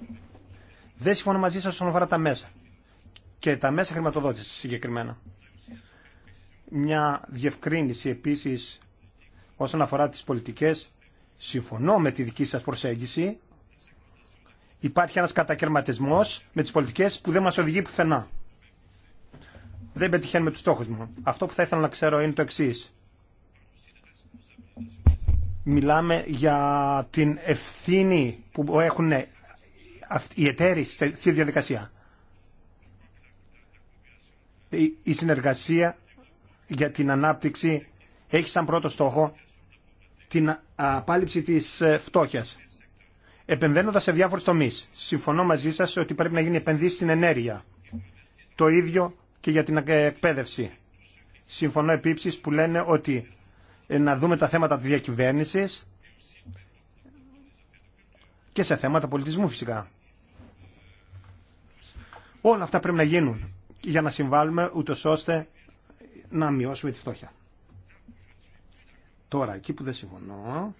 Δεν συμφωνώ μαζί σα όσον αφορά τα μέσα και τα μέσα χρηματοδότηση συγκεκριμένα. Μια διευκρίνηση επίσης Όσον αφορά τις πολιτικές, συμφωνώ με τη δική σας προσέγγιση. Υπάρχει ένας κατακαιρματισμός με τις πολιτικές που δεν μας οδηγεί πουθενά. Δεν πετυχαίνουμε τους στόχους μου. Αυτό που θα ήθελα να ξέρω είναι το εξή. Μιλάμε για την ευθύνη που έχουν οι εταίροι στη διαδικασία. Η συνεργασία για την ανάπτυξη έχει σαν πρώτο στόχο την απάλληψη της ε, φτώχεια, επενδύνοντας σε διάφορε τομεί. Συμφωνώ μαζί σα ότι πρέπει να γίνει επενδύση στην ενέργεια. Το ίδιο και για την εκπαίδευση. Συμφωνώ επίση που λένε ότι ε, να δούμε τα θέματα τη διακυβέρνησης και σε θέματα πολιτισμού φυσικά. Όλα αυτά πρέπει να γίνουν για να συμβάλλουμε ούτως ώστε να μειώσουμε τη φτώχεια. Τώρα, εκεί που δεν συμφωνώ,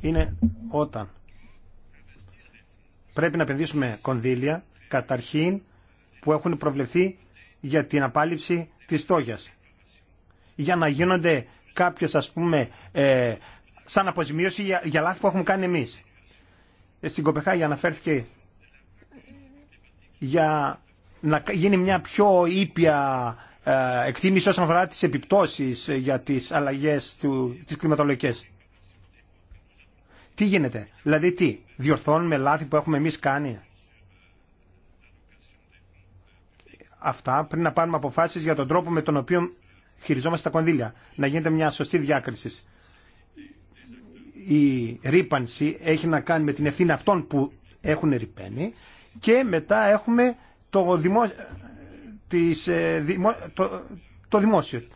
είναι όταν πρέπει να επενδύσουμε κονδύλια, καταρχήν, που έχουν προβλεφθεί για την απάλληψη της στόγιας. Για να γίνονται κάποιες, ας πούμε, ε, σαν αποζημίωση για, λάθη που έχουμε κάνει εμείς. Ε, στην Κοπεχάγη αναφέρθηκε για να γίνει μια πιο ήπια ε, εκτίμηση όσον αφορά τις επιπτώσεις ε, για τις αλλαγές του, τις κλιματολογικές. Τι γίνεται, δηλαδή τι, διορθώνουμε λάθη που έχουμε εμείς κάνει. Αυτά πριν να πάρουμε αποφάσεις για τον τρόπο με τον οποίο χειριζόμαστε τα κονδύλια. Να γίνεται μια σωστή διάκριση. Η ρήπανση έχει να κάνει με την ευθύνη αυτών που έχουν ρηπαίνει και μετά έχουμε το δημόσιο ε, το, το δημόσιο.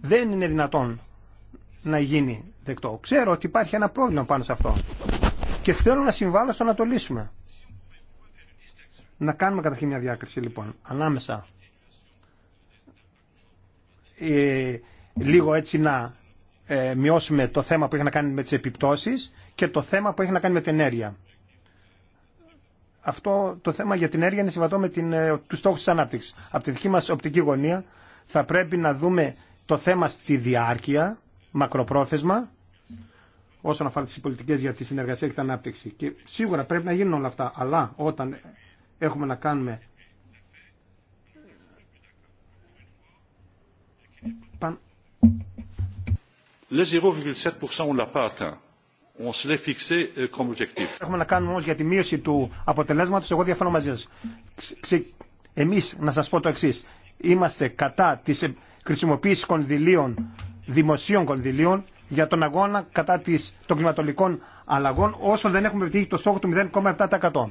Δεν είναι δυνατόν να γίνει δεκτό. Ξέρω ότι υπάρχει ένα πρόβλημα πάνω σε αυτό και θέλω να συμβάλλω στο να το λύσουμε. Να κάνουμε καταρχήν μια διάκριση λοιπόν ανάμεσα ε, λίγο έτσι να ε, μειώσουμε το θέμα που έχει να κάνει με τις επιπτώσεις και το θέμα που έχει να κάνει με την ενέργεια αυτό το θέμα για την έργεια είναι συμβατό με την, ε, τους στόχους της ανάπτυξης. Από τη δική μας οπτική γωνία θα πρέπει να δούμε το θέμα στη διάρκεια, μακροπρόθεσμα, όσον αφορά τις πολιτικές για τη συνεργασία και την ανάπτυξη. Και σίγουρα πρέπει να γίνουν όλα αυτά, αλλά όταν έχουμε να κάνουμε Le 0,7% on l'a Euh, έχουμε να κάνουμε όμως για τη μείωση του αποτελέσματος, εγώ διαφωνώ μαζί σας. Εμείς, να σας πω το εξής, είμαστε κατά της ε, χρησιμοποίησης κονδυλίων, δημοσίων κονδυλίων, για τον αγώνα κατά της, των κλιματολικών αλλαγών, όσο δεν έχουμε επιτύχει το στόχο του 0,7%.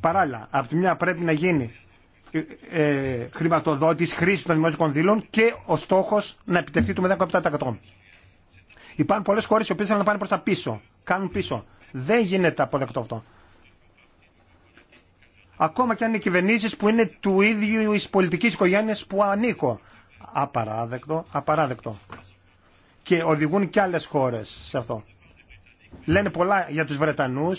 Παράλληλα, από τη μια πρέπει να γίνει ε, ε, χρηματοδότηση χρήση των δημόσιων κονδύλων και ο στόχος να επιτευχθεί το 0,7%. Υπάρχουν πολλέ χώρε οι οποίε θέλουν να πάνε προ τα πίσω. Κάνουν πίσω. Δεν γίνεται αποδεκτό αυτό. Ακόμα και αν είναι κυβερνήσει που είναι του ίδιου τη πολιτική οικογένεια που ανήκω. Απαράδεκτο, απαράδεκτο. Και οδηγούν και άλλε χώρε σε αυτό. Λένε πολλά για του Βρετανού,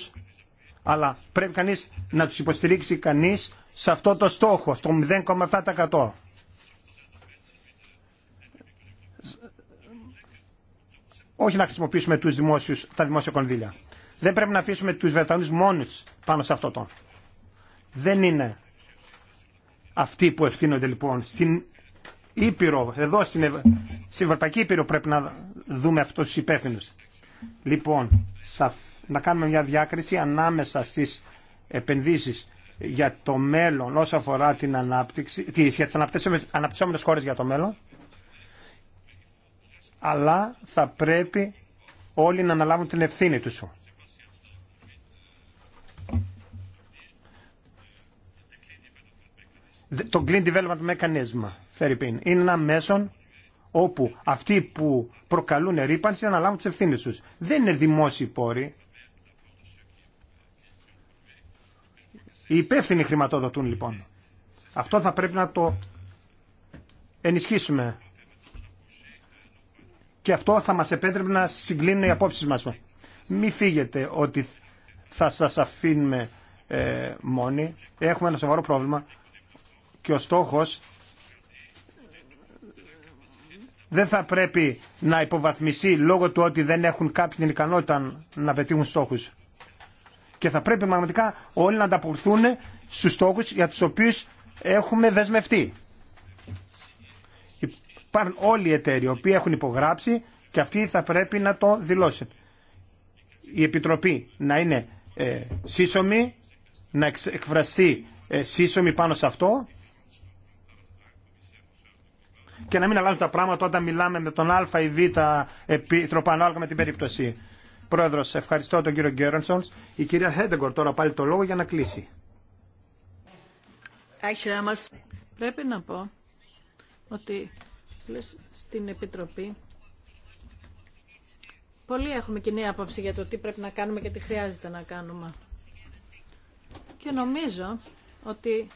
αλλά πρέπει κανεί να του υποστηρίξει κανεί σε αυτό το στόχο, στο 0,7%. όχι να χρησιμοποιήσουμε τους δημόσιους, τα δημόσια κονδύλια. Δεν πρέπει να αφήσουμε τους Βρετανούς μόνους πάνω σε αυτό το. Δεν είναι αυτοί που ευθύνονται λοιπόν στην Ήπειρο, εδώ στην, Ευρωπαϊκή Ήπειρο πρέπει να δούμε αυτούς τους υπεύθυνου. Λοιπόν, να κάνουμε μια διάκριση ανάμεσα στις επενδύσεις για το μέλλον όσον αφορά την ανάπτυξη, για τις αναπτυσσόμενες χώρες για το μέλλον αλλά θα πρέπει όλοι να αναλάβουν την ευθύνη τους. Το Clean Development Mechanism, Φερρυπίν, είναι ένα μέσον όπου αυτοί που προκαλούν ρήπανση αναλάβουν τις ευθύνες τους. Δεν είναι δημόσιοι πόροι. Οι υπεύθυνοι χρηματοδοτούν λοιπόν. Αυτό θα πρέπει να το ενισχύσουμε και αυτό θα μας επέτρεπε να συγκλίνουν οι απόψεις μας. Μη φύγετε ότι θα σας αφήνουμε ε, μόνοι. Έχουμε ένα σοβαρό πρόβλημα και ο στόχος δεν θα πρέπει να υποβαθμιστεί λόγω του ότι δεν έχουν κάποιον ικανότητα να πετύχουν στόχους. Και θα πρέπει πραγματικά όλοι να ανταποκριθούν στους στόχους για τους οποίους έχουμε δεσμευτεί. Υπάρχουν όλοι οι εταίροι οι οποίοι έχουν υπογράψει και αυτοί θα πρέπει να το δηλώσουν. Η Επιτροπή να είναι ε, σύσσωμη, να εκφραστεί ε, σύσσωμη πάνω σε αυτό και να μην αλλάζουν τα πράγματα όταν μιλάμε με τον Α ή Β Επιτροπή ανάλογα με την περίπτωση. Πρόεδρος, ευχαριστώ τον κύριο Γκέρονσον. Η κυρία Χέντεγκορ τώρα πάλι το λόγο για να κλείσει. Πρέπει να πω ότι στην Επιτροπή. Πολλοί έχουμε κοινή άποψη για το τι πρέπει να κάνουμε και τι χρειάζεται να κάνουμε. Και νομίζω ότι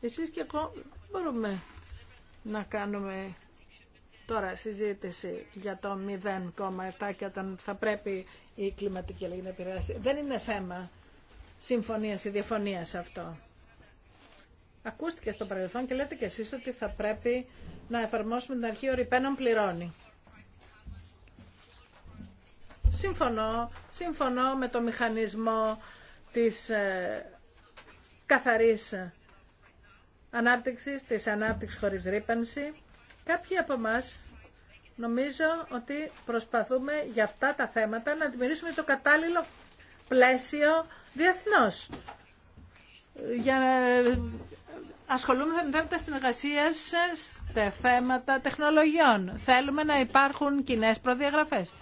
εσείς και εγώ μπορούμε να κάνουμε τώρα συζήτηση για το 0,7 και όταν θα πρέπει η κλιματική αλλαγή να επηρεάσει. Δεν είναι θέμα συμφωνίας ή διαφωνίας αυτό ακούστηκε στο παρελθόν και λέτε και εσείς ότι θα πρέπει να εφαρμόσουμε την αρχή ορυπαίνων πληρώνει. Συμφωνώ, συμφωνώ με το μηχανισμό της ε, καθαρής ανάπτυξης, της ανάπτυξης χωρίς ρήπανση. Κάποιοι από εμά νομίζω ότι προσπαθούμε για αυτά τα θέματα να δημιουργήσουμε το κατάλληλο πλαίσιο διεθνώς για ασχολούμαι με θέματα συνεργασία σε θέματα τεχνολογιών. Θέλουμε να υπάρχουν κοινέ προδιαγραφές.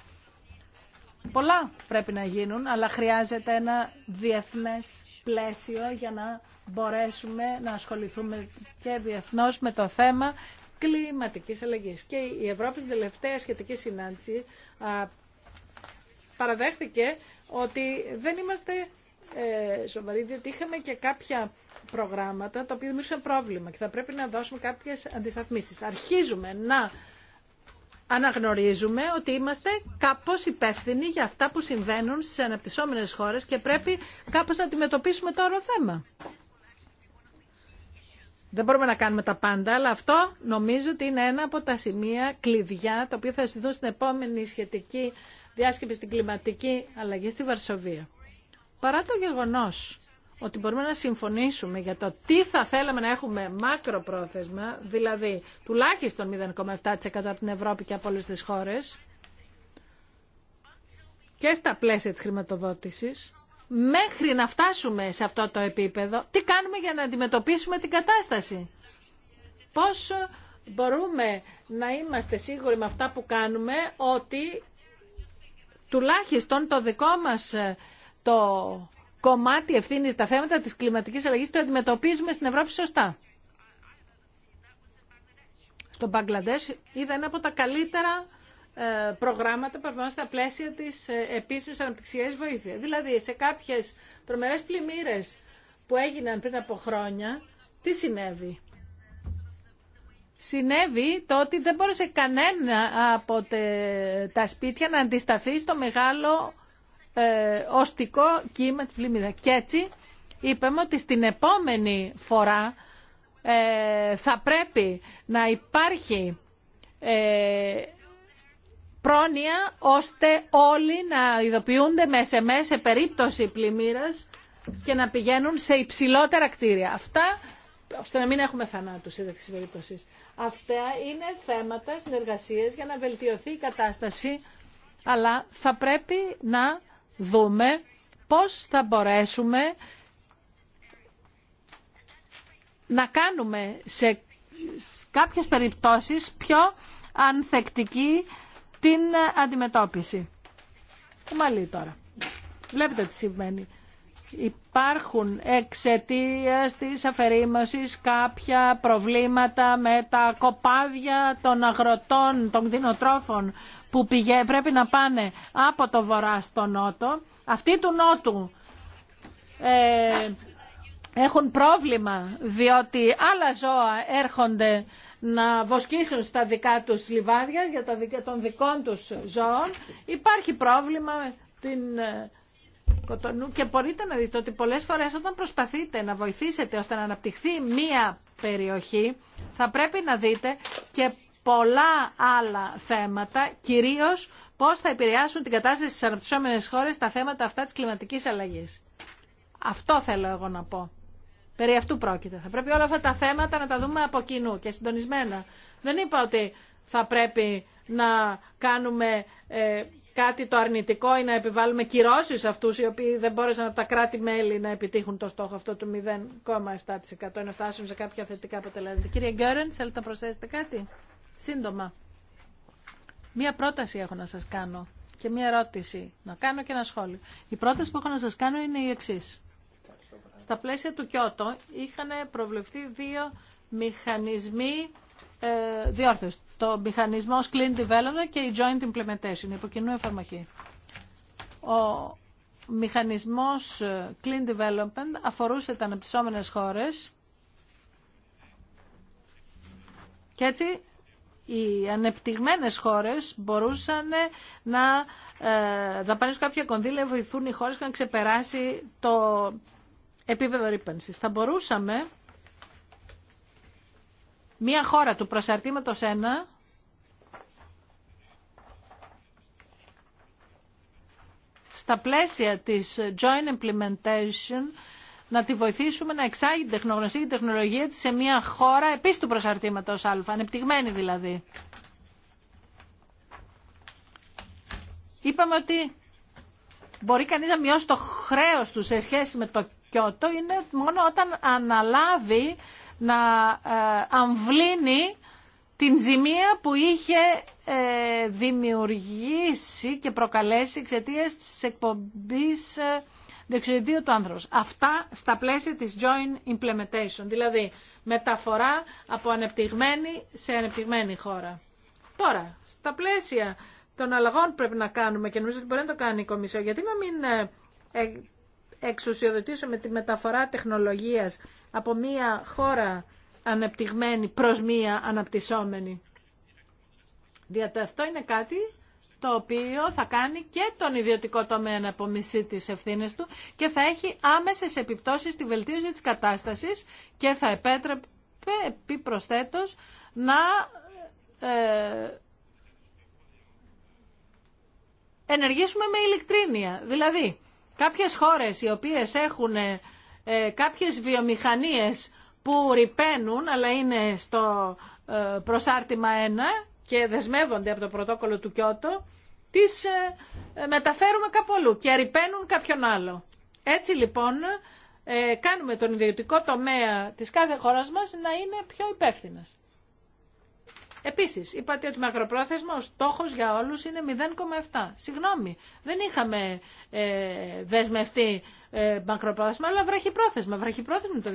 Πολλά πρέπει να γίνουν, αλλά χρειάζεται ένα διεθνές πλαίσιο για να μπορέσουμε να ασχοληθούμε και διεθνώς με το θέμα κλιματικής αλλαγής. Και η Ευρώπη στην τελευταία σχετική συνάντηση παραδέχθηκε ότι δεν είμαστε ε, σοβαρή, διότι είχαμε και κάποια προγράμματα τα οποία δημιούργησαν πρόβλημα και θα πρέπει να δώσουμε κάποιες αντισταθμίσεις. Αρχίζουμε να αναγνωρίζουμε ότι είμαστε κάπως υπεύθυνοι για αυτά που συμβαίνουν στις αναπτυσσόμενες χώρες και πρέπει κάπως να αντιμετωπίσουμε το όρο θέμα. Δεν μπορούμε να κάνουμε τα πάντα, αλλά αυτό νομίζω ότι είναι ένα από τα σημεία κλειδιά τα οποία θα συζητούν στην επόμενη σχετική διάσκεψη στην κλιματική αλλαγή στη Βαρσοβία παρά το γεγονός ότι μπορούμε να συμφωνήσουμε για το τι θα θέλαμε να έχουμε μακροπρόθεσμα, δηλαδή τουλάχιστον 0,7% από την Ευρώπη και από όλες τις χώρες, και στα πλαίσια της χρηματοδότησης, μέχρι να φτάσουμε σε αυτό το επίπεδο, τι κάνουμε για να αντιμετωπίσουμε την κατάσταση. Πώς μπορούμε να είμαστε σίγουροι με αυτά που κάνουμε ότι τουλάχιστον το δικό μας το κομμάτι ευθύνη, τα θέματα της κλιματικής αλλαγής το αντιμετωπίζουμε στην Ευρώπη σωστά. Στο Μπαγκλαντές είδα ένα από τα καλύτερα ε, προγράμματα παραδείγματος στα πλαίσια της ε, επίσημης αναπτυξιακής βοήθειας. Δηλαδή σε κάποιες τρομερές πλημμύρες που έγιναν πριν από χρόνια, τι συνέβη. Συνέβη το ότι δεν μπόρεσε κανένα από τα σπίτια να αντισταθεί στο μεγάλο ε, οστικό κύμα της πλημμύρα. Και έτσι είπαμε ότι στην επόμενη φορά ε, θα πρέπει να υπάρχει ε, πρόνοια ώστε όλοι να ειδοποιούνται με SMS σε περίπτωση πλημμύρας και να πηγαίνουν σε υψηλότερα κτίρια. Αυτά, ώστε να μην έχουμε θανάτους σε τέτοιες Αυτά είναι θέματα συνεργασίες για να βελτιωθεί η κατάσταση, αλλά θα πρέπει να δούμε πώς θα μπορέσουμε να κάνουμε σε κάποιες περιπτώσεις πιο ανθεκτική την αντιμετώπιση. Μαλή τώρα. Βλέπετε τι σημαίνει. Υπάρχουν εξαιτία της αφαιρήμωσης κάποια προβλήματα με τα κοπάδια των αγροτών, των κτηνοτρόφων που πρέπει να πάνε από το βορρά στο νότο, αυτοί του νότου ε, έχουν πρόβλημα διότι άλλα ζώα έρχονται να βοσκήσουν στα δικά τους λιβάδια για τα δικά των δικών τους ζώων. Υπάρχει πρόβλημα την ε, κοτονού και μπορείτε να δείτε ότι πολλές φορές όταν προσπαθείτε να βοηθήσετε ώστε να αναπτυχθεί μία περιοχή θα πρέπει να δείτε και πολλά άλλα θέματα, κυρίως πώς θα επηρεάσουν την κατάσταση στις αναπτυσσόμενες χώρες τα θέματα αυτά της κλιματικής αλλαγής. Αυτό θέλω εγώ να πω. Περί αυτού πρόκειται. Θα πρέπει όλα αυτά τα θέματα να τα δούμε από κοινού και συντονισμένα. Δεν είπα ότι θα πρέπει να κάνουμε ε, κάτι το αρνητικό ή να επιβάλλουμε κυρώσεις σε αυτούς οι οποίοι δεν μπόρεσαν από τα κράτη-μέλη να επιτύχουν το στόχο αυτό του 0,7% ή να φτάσουν σε κάποια θετικά αποτελέσματα. Κύριε Γκέρεν, θέλετε να προσθέσετε κάτι. Σύντομα, μία πρόταση έχω να σας κάνω και μία ερώτηση να κάνω και ένα σχόλιο. Η πρόταση που έχω να σας κάνω είναι η εξή. Στα πλαίσια του Κιώτο είχαν προβλεφθεί δύο μηχανισμοί ε, διόρθωση. Το μηχανισμό Clean Development και η Joint Implementation, υποκοινού εφαρμογή. Ο μηχανισμός ε, Clean Development αφορούσε τα αναπτυσσόμενες χώρες και έτσι οι ανεπτυγμένες χώρες μπορούσαν να δαπανίσουν ε, κάποια κονδύλια, βοηθούν οι χώρες και να ξεπεράσει το επίπεδο ρήπανσης. Θα μπορούσαμε μία χώρα του προσαρτήματος 1 στα πλαίσια της joint implementation να τη βοηθήσουμε να εξάγει την τεχνογνωσία και την τεχνολογία της σε μια χώρα επίσης του προσαρτήματος α, ανεπτυγμένη δηλαδή. Είπαμε ότι μπορεί κανείς να μειώσει το χρέος του σε σχέση με το κιότο είναι μόνο όταν αναλάβει να ε, αμβλύνει την ζημία που είχε ε, δημιουργήσει και προκαλέσει εξαιτία της εκπομπής ε, διοξιδίου του άνθρωπο. Αυτά στα πλαίσια της joint implementation, δηλαδή μεταφορά από ανεπτυγμένη σε ανεπτυγμένη χώρα. Τώρα, στα πλαίσια των αλλαγών που πρέπει να κάνουμε και νομίζω ότι μπορεί να το κάνει η Κομισιό, γιατί να μην ε, ε, εξουσιοδοτήσουμε τη μεταφορά τεχνολογίας από μία χώρα ανεπτυγμένη προς μία αναπτυσσόμενη. Διότι αυτό είναι κάτι το οποίο θα κάνει και τον ιδιωτικό τομέα να απομισεί τις ευθύνε του και θα έχει άμεσες επιπτώσεις στη βελτίωση της κατάστασης και θα επέτρεπε επιπροσθέτως να ε, ενεργήσουμε με ηλεκτρίνεια. Δηλαδή, κάποιες χώρες οι οποίες έχουν ε, κάποιες βιομηχανίες που ρηπαίνουν αλλά είναι στο ε, προσάρτημα 1 και δεσμεύονται από το πρωτόκολλο του Κιώτο, τις ε, ε, μεταφέρουμε κάπου αλλού και ρηπαίνουν κάποιον άλλο. Έτσι λοιπόν ε, κάνουμε τον ιδιωτικό τομέα της κάθε χώρας μας να είναι πιο υπεύθυνο. Επίσης, είπατε ότι μακροπρόθεσμα ο στόχος για όλους είναι 0,7. Συγγνώμη, δεν είχαμε ε, δεσμευτεί μακροπρόθεσμα, αλλά βραχυπρόθεσμα. Βραχυπρόθεσμα το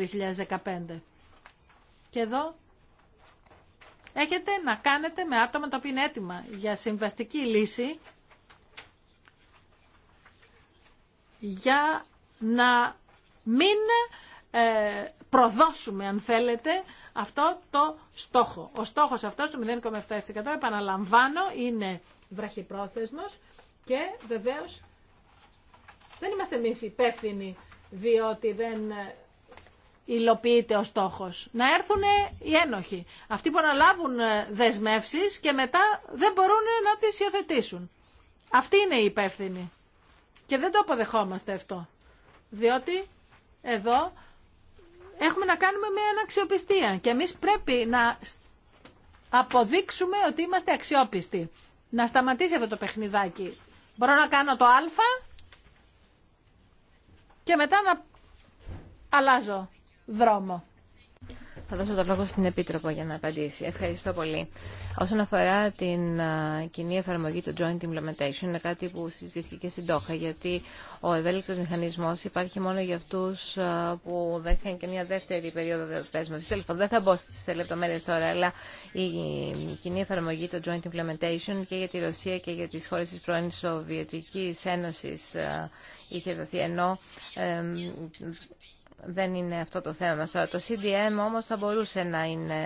2015. Και εδώ έχετε να κάνετε με άτομα τα οποία είναι έτοιμα για συμβαστική λύση για να μην ε, προδώσουμε, αν θέλετε, αυτό το στόχο. Ο στόχος αυτός του 0,7% επαναλαμβάνω είναι βραχυπρόθεσμος και βεβαίως δεν είμαστε εμείς υπεύθυνοι διότι δεν υλοποιείται ο στόχος. Να έρθουν οι ένοχοι. Αυτοί που αναλάβουν ε, δεσμεύσεις και μετά δεν μπορούν να τις υιοθετήσουν. αυτή είναι η υπεύθυνοι. Και δεν το αποδεχόμαστε αυτό. Διότι εδώ έχουμε να κάνουμε μια αξιοπιστία. και εμείς πρέπει να αποδείξουμε ότι είμαστε αξιόπιστοι. Να σταματήσει αυτό το παιχνιδάκι. Μπορώ να κάνω το α και μετά να αλλάζω δρόμο. Θα δώσω το λόγο στην Επίτροπο για να απαντήσει. Ευχαριστώ πολύ. Όσον αφορά την κοινή εφαρμογή του Joint Implementation, είναι κάτι που συζητήθηκε στην Τόχα, γιατί ο ευέλικτο μηχανισμό υπάρχει μόνο για αυτού που δέχτηκαν και μια δεύτερη περίοδο δεσμεύση. Τέλο δεν θα μπω στι λεπτομέρειε τώρα, αλλά η κοινή εφαρμογή του Joint Implementation και για τη Ρωσία και για τι χώρε τη πρώην Σοβιετική Ένωση είχε δοθεί, ενώ δεν είναι αυτό το θέμα μας τώρα. Το CDM όμως θα μπορούσε να είναι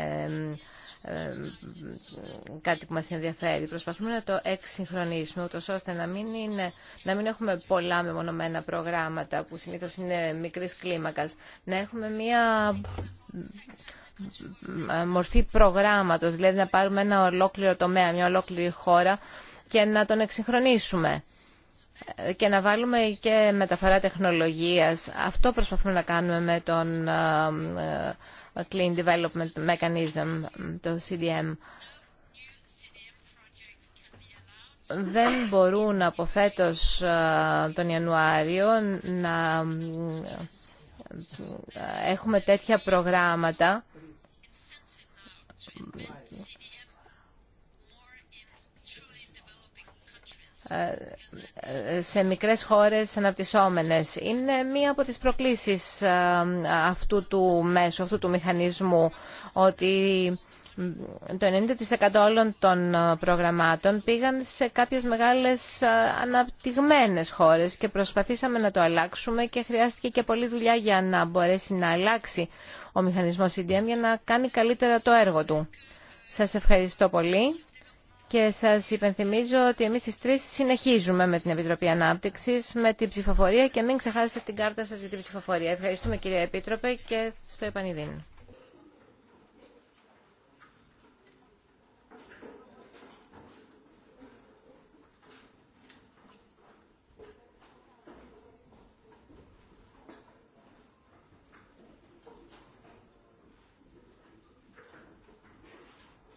κάτι που μας ενδιαφέρει. Προσπαθούμε να το εξυγχρονίσουμε, ούτως ώστε να μην, είναι, να μην έχουμε πολλά μεμονωμένα προγράμματα που συνήθως είναι μικρής κλίμακας. Να έχουμε μία μορφή προγράμματος, δηλαδή να πάρουμε ένα ολόκληρο τομέα, μια ολόκληρη χώρα και να τον εξυγχρονίσουμε και να βάλουμε και μεταφορά τεχνολογίας. Αυτό προσπαθούμε να κάνουμε με τον ε, ε, Clean Development Mechanism, το CDM. Δεν μπορούν από φέτος ε, τον Ιανουάριο να έχουμε τέτοια προγράμματα σε μικρές χώρες αναπτυσσόμενες. Είναι μία από τις προκλήσεις ε, αυτού του μέσου, αυτού του μηχανισμού, ότι το 90% όλων των ε, προγραμμάτων πήγαν σε κάποιες μεγάλες ε, αναπτυγμένες χώρες και προσπαθήσαμε να το αλλάξουμε και χρειάστηκε και πολλή δουλειά για να μπορέσει να αλλάξει ο μηχανισμός CDM για να κάνει καλύτερα το έργο του. Σας ευχαριστώ πολύ. Και σα υπενθυμίζω ότι εμεί τις τρει συνεχίζουμε με την Επιτροπή ανάπτυξη με την ψηφοφορία και μην ξεχάσετε την κάρτα σα για την ψηφοφορία. Ευχαριστούμε κύριε Επίτροπε και στο επανειδήν.